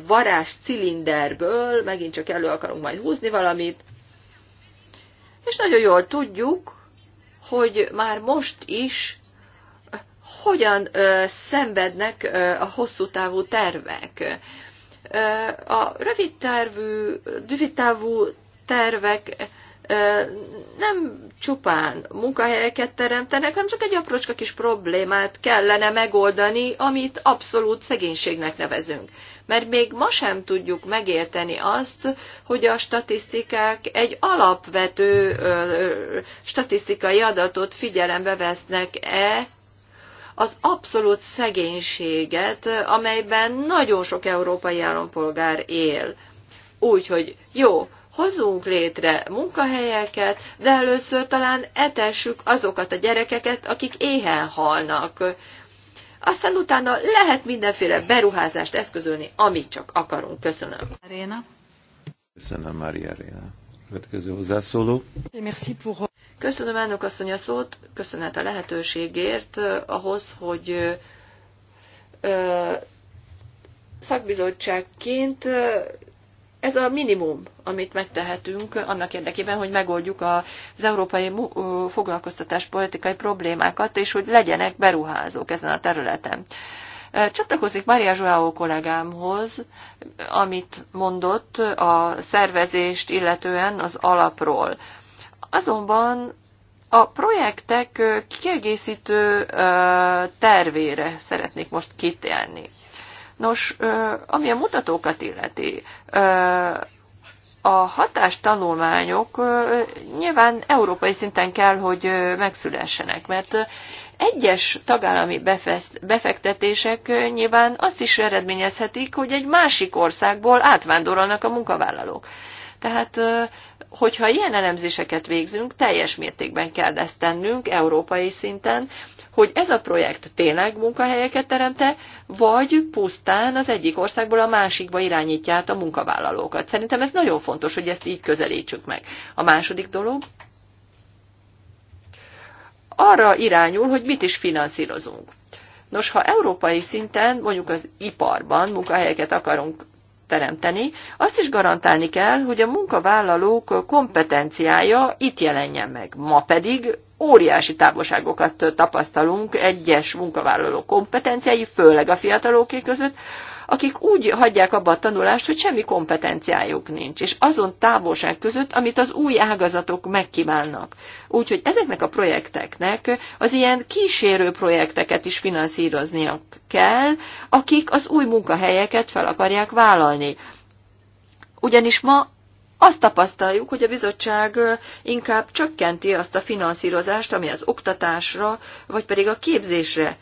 varázs cilinderből megint csak elő akarunk majd húzni valamit, és nagyon jól tudjuk, hogy már most is hogyan szenvednek a hosszú távú tervek. A rövid, tervű, rövid távú tervek nem csupán munkahelyeket teremtenek, hanem csak egy aprócska kis problémát kellene megoldani, amit abszolút szegénységnek nevezünk. Mert még ma sem tudjuk megérteni azt, hogy a statisztikák egy alapvető statisztikai adatot figyelembe vesznek-e, az abszolút szegénységet, amelyben nagyon sok európai állampolgár él. Úgyhogy jó, hozzunk létre munkahelyeket, de először talán etessük azokat a gyerekeket, akik éhen halnak. Aztán utána lehet mindenféle beruházást eszközölni, amit csak akarunk. Köszönöm.
Aréna.
Köszönöm, Mária Aréna. Következő hozzászóló.
Merci pour...
Köszönöm elnök asszony a szót, köszönet a lehetőségért eh, ahhoz, hogy eh, eh, szakbizottságként ez a minimum, amit megtehetünk annak érdekében, hogy megoldjuk az európai foglalkoztatás politikai problémákat, és hogy legyenek beruházók ezen a területen. Csatlakozik Mária Zsuáó kollégámhoz, amit mondott a szervezést illetően az alapról. Azonban a projektek kiegészítő tervére szeretnék most kitérni. Nos, ami a mutatókat illeti, a hatástanulmányok nyilván európai szinten kell, hogy megszülessenek, mert egyes tagállami befektetések nyilván azt is eredményezhetik, hogy egy másik országból átvándorolnak a munkavállalók. Tehát hogyha ilyen elemzéseket végzünk, teljes mértékben kell ezt tennünk európai szinten, hogy ez a projekt tényleg munkahelyeket teremte, vagy pusztán az egyik országból a másikba irányítja át a munkavállalókat. Szerintem ez nagyon fontos, hogy ezt így közelítsük meg. A második dolog arra irányul, hogy mit is finanszírozunk. Nos, ha európai szinten, mondjuk az iparban munkahelyeket akarunk teremteni, azt is garantálni kell, hogy a munkavállalók kompetenciája itt jelenjen meg. Ma pedig óriási távolságokat tapasztalunk egyes munkavállalók kompetenciái, főleg a fiatalok között, akik úgy hagyják abba a tanulást, hogy semmi kompetenciájuk nincs, és azon távolság között, amit az új ágazatok megkívánnak. Úgyhogy ezeknek a projekteknek az ilyen kísérő projekteket is finanszíroznia kell, akik az új munkahelyeket fel akarják vállalni. Ugyanis ma azt tapasztaljuk, hogy a bizottság inkább csökkenti azt a finanszírozást, ami az oktatásra, vagy pedig a képzésre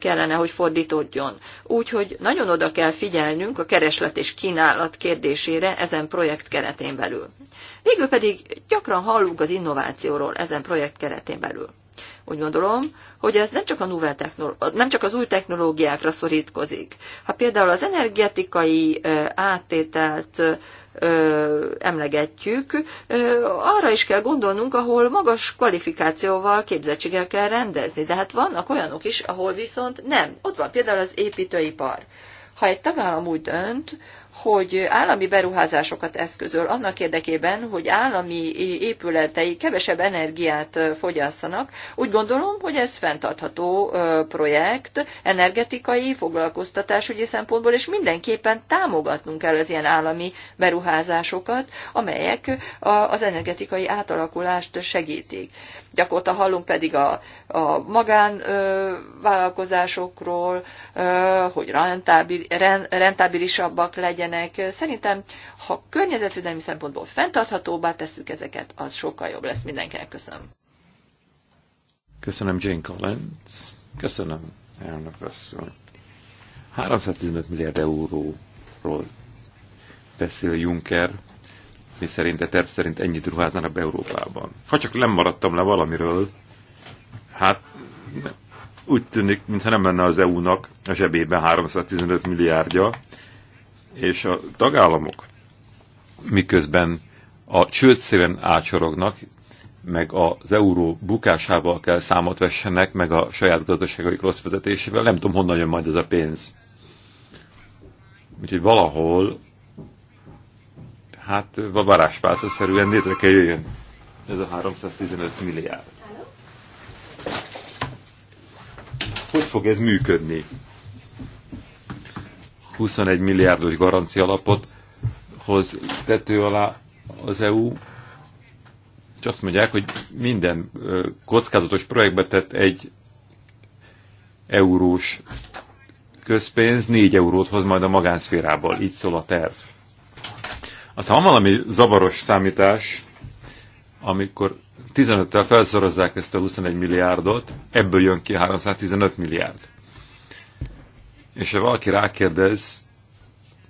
kellene, hogy fordítódjon. Úgyhogy nagyon oda kell figyelnünk a kereslet és kínálat kérdésére ezen projekt keretén belül. Végül pedig gyakran hallunk az innovációról ezen projekt keretén belül. Úgy gondolom, hogy ez nem csak, a nem csak az új technológiákra szorítkozik. Ha például az energetikai áttételt emlegetjük, arra is kell gondolnunk, ahol magas kvalifikációval, képzettséggel kell rendezni. De hát vannak olyanok is, ahol viszont nem. Ott van például az építőipar. Ha egy tagállam úgy dönt, hogy állami beruházásokat eszközöl annak érdekében, hogy állami épületei kevesebb energiát fogyasszanak. Úgy gondolom, hogy ez fenntartható projekt, energetikai, foglalkoztatásügyi szempontból, és mindenképpen támogatnunk kell az ilyen állami beruházásokat, amelyek az energetikai átalakulást segítik gyakorta hallunk pedig a, a magánvállalkozásokról, hogy rentábil, rentábilisabbak legyenek. Szerintem, ha környezetvédelmi szempontból fenntarthatóbbá tesszük ezeket, az sokkal jobb lesz mindenkinek. Köszönöm.
Köszönöm Jane Collins. Köszönöm, elnök asszony. 315 milliárd euróról beszél Juncker mi szerint, de terv szerint ennyit ruháznának be Európában. Ha csak lemaradtam le valamiről, hát úgy tűnik, mintha nem lenne az EU-nak a zsebében 315 milliárdja, és a tagállamok miközben a csőd szélen ácsorognak, meg az euró bukásával kell számot vessenek, meg a saját gazdaságaik rossz vezetésével, nem tudom honnan jön majd ez a pénz. Úgyhogy valahol hát szerűen létre kell jöjjön ez a 315 milliárd. Hogy fog ez működni? 21 milliárdos garancia alapot hoz tető alá az EU, és azt mondják, hogy minden kockázatos projektbe tett egy eurós közpénz, négy eurót hoz majd a magánszférából. Így szól a terv. Aztán van valami zavaros számítás, amikor 15-tel felszorozzák ezt a 21 milliárdot, ebből jön ki 315 milliárd. És ha valaki rákérdez,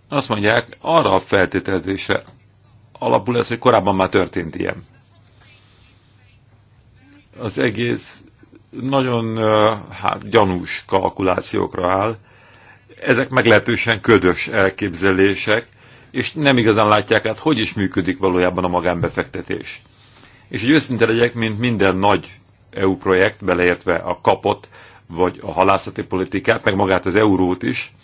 azt mondják, arra a feltételezésre alapul ez, hogy korábban már történt ilyen. Az egész nagyon hát, gyanús kalkulációkra áll. Ezek meglehetősen ködös elképzelések, és nem igazán látják át, hogy is működik valójában a magánbefektetés. És hogy őszinte legyek, mint minden nagy EU projekt, beleértve a kapot, vagy a halászati politikát, meg magát az eurót is,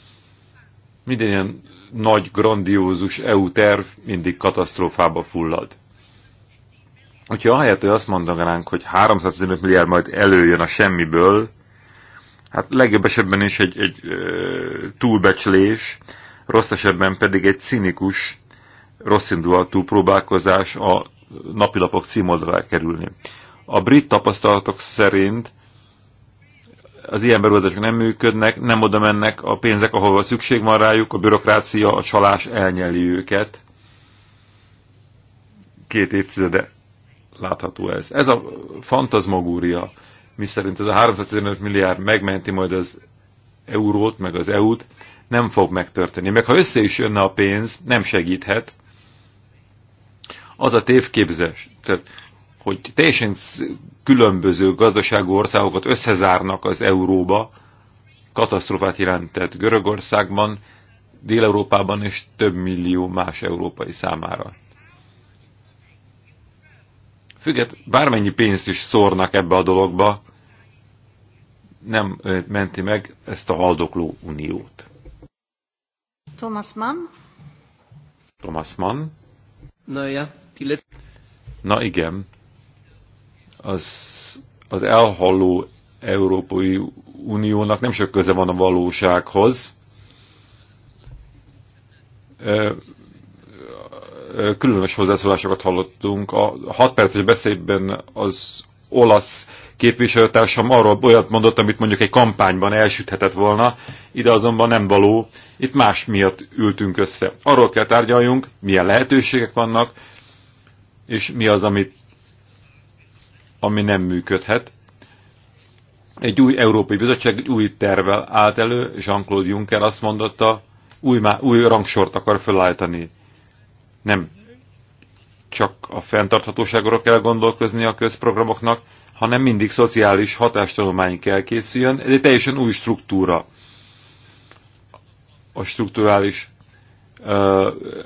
minden ilyen nagy, grandiózus EU terv mindig katasztrófába fullad. Hogyha ahelyett, hogy azt mondanánk, hogy 315 milliárd majd előjön a semmiből, hát legjobb esetben is egy, egy túlbecslés, rossz esetben pedig egy cinikus, rosszindulatú próbálkozás a napilapok címoldalá kerülni. A brit tapasztalatok szerint az ilyen beruházások nem működnek, nem oda mennek a pénzek, ahova szükség van rájuk, a bürokrácia, a csalás elnyeli őket. Két évtizede látható ez. Ez a fantazmagúria, mi szerint ez a 315 milliárd megmenti majd az eurót, meg az EU-t, nem fog megtörténni. Meg ha össze is jönne a pénz, nem segíthet. Az a tévképzés, tehát, hogy teljesen különböző gazdaságú országokat összezárnak az euróba, katasztrofát jelentett Görögországban, Dél-Európában és több millió más európai számára. Függet, bármennyi pénzt is szórnak ebbe a dologba, nem menti meg ezt a haldokló uniót.
Thomas Mann.
Thomas Mann. Na ja, Na igen, az, az elhalló Európai Uniónak nem sok köze van a valósághoz. Különös hozzászólásokat hallottunk. A hat perces beszédben az olasz képviselőtársam arról olyat mondott, amit mondjuk egy kampányban elsüthetett volna, ide azonban nem való, itt más miatt ültünk össze. Arról kell tárgyaljunk, milyen lehetőségek vannak, és mi az, amit, ami nem működhet. Egy új Európai Bizottság egy új tervvel állt elő, Jean-Claude Juncker azt mondotta, új, új rangsort akar felállítani. Nem csak a fenntarthatóságra kell gondolkozni a közprogramoknak, hanem mindig szociális hatástanulmány kell készüljön. Ez egy teljesen új struktúra. A strukturális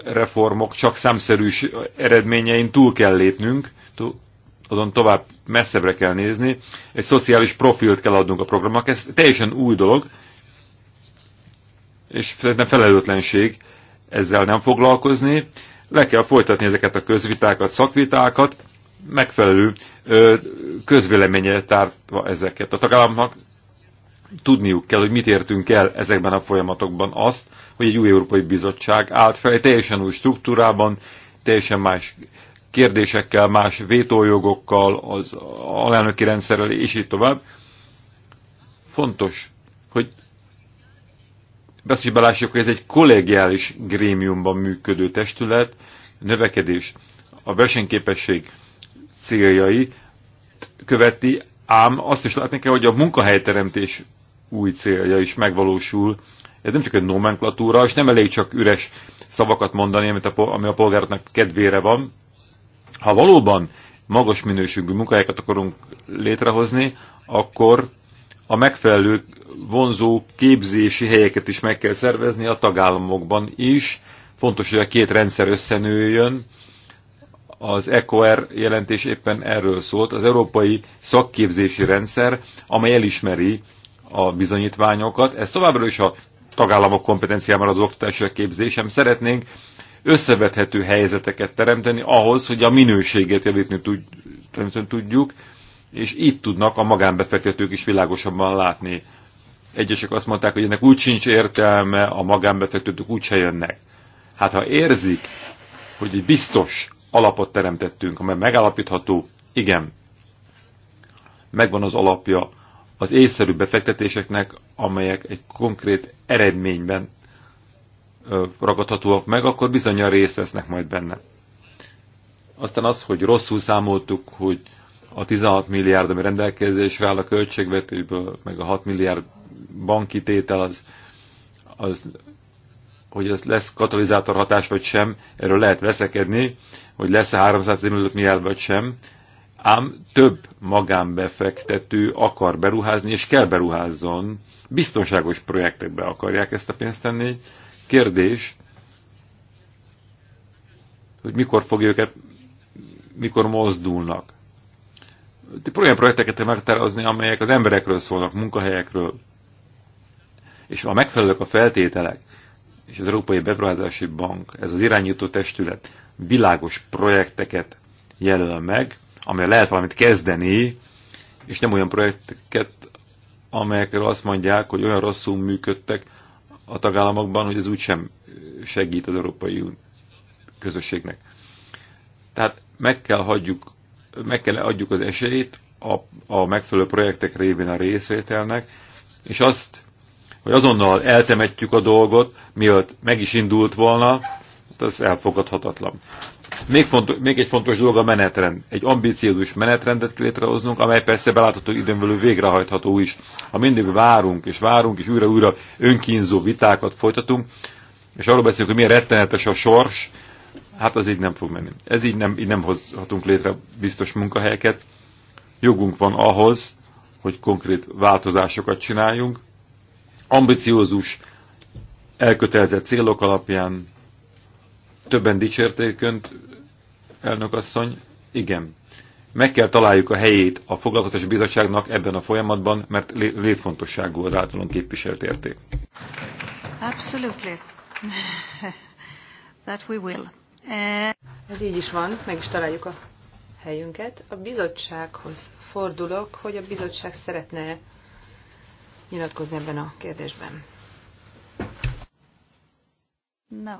reformok csak számszerűs eredményein túl kell lépnünk, azon tovább messzebbre kell nézni, egy szociális profilt kell adnunk a programnak, ez teljesen új dolog, és szerintem felelőtlenség ezzel nem foglalkozni, le kell folytatni ezeket a közvitákat, szakvitákat, megfelelő közvéleménye tárva ezeket. A tagállamnak tudniuk kell, hogy mit értünk el ezekben a folyamatokban azt, hogy egy új Európai Bizottság állt fel egy teljesen új struktúrában, teljesen más kérdésekkel, más vétójogokkal, az alelnöki rendszerrel, és így tovább. Fontos, hogy Persze, hogy belássuk, hogy ez egy kollegiális grémiumban működő testület, növekedés, a versenyképesség céljai követi, ám azt is látni kell, hogy a munkahelyteremtés új célja is megvalósul. Ez nem csak egy nomenklatúra, és nem elég csak üres szavakat mondani, amit a, ami a polgároknak kedvére van. Ha valóban magas minőségű munkahelyeket akarunk létrehozni, akkor a megfelelő vonzó képzési helyeket is meg kell szervezni a tagállamokban is. Fontos, hogy a két rendszer összenőjön. Az ECOR jelentés éppen erről szólt. Az európai szakképzési rendszer, amely elismeri a bizonyítványokat. Ez továbbra is a tagállamok kompetenciában az oktatási képzésem. Szeretnénk összevethető helyzeteket teremteni ahhoz, hogy a minőséget javítni tudjuk, és így tudnak a magánbefektetők is világosabban látni. Egyesek azt mondták, hogy ennek úgy sincs értelme, a magánbefektetők se jönnek. Hát ha érzik, hogy egy biztos alapot teremtettünk, amely megállapítható, igen, megvan az alapja az észszerű befektetéseknek, amelyek egy konkrét eredményben ragadhatóak meg, akkor bizonyan részt vesznek majd benne. Aztán az, hogy rosszul számoltuk, hogy a 16 milliárd, ami rendelkezésre áll a költségvetőből, meg a 6 milliárd banki tétel, az, az hogy ez lesz katalizátor hatás vagy sem, erről lehet veszekedni, hogy lesz-e 300 milliárd vagy sem, ám több magánbefektető akar beruházni, és kell beruházzon, biztonságos projektekbe akarják ezt a pénzt tenni. Kérdés, hogy mikor fogja őket, mikor mozdulnak olyan projekteket kell amelyek az emberekről szólnak, munkahelyekről, és a megfelelők a feltételek, és az Európai Beruházási Bank, ez az irányító testület világos projekteket jelöl meg, amely lehet valamit kezdeni, és nem olyan projekteket, amelyekről azt mondják, hogy olyan rosszul működtek a tagállamokban, hogy ez úgysem segít az Európai Közösségnek. Tehát meg kell hagyjuk meg kell adjuk az esélyt a, a megfelelő projektek révén a részvételnek, és azt, hogy azonnal eltemetjük a dolgot, mielőtt meg is indult volna, hát az elfogadhatatlan. Még, fontos, még egy fontos dolog a menetrend. Egy ambiciózus menetrendet kell létrehoznunk, amely persze belátható időn belül végrehajtható is. Ha mindig várunk és várunk, és újra-újra önkínzó vitákat folytatunk, és arról beszélünk, hogy milyen rettenetes a sors, Hát az így nem fog menni. Ez így nem, így nem hozhatunk létre biztos munkahelyeket. Jogunk van ahhoz, hogy konkrét változásokat csináljunk. Ambiciózus, elkötelezett célok alapján többen dicsérték önt, elnökasszony. Igen, meg kell találjuk a helyét a foglalkoztatási bizottságnak ebben a folyamatban, mert létfontosságú az általunk képviselt érték.
Absolutely. That we will.
Ez így is van, meg is találjuk a helyünket. A bizottsághoz fordulok, hogy a bizottság szeretne nyilatkozni ebben a kérdésben. No.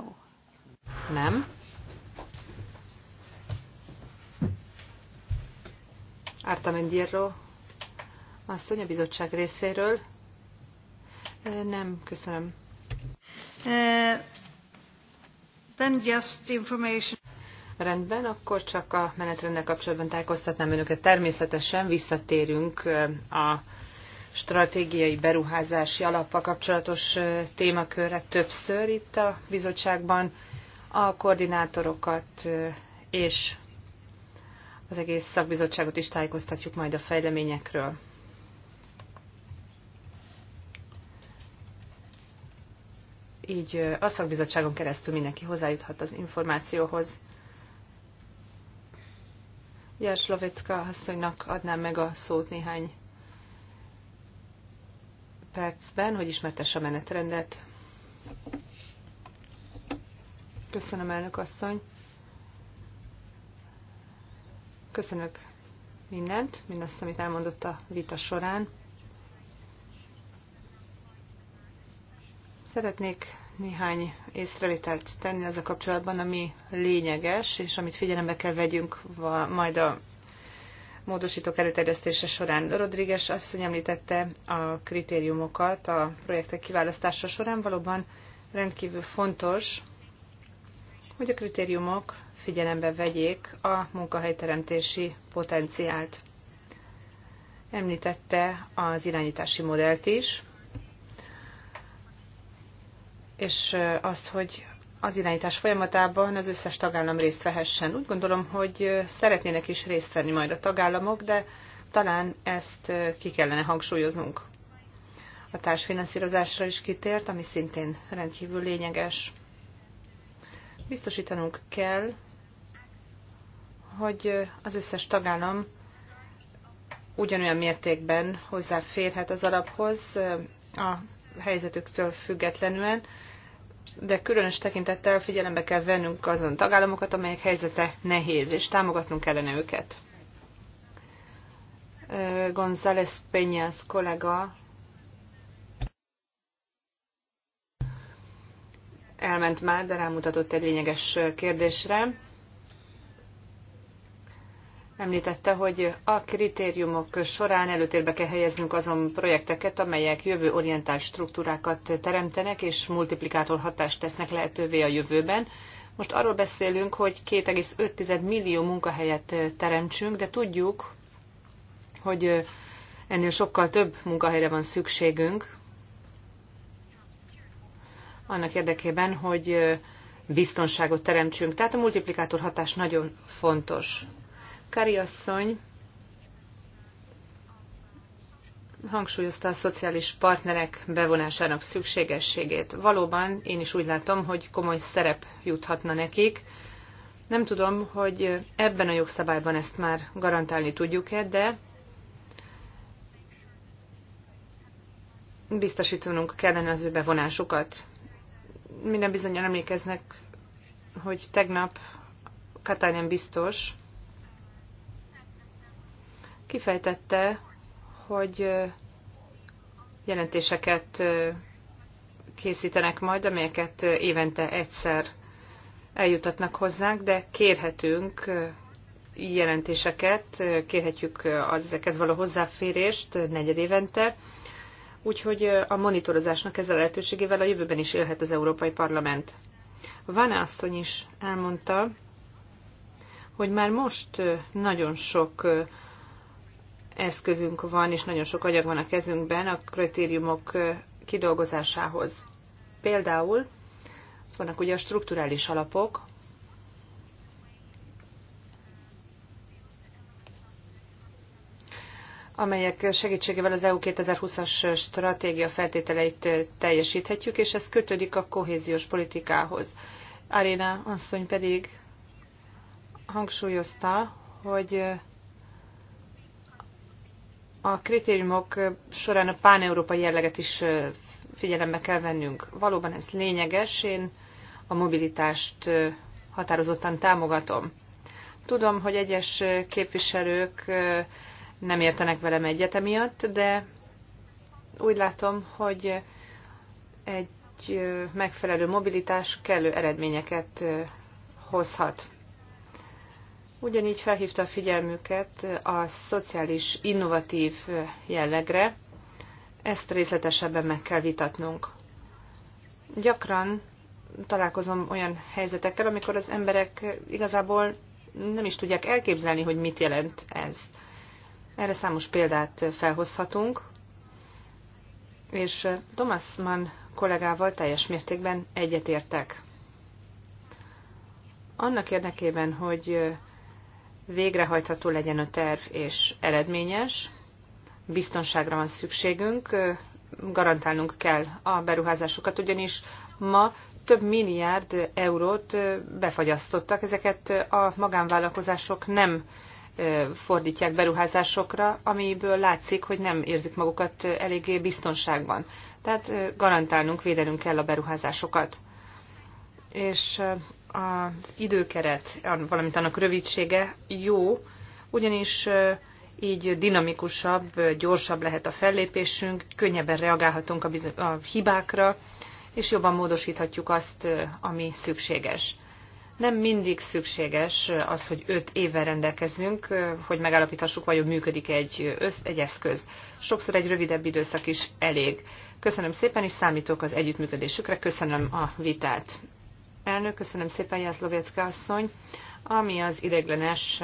Nem. Ártamendirro asszony a bizottság részéről. Nem, köszönöm just information. Rendben, akkor csak a menetrendnek kapcsolatban tájékoztatnám önöket. Természetesen visszatérünk a stratégiai beruházási alappal kapcsolatos témakörre többször itt a bizottságban a koordinátorokat és az egész szakbizottságot is tájékoztatjuk majd a fejleményekről. így a szakbizottságon keresztül mindenki hozzájuthat az információhoz. Lovicka asszonynak adnám meg a szót néhány percben, hogy ismertesse a menetrendet. Köszönöm, elnök asszony. Köszönök mindent, mindazt, amit elmondott a vita során. Szeretnék néhány észrevételt tenni az a kapcsolatban, ami lényeges, és amit figyelembe kell vegyünk majd a módosítók előterjesztése során. Rodríguez asszony említette a kritériumokat a projektek kiválasztása során. Valóban rendkívül fontos, hogy a kritériumok figyelembe vegyék a munkahelyteremtési potenciált. Említette az irányítási modellt is, és azt, hogy az irányítás folyamatában az összes tagállam részt vehessen. Úgy gondolom, hogy szeretnének is részt venni majd a tagállamok, de talán ezt ki kellene hangsúlyoznunk. A társfinanszírozásra is kitért, ami szintén rendkívül lényeges. Biztosítanunk kell, hogy az összes tagállam ugyanolyan mértékben hozzáférhet az alaphoz a helyzetüktől függetlenül, de különös tekintettel figyelembe kell vennünk azon tagállamokat, amelyek helyzete nehéz, és támogatnunk kellene őket. González Peñas kollega elment már, de rámutatott egy lényeges kérdésre Említette, hogy a kritériumok során előtérbe kell helyeznünk azon projekteket, amelyek jövőorientált struktúrákat teremtenek és multiplikátor hatást tesznek lehetővé a jövőben. Most arról beszélünk, hogy 2,5 millió munkahelyet teremtsünk, de tudjuk, hogy ennél sokkal több munkahelyre van szükségünk, annak érdekében, hogy biztonságot teremtsünk. Tehát a multiplikátor hatás nagyon fontos. Kari asszony hangsúlyozta a szociális partnerek bevonásának szükségességét. Valóban én is úgy látom, hogy komoly szerep juthatna nekik. Nem tudom, hogy ebben a jogszabályban ezt már garantálni tudjuk-e, de biztosítanunk kellene az ő bevonásukat. Minden bizonyan emlékeznek, hogy tegnap Katánen biztos kifejtette, hogy jelentéseket készítenek majd, amelyeket évente egyszer eljutatnak hozzánk, de kérhetünk jelentéseket, kérhetjük az ezekhez való hozzáférést negyedévente, úgyhogy a monitorozásnak ezzel a lehetőségével a jövőben is élhet az Európai Parlament. Van asszony is elmondta, hogy már most nagyon sok eszközünk van, és nagyon sok anyag van a kezünkben a kritériumok kidolgozásához. Például vannak ugye a strukturális alapok, amelyek segítségével az EU 2020-as stratégia feltételeit teljesíthetjük, és ez kötődik a kohéziós politikához. Aréna asszony pedig hangsúlyozta, hogy a kritériumok során a pán-európai jelleget is figyelembe kell vennünk. Valóban ez lényeges, én a mobilitást határozottan támogatom. Tudom, hogy egyes képviselők nem értenek velem egyet emiatt, de úgy látom, hogy egy megfelelő mobilitás kellő eredményeket hozhat. Ugyanígy felhívta a figyelmüket a szociális innovatív jellegre. Ezt részletesebben meg kell vitatnunk. Gyakran találkozom olyan helyzetekkel, amikor az emberek igazából nem is tudják elképzelni, hogy mit jelent ez. Erre számos példát felhozhatunk, és Thomas Mann kollégával teljes mértékben egyetértek. Annak érdekében, hogy végrehajtható legyen a terv és eredményes. Biztonságra van szükségünk, garantálnunk kell a beruházásokat, ugyanis ma több milliárd eurót befagyasztottak. Ezeket a magánvállalkozások nem fordítják beruházásokra, amiből látszik, hogy nem érzik magukat eléggé biztonságban. Tehát garantálnunk, védenünk kell a beruházásokat. És az időkeret, valamint annak rövidsége jó, ugyanis így dinamikusabb, gyorsabb lehet a fellépésünk, könnyebben reagálhatunk a, bizony, a hibákra, és jobban módosíthatjuk azt, ami szükséges. Nem mindig szükséges az, hogy öt évvel rendelkezzünk, hogy megállapíthassuk, vajon működik egy, össz, egy eszköz. Sokszor egy rövidebb időszak is elég. Köszönöm szépen, és számítok az együttműködésükre. Köszönöm a vitát. Elnök, köszönöm szépen, Jászlovecka asszony. Ami az ideglenes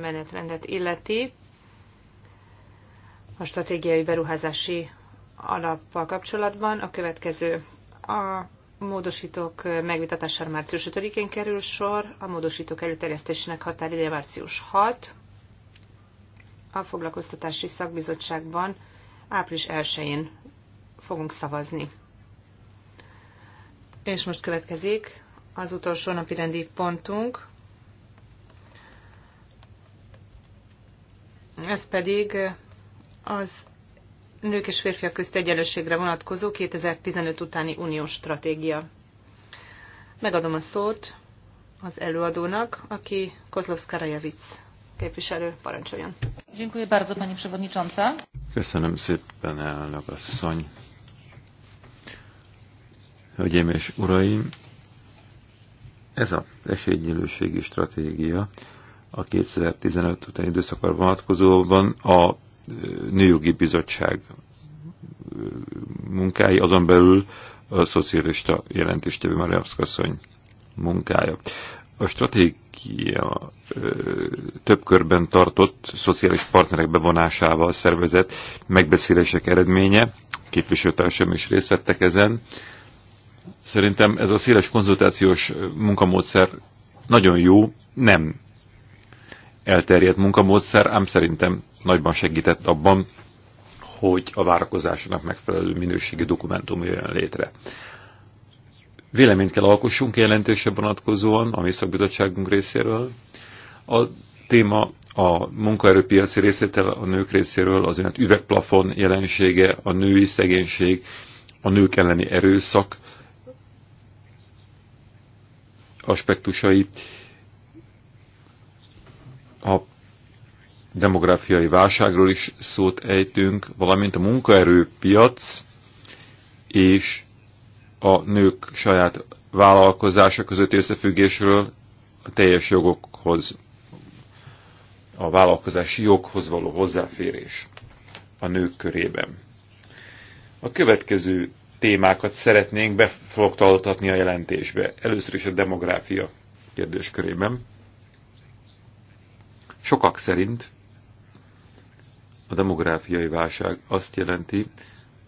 menetrendet illeti, a stratégiai beruházási alappal kapcsolatban a következő. A módosítók megvitatására március 5-én kerül sor, a módosítók előterjesztésének határideje március 6, a foglalkoztatási szakbizottságban április 1-én fogunk szavazni. És most következik az utolsó napi rendi pontunk. Ez pedig az nők és férfiak közt egyenlőségre vonatkozó 2015 utáni uniós stratégia. Megadom a szót az előadónak, aki Rajavic képviselő parancsoljon.
Köszönöm szépen, elnök asszony. Hölgyeim és uraim, ez a esélynyílőségi stratégia a 2015 utáni időszakban vonatkozóban a Nőjogi Bizottság munkái, azon belül a szocialista jelentéstevő Mariavszkaszony munkája. A stratégia több körben tartott szociális partnerek bevonásával szervezett megbeszélések eredménye, képviselőtársam is részt vettek ezen, Szerintem ez a széles konzultációs munkamódszer nagyon jó, nem elterjedt munkamódszer, ám szerintem nagyban segített abban, hogy a várakozásnak megfelelő minőségi dokumentum jöjjön létre. Véleményt kell alkossunk jelentősebb vonatkozóan a Mészakbizottságunk részéről. A téma a munkaerőpiaci részvétel a nők részéről, az üvegplafon jelensége, a női szegénység, a nők elleni erőszak aspektusai a demográfiai válságról is szót ejtünk, valamint a munkaerőpiac és a nők saját vállalkozása között összefüggésről a teljes jogokhoz, a vállalkozási joghoz való hozzáférés a nők körében. A következő témákat szeretnénk befoglaltatni a jelentésbe. Először is a demográfia kérdéskörében. Sokak szerint a demográfiai válság azt jelenti,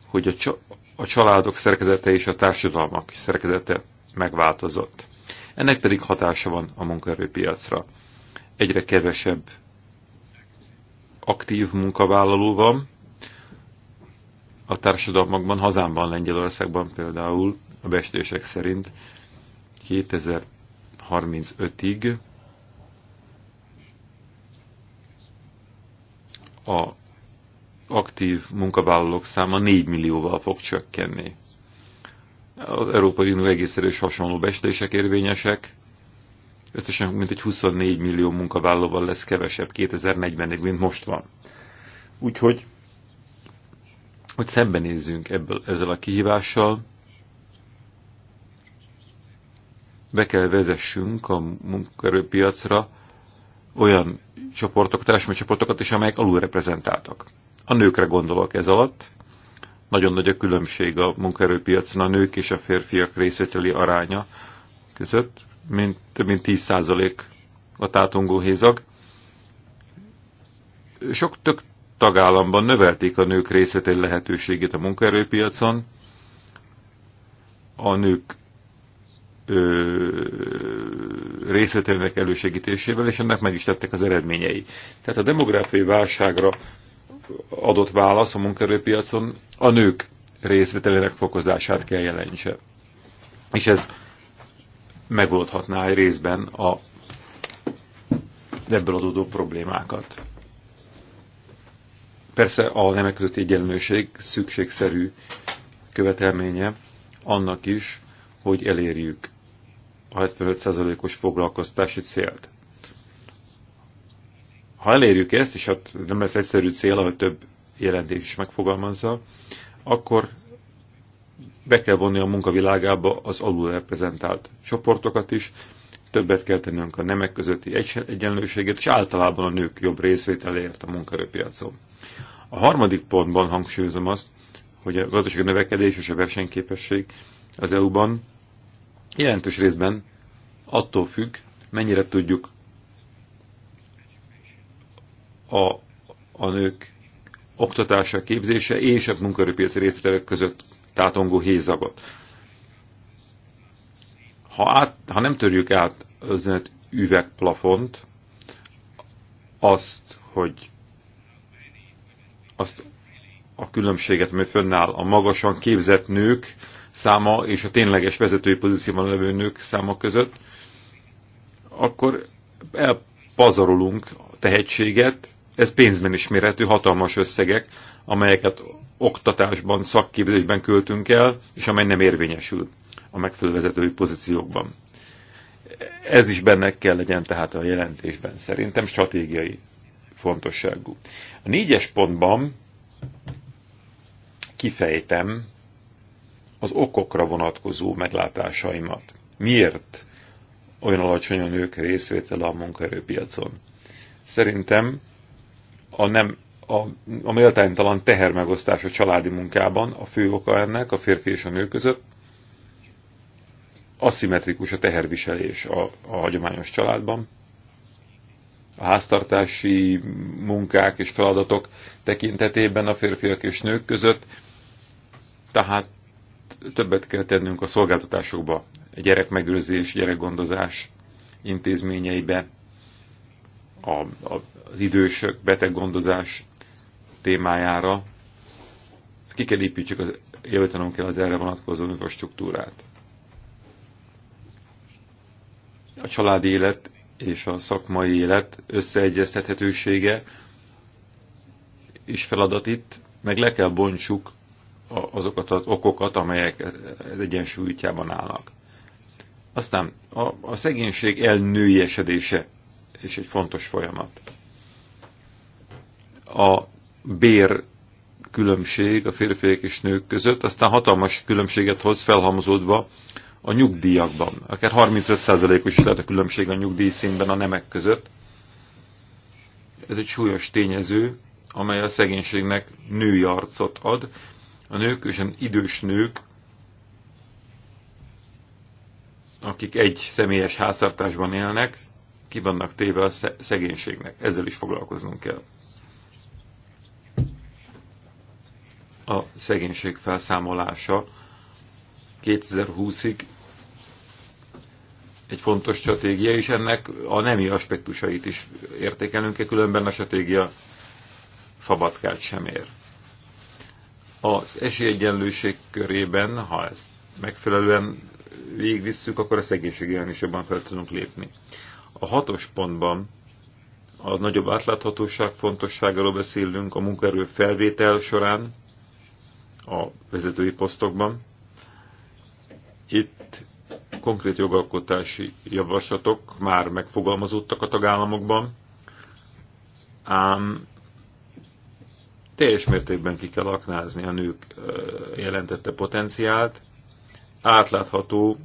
hogy a, csa a családok szerkezete és a társadalmak szerkezete megváltozott. Ennek pedig hatása van a munkaerőpiacra. Egyre kevesebb aktív munkavállaló van, a társadalmakban, hazámban, Lengyelországban például, a bestések szerint 2035-ig a aktív munkavállalók száma 4 millióval fog csökkenni. Az Európai Unió egészszerű hasonló bestések érvényesek, összesen mintegy 24 millió munkavállalóval lesz kevesebb 2040-ig, mint most van. Úgyhogy hogy szembenézzünk ebből, ezzel a kihívással, be kell vezessünk a munkaerőpiacra olyan csoportok, társadalmi csoportokat is, amelyek alulreprezentáltak. A nőkre gondolok ez alatt. Nagyon nagy a különbség a munkaerőpiacon a nők és a férfiak részvételi aránya között, mint, több mint 10% a tátongó hézag. Sok tök tagállamban növelték a nők részvételi lehetőségét a munkaerőpiacon. A nők részvételének elősegítésével, és ennek meg is tettek az eredményei. Tehát a demográfiai válságra adott válasz a munkaerőpiacon a nők részvételének fokozását kell jelentse. És ez megoldhatná egy részben a ebből adódó problémákat. Persze a nemek közötti egyenlőség szükségszerű követelménye annak is, hogy elérjük a 75%-os foglalkoztási célt. Ha elérjük ezt, és hát nem lesz egyszerű cél, ahogy több jelentés is megfogalmazza, akkor be kell vonni a munkavilágába az alulreprezentált csoportokat is, többet kell tennünk a nemek közötti egyenlőséget, és általában a nők jobb részvételéért a munkaerőpiacon. A harmadik pontban hangsúlyozom azt, hogy a gazdasági növekedés és a versenyképesség az EU-ban jelentős részben attól függ, mennyire tudjuk a, a nők oktatása, képzése és a munkaerőpiac résztvevők között tátongó hézagot ha, át, ha nem törjük át az üvegplafont, azt, hogy azt a különbséget, ami fönnáll a magasan képzett nők száma és a tényleges vezetői pozícióban levő nők száma között, akkor elpazarolunk a tehetséget, ez pénzben is mérhető, hatalmas összegek, amelyeket oktatásban, szakképzésben költünk el, és amely nem érvényesül a megfelelő vezetői pozíciókban. Ez is benne kell legyen tehát a jelentésben. Szerintem stratégiai fontosságú. A négyes pontban kifejtem az okokra vonatkozó meglátásaimat. Miért olyan alacsony a nők részvétele a munkaerőpiacon? Szerintem a nem a, a méltánytalan tehermegosztás a családi munkában a fő oka ennek, a férfi és a nő között, aszimmetrikus a teherviselés a, a hagyományos családban. A háztartási munkák és feladatok tekintetében a férfiak és nők között, tehát többet kell tennünk a szolgáltatásokba, a gyerekmegőrzés, gyerekgondozás intézményeibe, a, a, az idősök beteggondozás témájára. Ki kell építsük, az, kell az erre vonatkozó infrastruktúrát. a családi élet és a szakmai élet összeegyeztethetősége is feladat itt, meg le kell bontsuk azokat az okokat, amelyek az egyensúlytjában állnak. Aztán a, a szegénység elnőjesedése és egy fontos folyamat. A bér különbség a férfiak és nők között, aztán hatalmas különbséget hoz felhamozódva a nyugdíjakban. Akár 35%-os is lehet a különbség a nyugdíjszínben a nemek között. Ez egy súlyos tényező, amely a szegénységnek női arcot ad. A nők, és idős nők, akik egy személyes háztartásban élnek, ki vannak téve a szegénységnek. Ezzel is foglalkoznunk kell. A szegénység felszámolása 2020-ig egy fontos stratégia, és ennek a nemi aspektusait is értékelünk kell, különben a stratégia fabatkát sem ér. Az esélyegyenlőség körében, ha ezt megfelelően végigvisszük, akkor a szegénység is jobban fel tudunk lépni. A hatos pontban a nagyobb átláthatóság fontosságáról beszélünk a munkaerő felvétel során, a vezetői posztokban, itt konkrét jogalkotási javaslatok már megfogalmazódtak a tagállamokban, ám teljes mértékben ki kell aknázni a nők jelentette potenciált, átlátható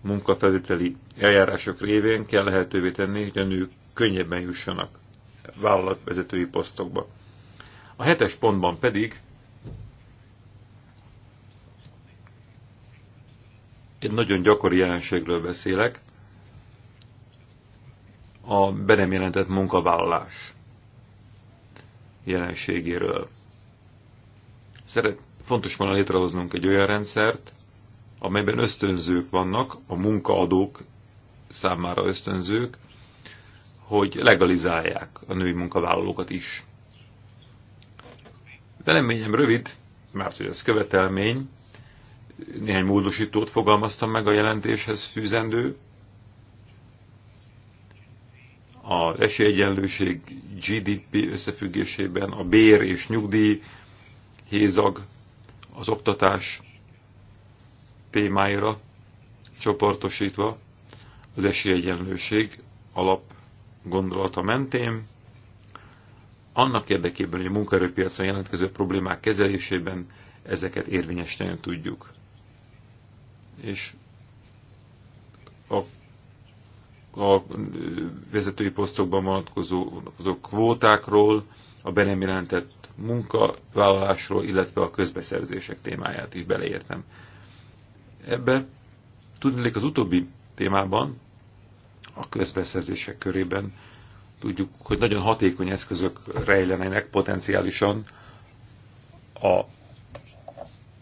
munkafelüteli eljárások révén kell lehetővé tenni, hogy a nők könnyebben jussanak vállalatvezetői posztokba. A hetes pontban pedig Egy nagyon gyakori jelenségről beszélek, a be nem jelentett munkavállalás jelenségéről. Szeret, fontos volna létrehoznunk egy olyan rendszert, amelyben ösztönzők vannak, a munkaadók számára ösztönzők, hogy legalizálják a női munkavállalókat is. Veleményem rövid, mert hogy ez követelmény, néhány módosítót fogalmaztam meg a jelentéshez fűzendő. A esélyegyenlőség GDP összefüggésében a bér és nyugdíj hézag az oktatás témáira csoportosítva az esélyegyenlőség alap gondolata mentén, annak érdekében, hogy a munkaerőpiacon jelentkező problémák kezelésében ezeket érvényesíteni tudjuk és a, a vezetői posztokban vonatkozó kvótákról, a be nem jelentett munkavállalásról, illetve a közbeszerzések témáját is beleértem. Ebbe tudnék az utóbbi témában, a közbeszerzések körében tudjuk, hogy nagyon hatékony eszközök rejlenek potenciálisan a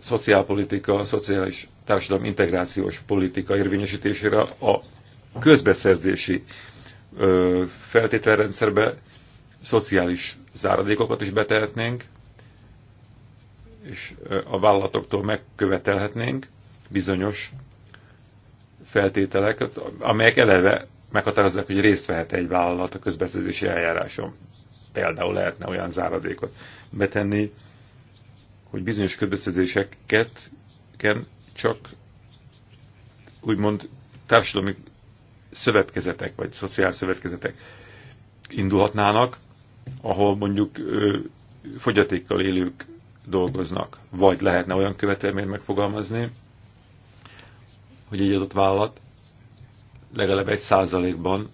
szociálpolitika, a szociális társadalom integrációs politika érvényesítésére a közbeszerzési feltételrendszerbe szociális záradékokat is betehetnénk, és a vállalatoktól megkövetelhetnénk bizonyos feltételeket, amelyek eleve meghatározzák, hogy részt vehet egy vállalat a közbeszerzési eljáráson. Például lehetne olyan záradékot betenni, hogy bizonyos közbeszerzéseket csak úgymond társadalmi szövetkezetek, vagy szociális szövetkezetek indulhatnának, ahol mondjuk fogyatékkal élők dolgoznak, vagy lehetne olyan követelményt megfogalmazni, hogy egy adott vállalat legalább egy százalékban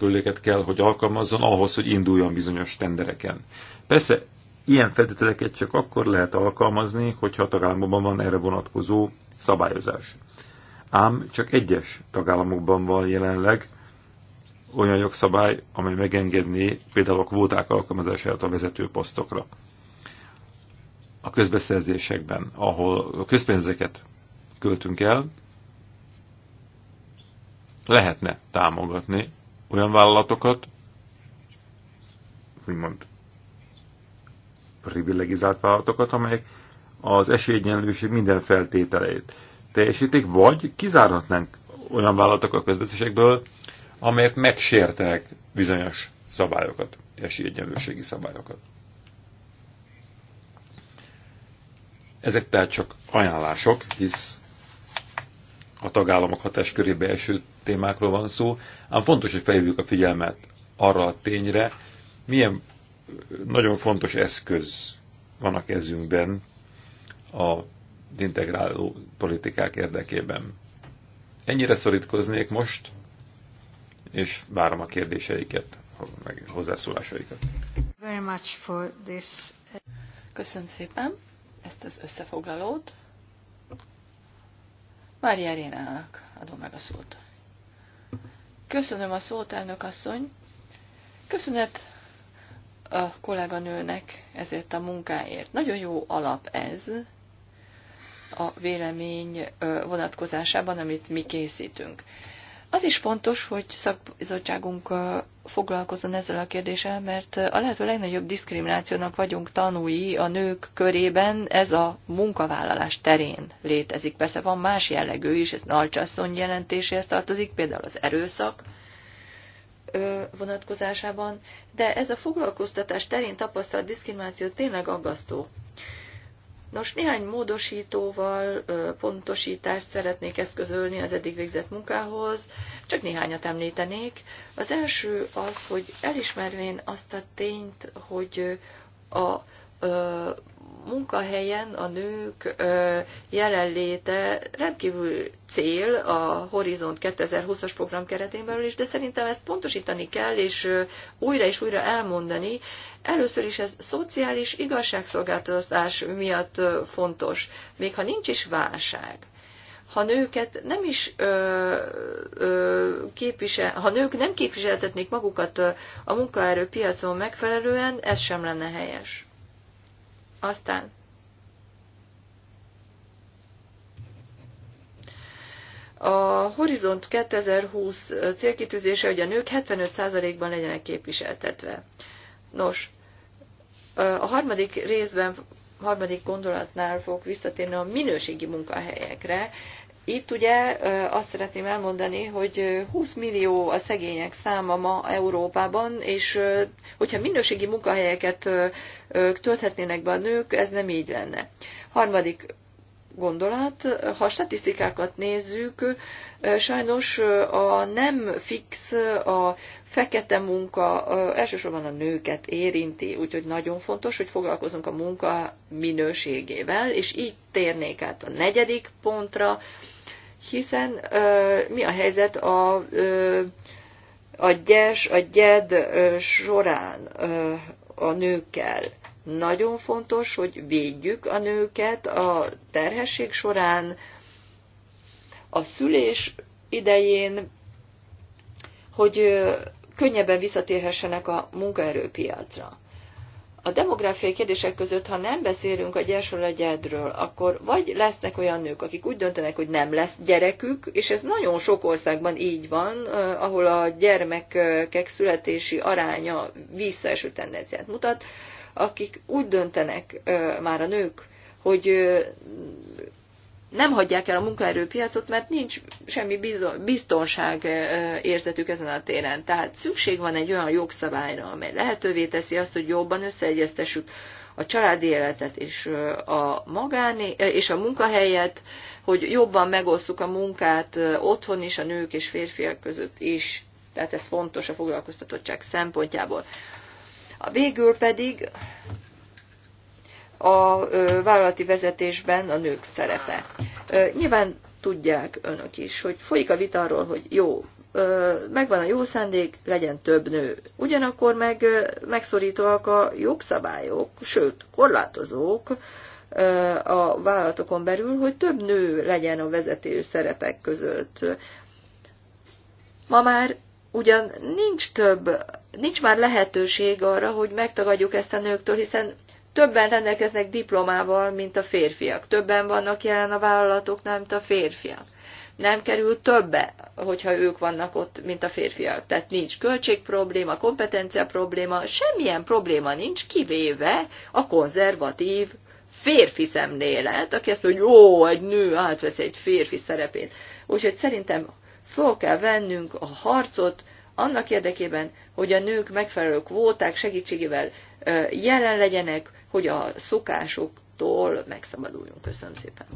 éléket kell, hogy alkalmazzon ahhoz, hogy induljon bizonyos tendereken. Persze Ilyen feltételeket csak akkor lehet alkalmazni, hogyha a tagállamokban van erre vonatkozó szabályozás. Ám csak egyes tagállamokban van jelenleg olyan jogszabály, amely megengedné például a kvóták alkalmazását a vezető posztokra. A közbeszerzésekben, ahol a közpénzeket költünk el, lehetne támogatni olyan vállalatokat, úgymond privilegizált vállalatokat, amelyek az esélyegyenlőség minden feltételeit teljesítik, vagy kizárhatnánk olyan vállalatok a közbeszésekből, amelyek megsértenek bizonyos szabályokat, esélyegyenlőségi szabályokat. Ezek tehát csak ajánlások, hisz a tagállamok hatáskörébe eső témákról van szó, ám fontos, hogy felhívjuk a figyelmet arra a tényre, milyen nagyon fontos eszköz van a kezünkben a integráló politikák érdekében. Ennyire szorítkoznék most, és várom a kérdéseiket, meg hozzászólásaikat.
Very much for this. Köszönöm szépen ezt az összefoglalót. Mária Rénának adom meg a szót.
Köszönöm a szót, elnök asszony. Köszönet a kolléganőnek ezért a munkáért. Nagyon jó alap ez a vélemény vonatkozásában, amit mi készítünk. Az is fontos, hogy szakbizottságunk foglalkozzon ezzel a kérdéssel, mert a lehető legnagyobb diszkriminációnak vagyunk tanúi a nők körében, ez a munkavállalás terén létezik. Persze van más jellegű is, ez nagycsasszony jelentéséhez tartozik, például az erőszak, vonatkozásában, de ez a foglalkoztatás terén tapasztalt diszkrimináció tényleg aggasztó. Nos, néhány módosítóval pontosítást szeretnék eszközölni az eddig végzett munkához, csak néhányat említenék. Az első az, hogy elismervén azt a tényt, hogy a munkahelyen a nők jelenléte rendkívül cél a Horizont 2020-as program keretén belül is, de szerintem ezt pontosítani kell, és újra és újra elmondani. Először is ez szociális igazságszolgáltatás miatt fontos, még ha nincs is válság. Ha nőket nem is ö, ö, képvisel, ha nők nem képviseltetnék magukat a munkaerőpiacon megfelelően, ez sem lenne helyes. Aztán A Horizont 2020 célkitűzése, hogy a nők 75%-ban legyenek képviseltetve. Nos, a harmadik részben, harmadik gondolatnál fogok visszatérni a minőségi munkahelyekre. Itt ugye azt szeretném elmondani, hogy 20 millió a szegények száma ma Európában, és hogyha minőségi munkahelyeket tölthetnének be a nők, ez nem így lenne. Harmadik gondolat, ha statisztikákat nézzük, sajnos a nem fix, a fekete munka elsősorban a nőket érinti, úgyhogy nagyon fontos, hogy foglalkozunk a munka minőségével, és így térnék át a negyedik pontra, hiszen ö, mi a helyzet a, ö, a gyes, a gyed ö, során ö, a nőkkel. Nagyon fontos, hogy védjük a nőket a terhesség során, a szülés idején, hogy könnyebben visszatérhessenek a munkaerőpiacra a demográfiai kérdések között, ha nem beszélünk a gyersről a gyedről, akkor vagy lesznek olyan nők, akik úgy döntenek, hogy nem lesz gyerekük, és ez nagyon sok országban így van, ahol a gyermekek születési aránya visszaeső tendenciát mutat, akik úgy döntenek már a nők, hogy nem hagyják el a munkaerőpiacot, mert nincs semmi biztonság érzetük ezen a téren. Tehát szükség van egy olyan jogszabályra, amely lehetővé teszi azt, hogy jobban összeegyeztessük a családi életet és a, magáné, és a munkahelyet, hogy jobban megosztjuk a munkát otthon is, a nők és férfiak között is. Tehát ez fontos a foglalkoztatottság szempontjából. A végül pedig a vállalati vezetésben a nők szerepe. Nyilván tudják önök is, hogy folyik a vita arról, hogy jó, megvan a jó szándék, legyen több nő. Ugyanakkor meg megszorítóak a jogszabályok, sőt, korlátozók a vállalatokon belül, hogy több nő legyen a vezető szerepek között. Ma már ugyan nincs több, nincs már lehetőség arra, hogy megtagadjuk ezt a nőktől, hiszen többen rendelkeznek diplomával, mint a férfiak. Többen vannak jelen a vállalatoknál, mint a férfiak. Nem kerül többe, hogyha ők vannak ott, mint a férfiak. Tehát nincs költségprobléma, kompetencia probléma, semmilyen probléma nincs, kivéve a konzervatív férfi szemlélet, aki azt mondja, hogy jó, egy nő átvesz egy férfi szerepét. Úgyhogy szerintem fel kell vennünk a harcot annak érdekében, hogy a nők megfelelő kvóták segítségével jelen legyenek hogy a szokásoktól megszabaduljunk. Köszönöm szépen.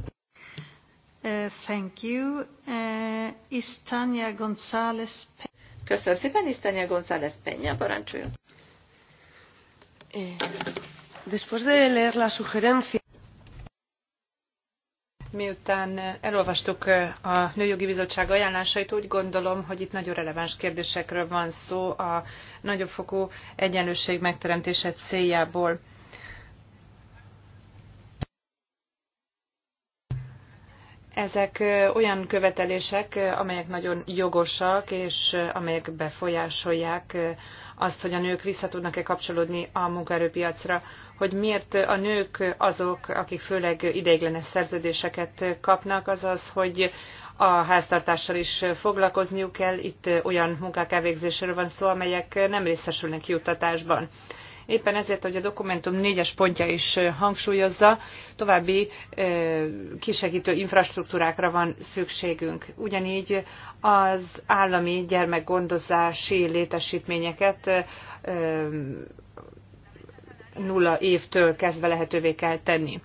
Uh, thank you. Uh, González Köszönöm szépen, Istania González Peña, parancsoljon. Eh, después de leer la sugerencia...
Miután eh, elolvastuk eh, a Nőjogi Bizottság ajánlásait, úgy gondolom, hogy itt nagyon releváns kérdésekről van szó a nagyobb fokú egyenlőség megteremtése céljából. Ezek olyan követelések, amelyek nagyon jogosak, és amelyek befolyásolják azt, hogy a nők vissza tudnak-e kapcsolódni a munkaerőpiacra, hogy miért a nők azok, akik főleg ideiglenes szerződéseket kapnak, azaz, hogy a háztartással is foglalkozniuk kell, itt olyan munkák elvégzéséről van szó, amelyek nem részesülnek juttatásban. Éppen ezért, hogy a dokumentum négyes pontja is hangsúlyozza, további kisegítő infrastruktúrákra van szükségünk. Ugyanígy az állami gyermekgondozási létesítményeket nulla évtől kezdve lehetővé kell tenni.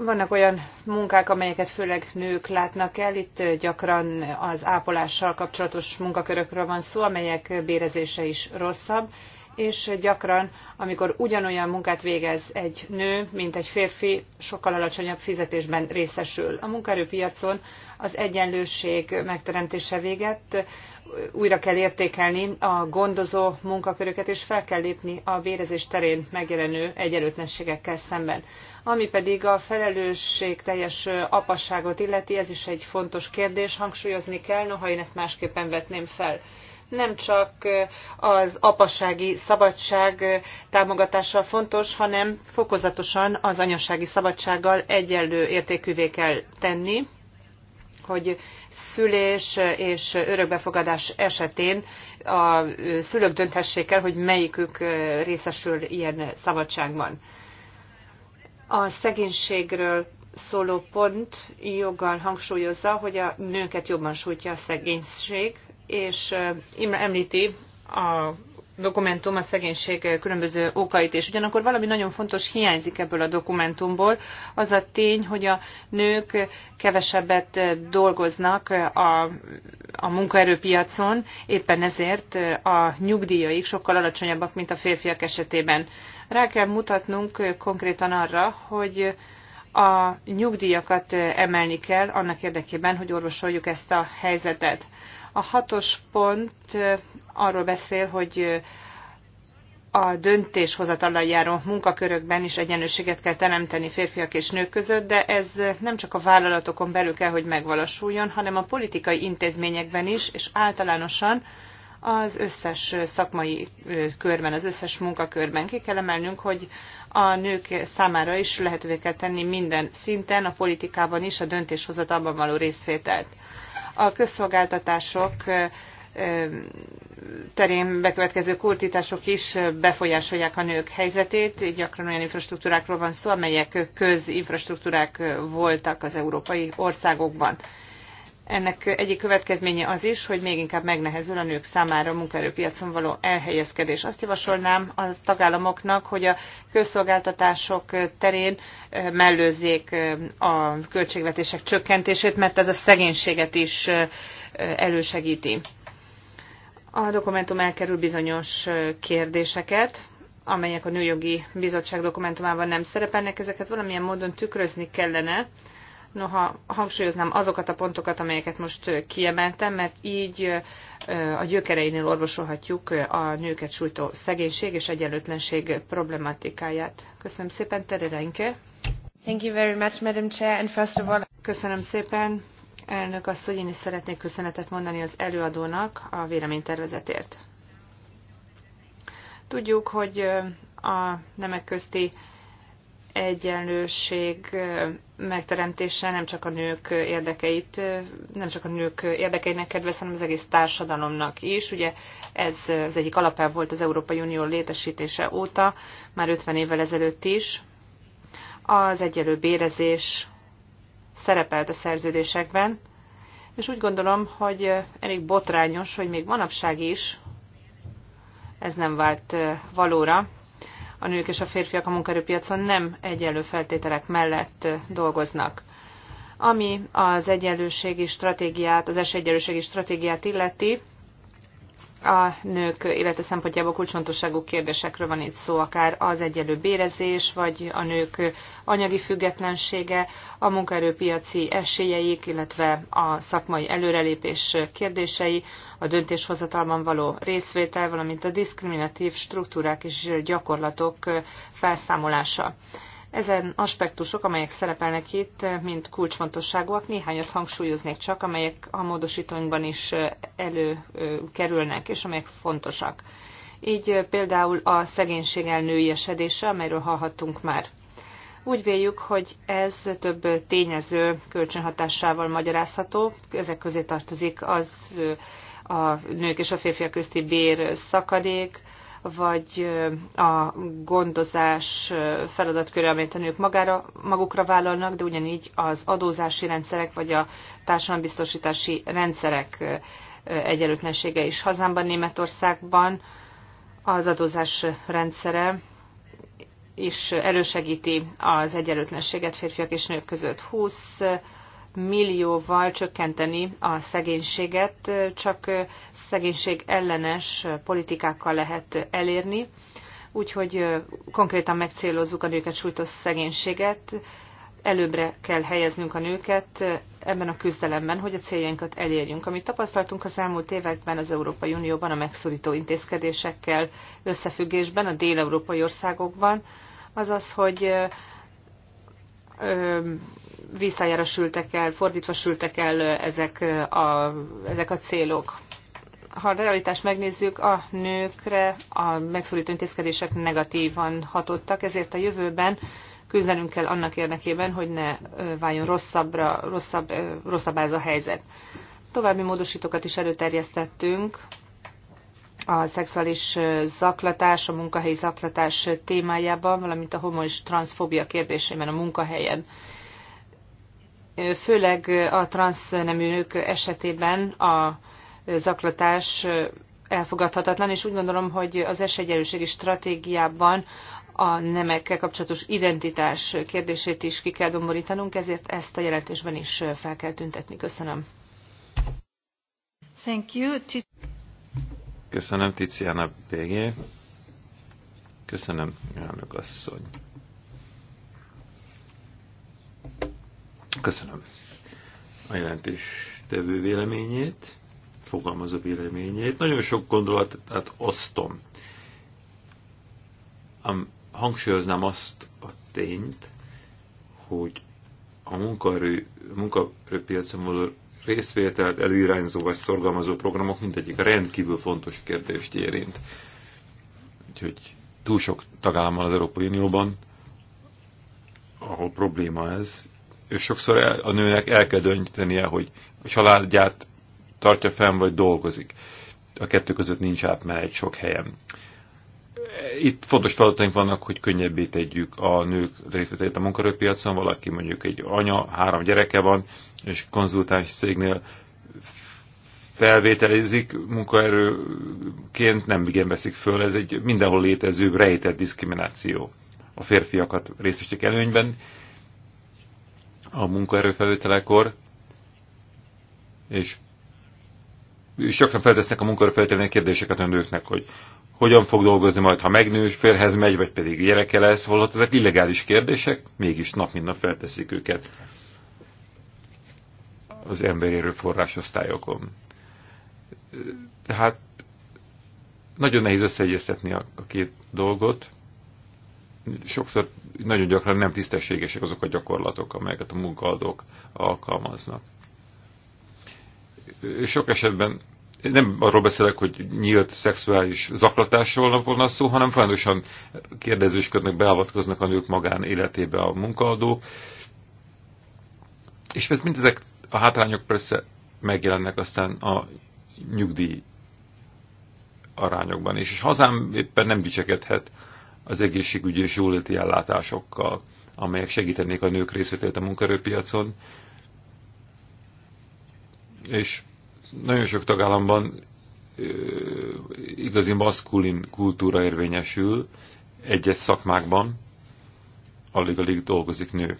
Vannak olyan munkák, amelyeket főleg nők látnak el. Itt gyakran az ápolással kapcsolatos munkakörökről van szó, amelyek bérezése is rosszabb és gyakran, amikor ugyanolyan munkát végez egy nő, mint egy férfi, sokkal alacsonyabb fizetésben részesül. A munkaerőpiacon az egyenlőség megteremtése véget, újra kell értékelni a gondozó munkaköröket, és fel kell lépni a bérezés terén megjelenő egyenlőtlenségekkel szemben. Ami pedig a felelősség teljes apasságot illeti, ez is egy fontos kérdés, hangsúlyozni kell, noha én ezt másképpen vetném fel nem csak az apasági szabadság támogatása fontos, hanem fokozatosan az anyasági szabadsággal egyenlő értékűvé kell tenni, hogy szülés és örökbefogadás esetén a szülők dönthessék el, hogy melyikük részesül ilyen szabadságban. A szegénységről szóló pont joggal hangsúlyozza, hogy a nőket jobban sújtja a szegénység, és említi a dokumentum a szegénység különböző okait, és ugyanakkor valami nagyon fontos hiányzik ebből a dokumentumból, az a tény, hogy a nők kevesebbet dolgoznak a, a munkaerőpiacon, éppen ezért a nyugdíjaik sokkal alacsonyabbak, mint a férfiak esetében. Rá kell mutatnunk konkrétan arra, hogy a nyugdíjakat emelni kell annak érdekében, hogy orvosoljuk ezt a helyzetet. A hatos pont arról beszél, hogy a döntéshozatallal járó munkakörökben is egyenlőséget kell teremteni férfiak és nők között, de ez nem csak a vállalatokon belül kell, hogy megvalósuljon, hanem a politikai intézményekben is, és általánosan az összes szakmai körben, az összes munkakörben. Ki kell emelnünk, hogy a nők számára is lehetővé kell tenni minden szinten, a politikában is, a döntéshozatalban való részvételt a közszolgáltatások terén bekövetkező kurtítások is befolyásolják a nők helyzetét. Gyakran olyan infrastruktúrákról van szó, amelyek közinfrastruktúrák voltak az európai országokban. Ennek egyik következménye az is, hogy még inkább megnehezül a nők számára a munkaerőpiacon való elhelyezkedés. Azt javasolnám a az tagállamoknak, hogy a közszolgáltatások terén mellőzzék a költségvetések csökkentését, mert ez a szegénységet is elősegíti. A dokumentum elkerül bizonyos kérdéseket, amelyek a Nőjogi Bizottság dokumentumában nem szerepelnek, ezeket valamilyen módon tükrözni kellene Noha hangsúlyoznám azokat a pontokat, amelyeket most kiemeltem, mert így a gyökereinél orvosolhatjuk a nőket sújtó szegénység és egyenlőtlenség problematikáját. Köszönöm szépen, Tere Reinke. Thank you very much, Madam Chair, and first of all... Köszönöm szépen, elnök hogy én is szeretnék köszönetet mondani az előadónak a véleménytervezetért. Tudjuk, hogy a nemek közti egyenlőség megteremtése nem csak a nők érdekeit, nem csak a nők érdekeinek kedvez, hanem az egész társadalomnak is. Ugye ez az egyik alapelv volt az Európai Unió létesítése óta, már 50 évvel ezelőtt is. Az egyenlő bérezés szerepelt a szerződésekben, és úgy gondolom, hogy elég botrányos, hogy még manapság is ez nem vált valóra a nők és a férfiak a munkaerőpiacon nem egyenlő feltételek mellett dolgoznak. Ami az egyenlőségi stratégiát, az esélyegyenlőségi stratégiát illeti, a nők élete szempontjából kulcsfontosságú kérdésekről van itt szó, akár az egyenlő bérezés, vagy a nők anyagi függetlensége, a munkaerőpiaci esélyeik, illetve a szakmai előrelépés kérdései, a döntéshozatalban való részvétel, valamint a diszkriminatív struktúrák és gyakorlatok felszámolása. Ezen aspektusok, amelyek szerepelnek itt, mint kulcsfontosságúak, néhányat hangsúlyoznék csak, amelyek a módosítóinkban is előkerülnek, és amelyek fontosak. Így például a szegénység elnőiesedése, amelyről hallhattunk már. Úgy véljük, hogy ez több tényező kölcsönhatásával magyarázható, ezek közé tartozik az a nők és a férfiak közti bér szakadék, vagy a gondozás feladatköre, amit a nők magára, magukra vállalnak, de ugyanígy az adózási rendszerek, vagy a társadalombiztosítási rendszerek egyenlőtlensége is. Hazámban, Németországban az adózás rendszere is elősegíti az egyenlőtlenséget férfiak és nők között. 20 millióval csökkenteni a szegénységet, csak szegénység ellenes politikákkal lehet elérni, úgyhogy konkrétan megcélozzuk a nőket sújtó szegénységet, előbbre kell helyeznünk a nőket ebben a küzdelemben, hogy a céljainkat elérjünk. Amit tapasztaltunk az elmúlt években az Európai Unióban a megszorító intézkedésekkel összefüggésben, a dél-európai országokban, az az, hogy visszájára sültek el, fordítva sültek el ezek a, ezek a célok. Ha a realitást megnézzük, a nőkre a megszólító intézkedések negatívan hatottak, ezért a jövőben küzdenünk kell annak érdekében, hogy ne váljon rosszabbra, rosszabb, rosszabb ez a helyzet. További módosítókat is előterjesztettünk, a szexuális zaklatás, a munkahelyi zaklatás témájában, valamint a homo és transzfóbia kérdésében a munkahelyen. Főleg a transznemű nők esetében a zaklatás elfogadhatatlan, és úgy gondolom, hogy az esélyegyenlőségi stratégiában a nemekkel kapcsolatos identitás kérdését is ki kell domborítanunk, ezért ezt a jelentésben is fel kell tüntetni. Köszönöm.
Thank you.
Köszönöm, Tiziana BG. Köszönöm, elnök asszony. Köszönöm a tevő véleményét, fogalmazó véleményét. Nagyon sok gondolatát osztom. Am, hangsúlyoznám azt a tényt, hogy a munkaerő, munkaerőpiacon való részvételt előirányzó vagy szorgalmazó programok mindegyik rendkívül fontos kérdést érint. Úgyhogy túl sok tagállam van az Európai Unióban, ahol probléma ez, és sokszor el, a nőnek el kell döntenie, hogy a családját tartja fenn, vagy dolgozik. A kettő között nincs átmenet sok helyen itt fontos feladataink vannak, hogy könnyebbé tegyük a nők részvételét a munkarőpiacon. Valaki mondjuk egy anya, három gyereke van, és konzultáns cégnél felvételizik munkaerőként, nem igen veszik föl. Ez egy mindenhol létező, rejtett diszkrimináció. A férfiakat részesítik előnyben a munkaerő felvételekor, és és gyakran feltesznek a munkaerőfelvételnek kérdéseket a nőknek, hogy hogyan fog dolgozni majd, ha megnős, férhez megy, vagy pedig gyereke lesz, valahogy ezek illegális kérdések, mégis nap mint nap felteszik őket az emberi erőforrás osztályokon. Tehát nagyon nehéz összeegyeztetni a, a két dolgot. Sokszor nagyon gyakran nem tisztességesek azok a gyakorlatok, amelyeket a munkaadók alkalmaznak. Sok esetben nem arról beszélek, hogy nyílt szexuális zaklatásról volna szó, hanem folyamatosan kérdezősködnek, beavatkoznak a nők magán életébe a munkaadók. És ez mindezek a hátrányok persze megjelennek aztán a nyugdíj arányokban is. És hazám éppen nem dicsekedhet az egészségügyi és jóléti ellátásokkal, amelyek segítenék a nők részvételt a munkaerőpiacon. És nagyon sok tagállamban igazi maszkulin kultúra érvényesül, egyes -egy szakmákban alig-alig dolgozik nő,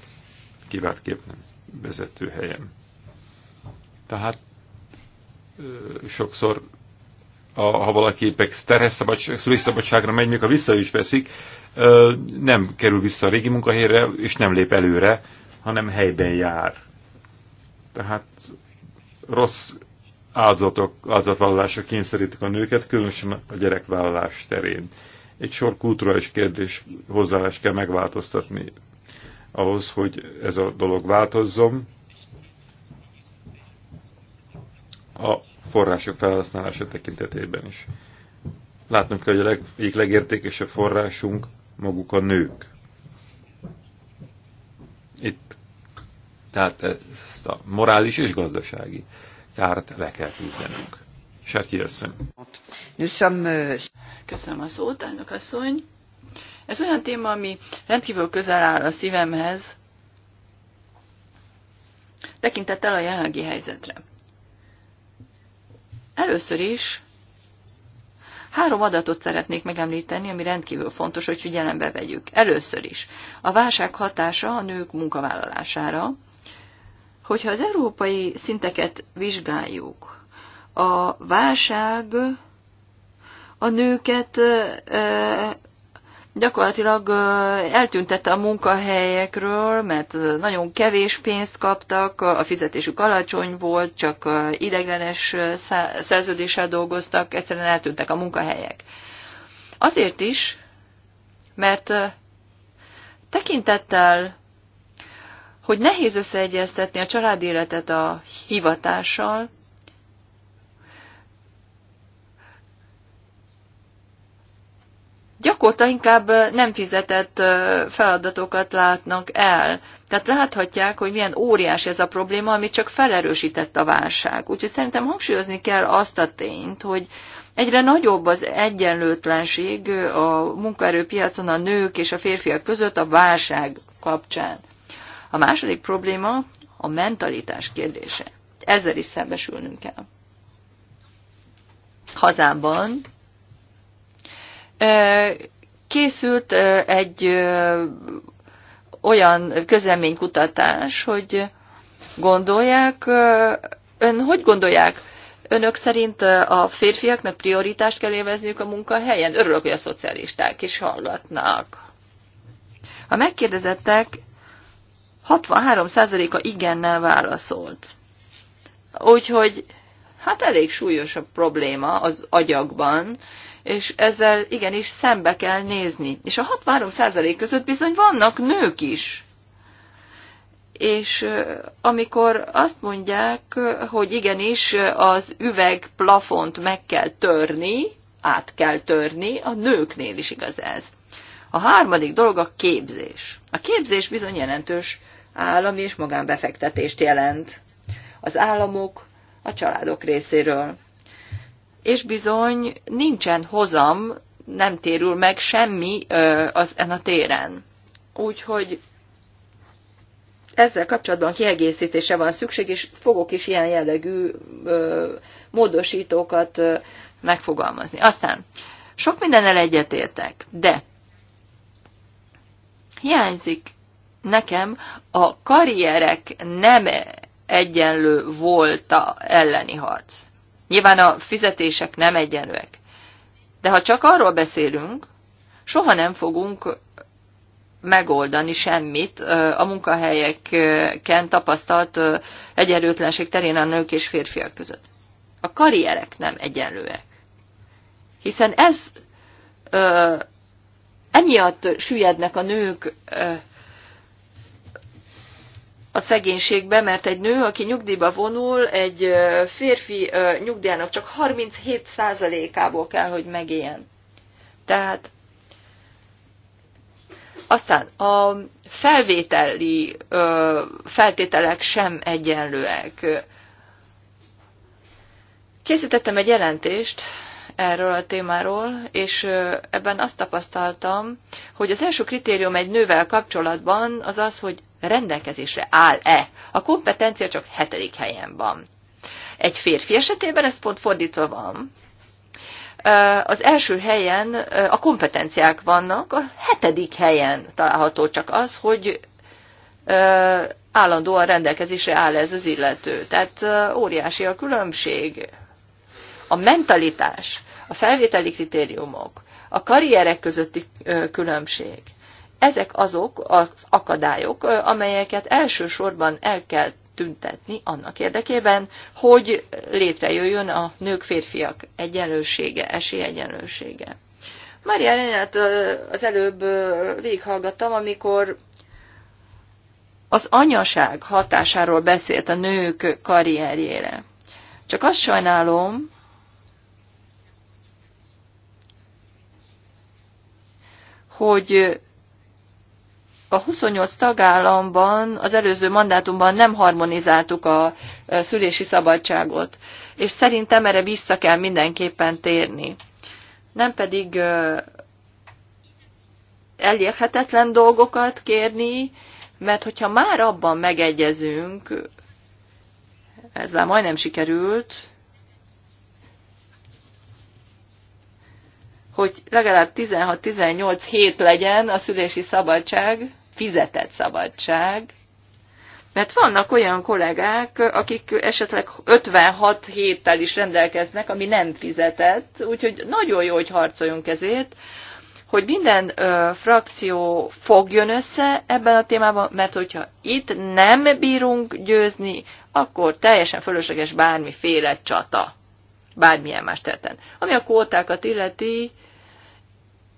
kiváltképp nem vezető helyen. Tehát sokszor, a, ha valaki szülés szabadságra megy, még vissza is veszik, nem kerül vissza a régi munkahelyre, és nem lép előre, hanem helyben jár. Tehát rossz áldozatok, áldozatvállalásra kényszerítik a nőket, különösen a gyerekvállalás terén. Egy sor kulturális kérdés hozzáállást kell megváltoztatni ahhoz, hogy ez a dolog változzon. A források felhasználása tekintetében is. Látnunk kell, hogy a leg, egyik legértékesebb forrásunk maguk a nők. Itt tehát ezt a morális és gazdasági kárt le kell küzdenünk. Serki euh,
Köszönöm a
szót, elnök asszony. Ez olyan téma, ami rendkívül közel áll a szívemhez, tekintettel a jelenlegi helyzetre. Először is három adatot szeretnék megemlíteni, ami rendkívül fontos, hogy figyelembe vegyük. Először is a válság hatása a nők munkavállalására, Hogyha az európai szinteket vizsgáljuk, a válság a nőket gyakorlatilag eltüntette a munkahelyekről, mert nagyon kevés pénzt kaptak, a fizetésük alacsony volt, csak ideglenes szerződéssel dolgoztak, egyszerűen eltűntek a munkahelyek. Azért is, mert tekintettel hogy nehéz összeegyeztetni a család életet a hivatással, gyakorta inkább nem fizetett feladatokat látnak el. Tehát láthatják, hogy milyen óriás ez a probléma, amit csak felerősített a válság. Úgyhogy szerintem hangsúlyozni kell azt a tényt, hogy egyre nagyobb az egyenlőtlenség a munkaerőpiacon a nők és a férfiak között a válság kapcsán. A második probléma a mentalitás kérdése. Ezzel is szembesülnünk kell. Hazában készült egy olyan közleménykutatás, hogy gondolják, ön hogy gondolják, önök szerint a férfiaknak prioritást kell élvezniük a munkahelyen? Örülök, hogy a szocialisták is hallgatnak. A megkérdezettek 63%-a igennel válaszolt. Úgyhogy hát elég súlyos a probléma az agyakban, és ezzel igenis szembe kell nézni. És a 63% között bizony vannak nők is. És amikor azt mondják, hogy igenis az üveg plafont meg kell törni, át kell törni, a nőknél is igaz ez. A harmadik dolog a képzés. A képzés bizony jelentős állami és magánbefektetést jelent. Az államok a családok részéről. És bizony nincsen hozam, nem térül meg semmi az en a téren. Úgyhogy ezzel kapcsolatban kiegészítése van szükség, és fogok is ilyen jellegű ö, módosítókat ö, megfogalmazni. Aztán sok mindennel egyetértek, de hiányzik nekem a karrierek nem egyenlő volt a elleni harc. Nyilván a fizetések nem egyenlőek. De ha csak arról beszélünk, soha nem fogunk megoldani semmit a munkahelyeken tapasztalt egyenlőtlenség terén a nők és férfiak között. A karrierek nem egyenlőek. Hiszen ez ö, emiatt süllyednek a nők ö, a szegénységbe, mert egy nő, aki nyugdíjba vonul, egy férfi nyugdíjának csak 37%-ából kell, hogy megéljen. Tehát aztán a felvételi feltételek sem egyenlőek. Készítettem egy jelentést erről a témáról, és ebben azt tapasztaltam, hogy az első kritérium egy nővel kapcsolatban az az, hogy rendelkezésre áll-e. A kompetencia csak hetedik helyen van. Egy férfi esetében ez pont fordítva van. Az első helyen a kompetenciák vannak, a hetedik helyen található csak az, hogy állandóan rendelkezésre áll ez az illető. Tehát óriási a különbség. A mentalitás a felvételi kritériumok, a karrierek közötti különbség. Ezek azok az akadályok, amelyeket elsősorban el kell tüntetni annak érdekében, hogy létrejöjjön a nők-férfiak egyenlősége, esélyegyenlősége. Maria Renát az előbb végighallgattam, amikor az anyaság hatásáról beszélt a nők karrierjére. Csak azt sajnálom, hogy a 28 tagállamban az előző mandátumban nem harmonizáltuk a e, szülési szabadságot, és szerintem erre vissza kell mindenképpen térni. Nem pedig e, elérhetetlen dolgokat kérni, mert hogyha már abban megegyezünk, ez már majdnem sikerült, hogy legalább 16-18 hét legyen a szülési szabadság, fizetett szabadság, mert vannak olyan kollégák, akik esetleg 56 héttel is rendelkeznek, ami nem fizetett, úgyhogy nagyon jó, hogy harcoljunk ezért, hogy minden ö, frakció fogjon össze ebben a témában, mert hogyha itt nem bírunk győzni, akkor teljesen fölösleges bármiféle csata, bármilyen más terten. Ami a kótákat illeti,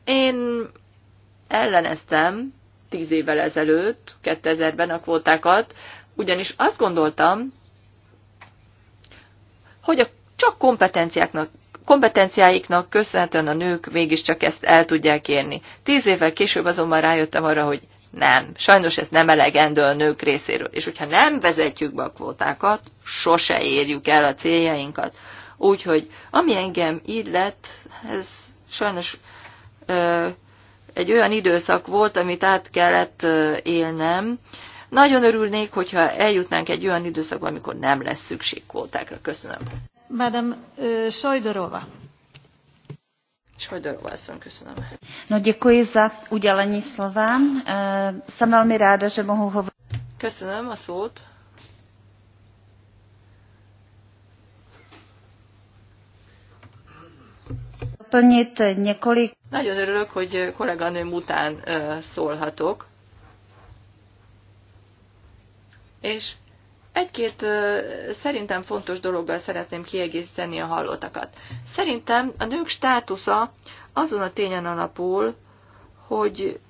én elleneztem tíz évvel ezelőtt, 2000-ben a kvótákat, ugyanis azt gondoltam, hogy a csak kompetenciáknak, kompetenciáiknak köszönhetően a nők mégiscsak ezt el tudják érni. Tíz évvel később azonban rájöttem arra, hogy nem. Sajnos ez nem elegendő a nők részéről. És hogyha nem vezetjük be a kvótákat, sose érjük el a céljainkat. Úgyhogy ami engem illet, ez sajnos egy olyan időszak volt, amit át kellett élnem. Nagyon örülnék, hogyha eljutnánk egy olyan időszakba, amikor nem lesz szükség kvótákra. Köszönöm.
Madam Sojdorova. Sojdorova, köszönöm. No, děkuji za udělení slova. Jsem velmi ráda, že mohu hovořit.
Köszönöm a szót.
doplnit několik... Nagyon
örülök, hogy kolléganőm után szólhatok. És egy-két szerintem fontos dologgal szeretném kiegészíteni a hallottakat. Szerintem a nők státusza azon a tényen alapul, hogy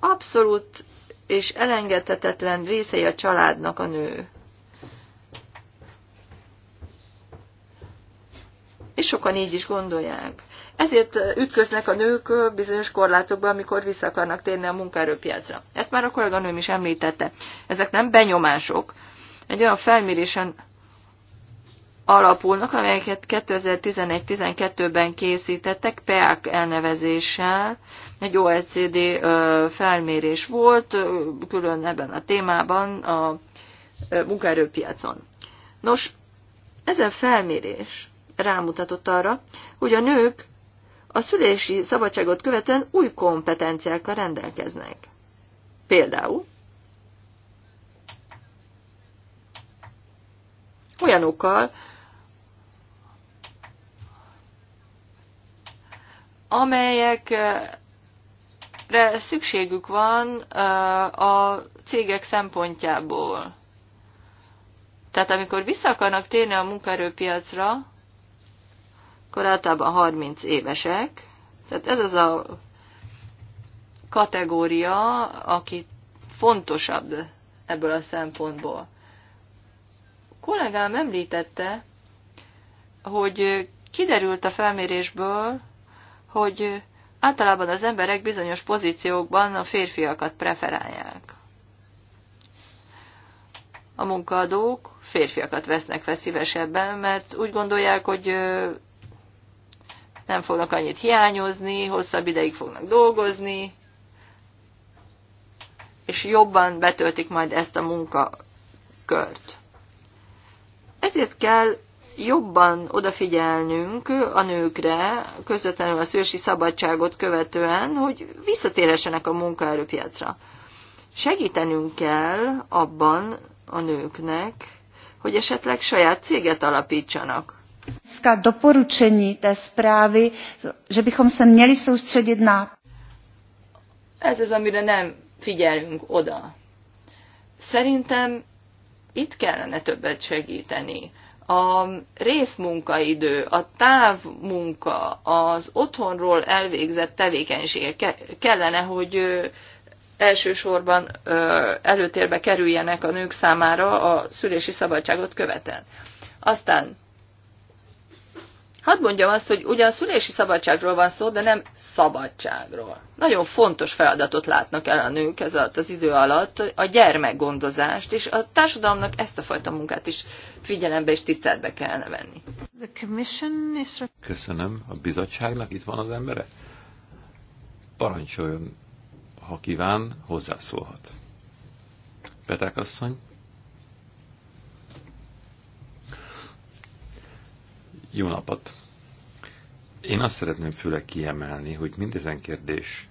abszolút és elengedhetetlen részei a családnak a nő. és sokan így is gondolják. Ezért ütköznek a nők bizonyos korlátokban, amikor vissza akarnak térni a munkaerőpiacra. Ezt már a kolléganőm is említette. Ezek nem benyomások. Egy olyan felmérésen alapulnak, amelyeket 2011-12-ben készítettek PEAC elnevezéssel. Egy OECD felmérés volt, külön ebben a témában a munkaerőpiacon. Nos, ez a felmérés rámutatott arra, hogy a nők a szülési szabadságot követően új kompetenciákkal rendelkeznek. Például olyanokkal, amelyekre szükségük van a cégek szempontjából. Tehát amikor vissza akarnak térni a munkaerőpiacra, akkor általában 30 évesek. Tehát ez az a kategória, aki fontosabb ebből a szempontból. A kollégám említette, hogy kiderült a felmérésből, hogy általában az emberek bizonyos pozíciókban a férfiakat preferálják. A munkaadók férfiakat vesznek fel szívesebben, mert úgy gondolják, hogy nem fognak annyit hiányozni, hosszabb ideig fognak dolgozni, és jobban betöltik majd ezt a munkakört. Ezért kell jobban odafigyelnünk a nőkre, közvetlenül a szősi szabadságot követően, hogy visszatérhessenek a munkaerőpiacra. Segítenünk kell abban a nőknek, hogy esetleg saját céget alapítsanak
doporučení té zprávy, že bychom se měli soustředit na...
Ez az, amire nem figyelünk oda. Szerintem itt kellene többet segíteni. A részmunkaidő, a távmunka, az otthonról elvégzett tevékenység kellene, hogy elsősorban előtérbe kerüljenek a nők számára a szülési szabadságot követen. Aztán Hadd mondjam azt, hogy ugyan szülési szabadságról van szó, de nem szabadságról. Nagyon fontos feladatot látnak el a nők ez alatt az idő alatt, a gyermekgondozást, és a társadalomnak ezt a fajta munkát is figyelembe és tiszteletbe kellene venni.
Is...
Köszönöm. A bizottságnak itt van az embere? Parancsoljon, ha kíván, hozzászólhat. Peták asszony. Jó napot! Én azt szeretném főleg kiemelni, hogy mindezen kérdés,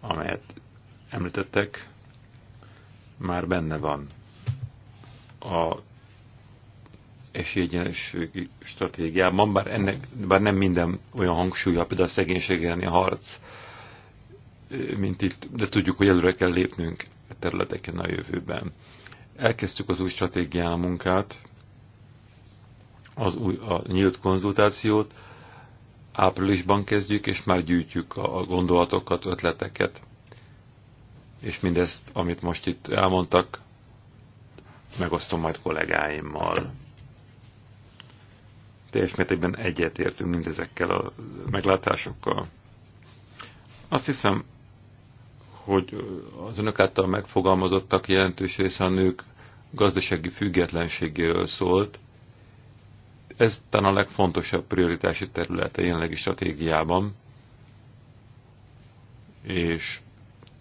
amelyet említettek, már benne van a esélyegyenlőségi stratégiában, bár, ennek, bár nem minden olyan hangsúlya, például a szegénység elleni harc, mint itt, de tudjuk, hogy előre kell lépnünk a e területeken a jövőben. Elkezdtük az új stratégián a munkát, az új, a nyílt konzultációt. Áprilisban kezdjük, és már gyűjtjük a gondolatokat, ötleteket. És mindezt, amit most itt elmondtak, megosztom majd kollégáimmal. Teljes mértékben egyetértünk mindezekkel a meglátásokkal. Azt hiszem, hogy az önök által megfogalmazottak jelentős része a nők gazdasági függetlenségéről szólt, ez talán a legfontosabb prioritási területe a jelenlegi stratégiában, és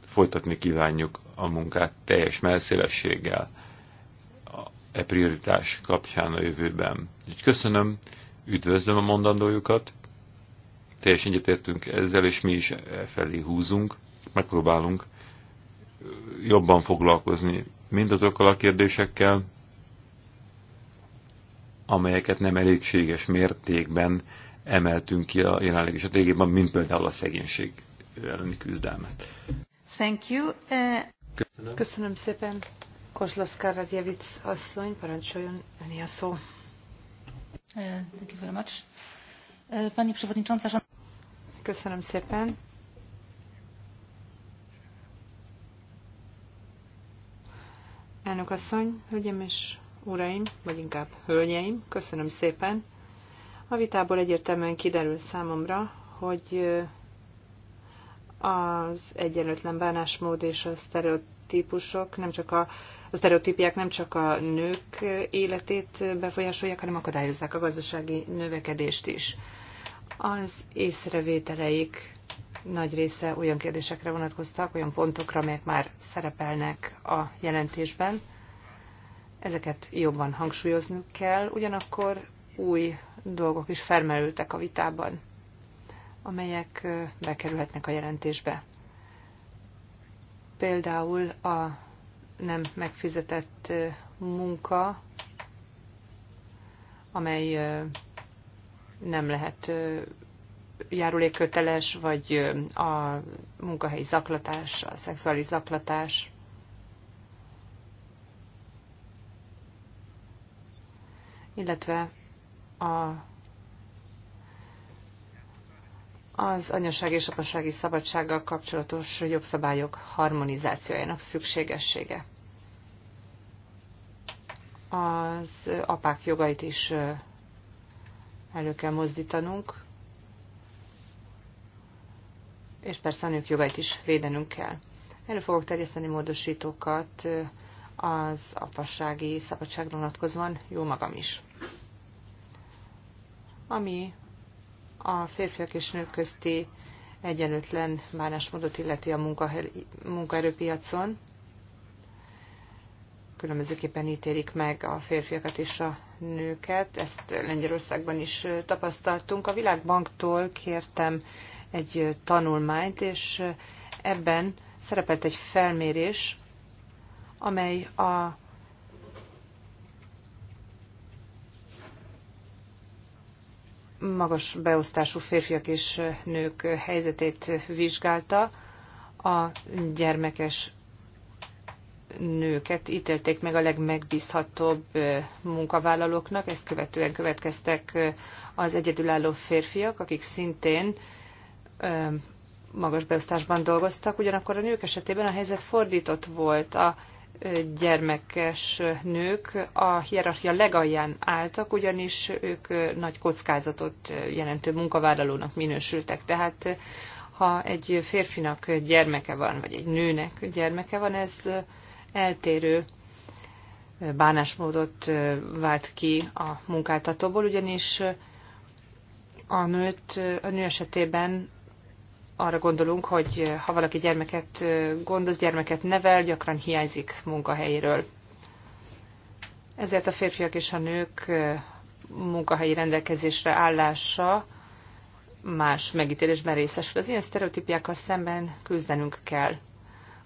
folytatni kívánjuk a munkát teljes melszélességgel e prioritás kapcsán a jövőben. Úgyhogy köszönöm, üdvözlöm a mondandójukat, teljesen egyetértünk ezzel, és mi is e felé húzunk, megpróbálunk jobban foglalkozni mindazokkal a kérdésekkel, amelyeket nem elégséges mértékben emeltünk ki a jelenlegi stratégiában, mint például a szegénység elleni küzdelmet.
Thank you. Köszönöm. Köszönöm szépen. Kozlovszka Radjevic asszony, parancsoljon önni a szó. Uh,
thank you very much. Uh, pani Przewodnicząca,
Köszönöm szépen. Elnök asszony, hölgyem és uraim, vagy inkább hölgyeim, köszönöm szépen. A vitából egyértelműen kiderül számomra, hogy az egyenlőtlen bánásmód és a sztereotípusok, nem csak a, a sztereotípiák nem csak a nők életét befolyásolják, hanem akadályozzák a gazdasági növekedést is. Az észrevételeik nagy része olyan kérdésekre vonatkoztak, olyan pontokra, amelyek már szerepelnek a jelentésben. Ezeket jobban hangsúlyozni kell, ugyanakkor új dolgok is felmerültek a vitában, amelyek bekerülhetnek a jelentésbe. Például a nem megfizetett munka, amely nem lehet járulékköteles, vagy a munkahelyi zaklatás, a szexuális zaklatás, illetve a, az anyaság és apasági szabadsággal kapcsolatos jogszabályok harmonizációjának szükségessége. Az apák jogait is elő kell mozdítanunk, és persze a nők jogait is védenünk kell. Elő fogok terjeszteni módosítókat az apassági szabadságra vonatkozóan jó magam is. Ami a férfiak és nők közti egyenlőtlen bánásmódot illeti a munkaerőpiacon, különbözőképpen ítélik meg a férfiakat és a nőket. Ezt Lengyelországban is tapasztaltunk. A Világbanktól kértem egy tanulmányt, és ebben szerepelt egy felmérés, amely a magas beosztású férfiak és nők helyzetét vizsgálta. A gyermekes nőket ítélték meg a legmegbízhatóbb munkavállalóknak, ezt követően következtek az egyedülálló férfiak, akik szintén magas beosztásban dolgoztak, ugyanakkor a nők esetében a helyzet fordított volt. A gyermekes nők a hierarchia legalján álltak, ugyanis ők nagy kockázatot jelentő munkavállalónak minősültek. Tehát ha egy férfinak gyermeke van, vagy egy nőnek gyermeke van, ez eltérő bánásmódot vált ki a munkáltatóból, ugyanis a, nőt, a nő esetében arra gondolunk, hogy ha valaki gyermeket gondoz, gyermeket nevel, gyakran hiányzik munkahelyéről. Ezért a férfiak és a nők munkahelyi rendelkezésre állása más megítélésben részesül. Az ilyen sztereotípiákkal szemben küzdenünk kell.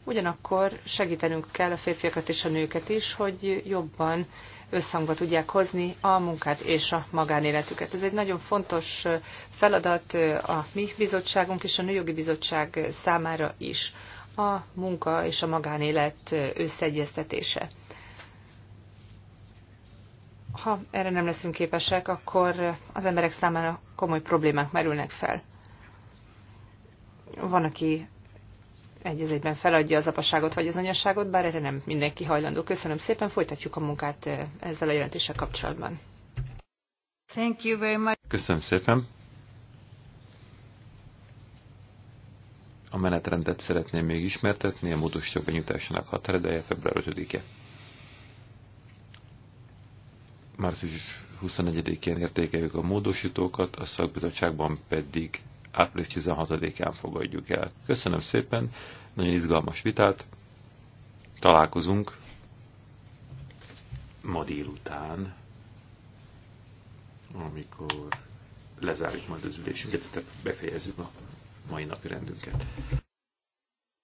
Ugyanakkor segítenünk kell a férfiakat és a nőket is, hogy jobban összhangba tudják hozni a munkát és a magánéletüket. Ez egy nagyon fontos feladat a mi bizottságunk és a Nőjogi Bizottság számára is a munka és a magánélet összeegyeztetése. Ha erre nem leszünk képesek, akkor az emberek számára komoly problémák merülnek fel. Van, aki egy az egyben feladja az apaságot vagy az anyaságot, bár erre nem mindenki hajlandó. Köszönöm szépen, folytatjuk a munkát eh, ezzel a jelentéssel kapcsolatban. Thank you very much.
Köszönöm szépen. A menetrendet szeretném még ismertetni, a módosítók benyújtásának határideje február 5-e. Március 21-én értékeljük a módosítókat, a szakbizottságban pedig április 16-án fogadjuk el. Köszönöm szépen, nagyon izgalmas vitát. Találkozunk ma délután, amikor lezárjuk majd az ülésünket, tehát befejezzük a mai napi rendünket.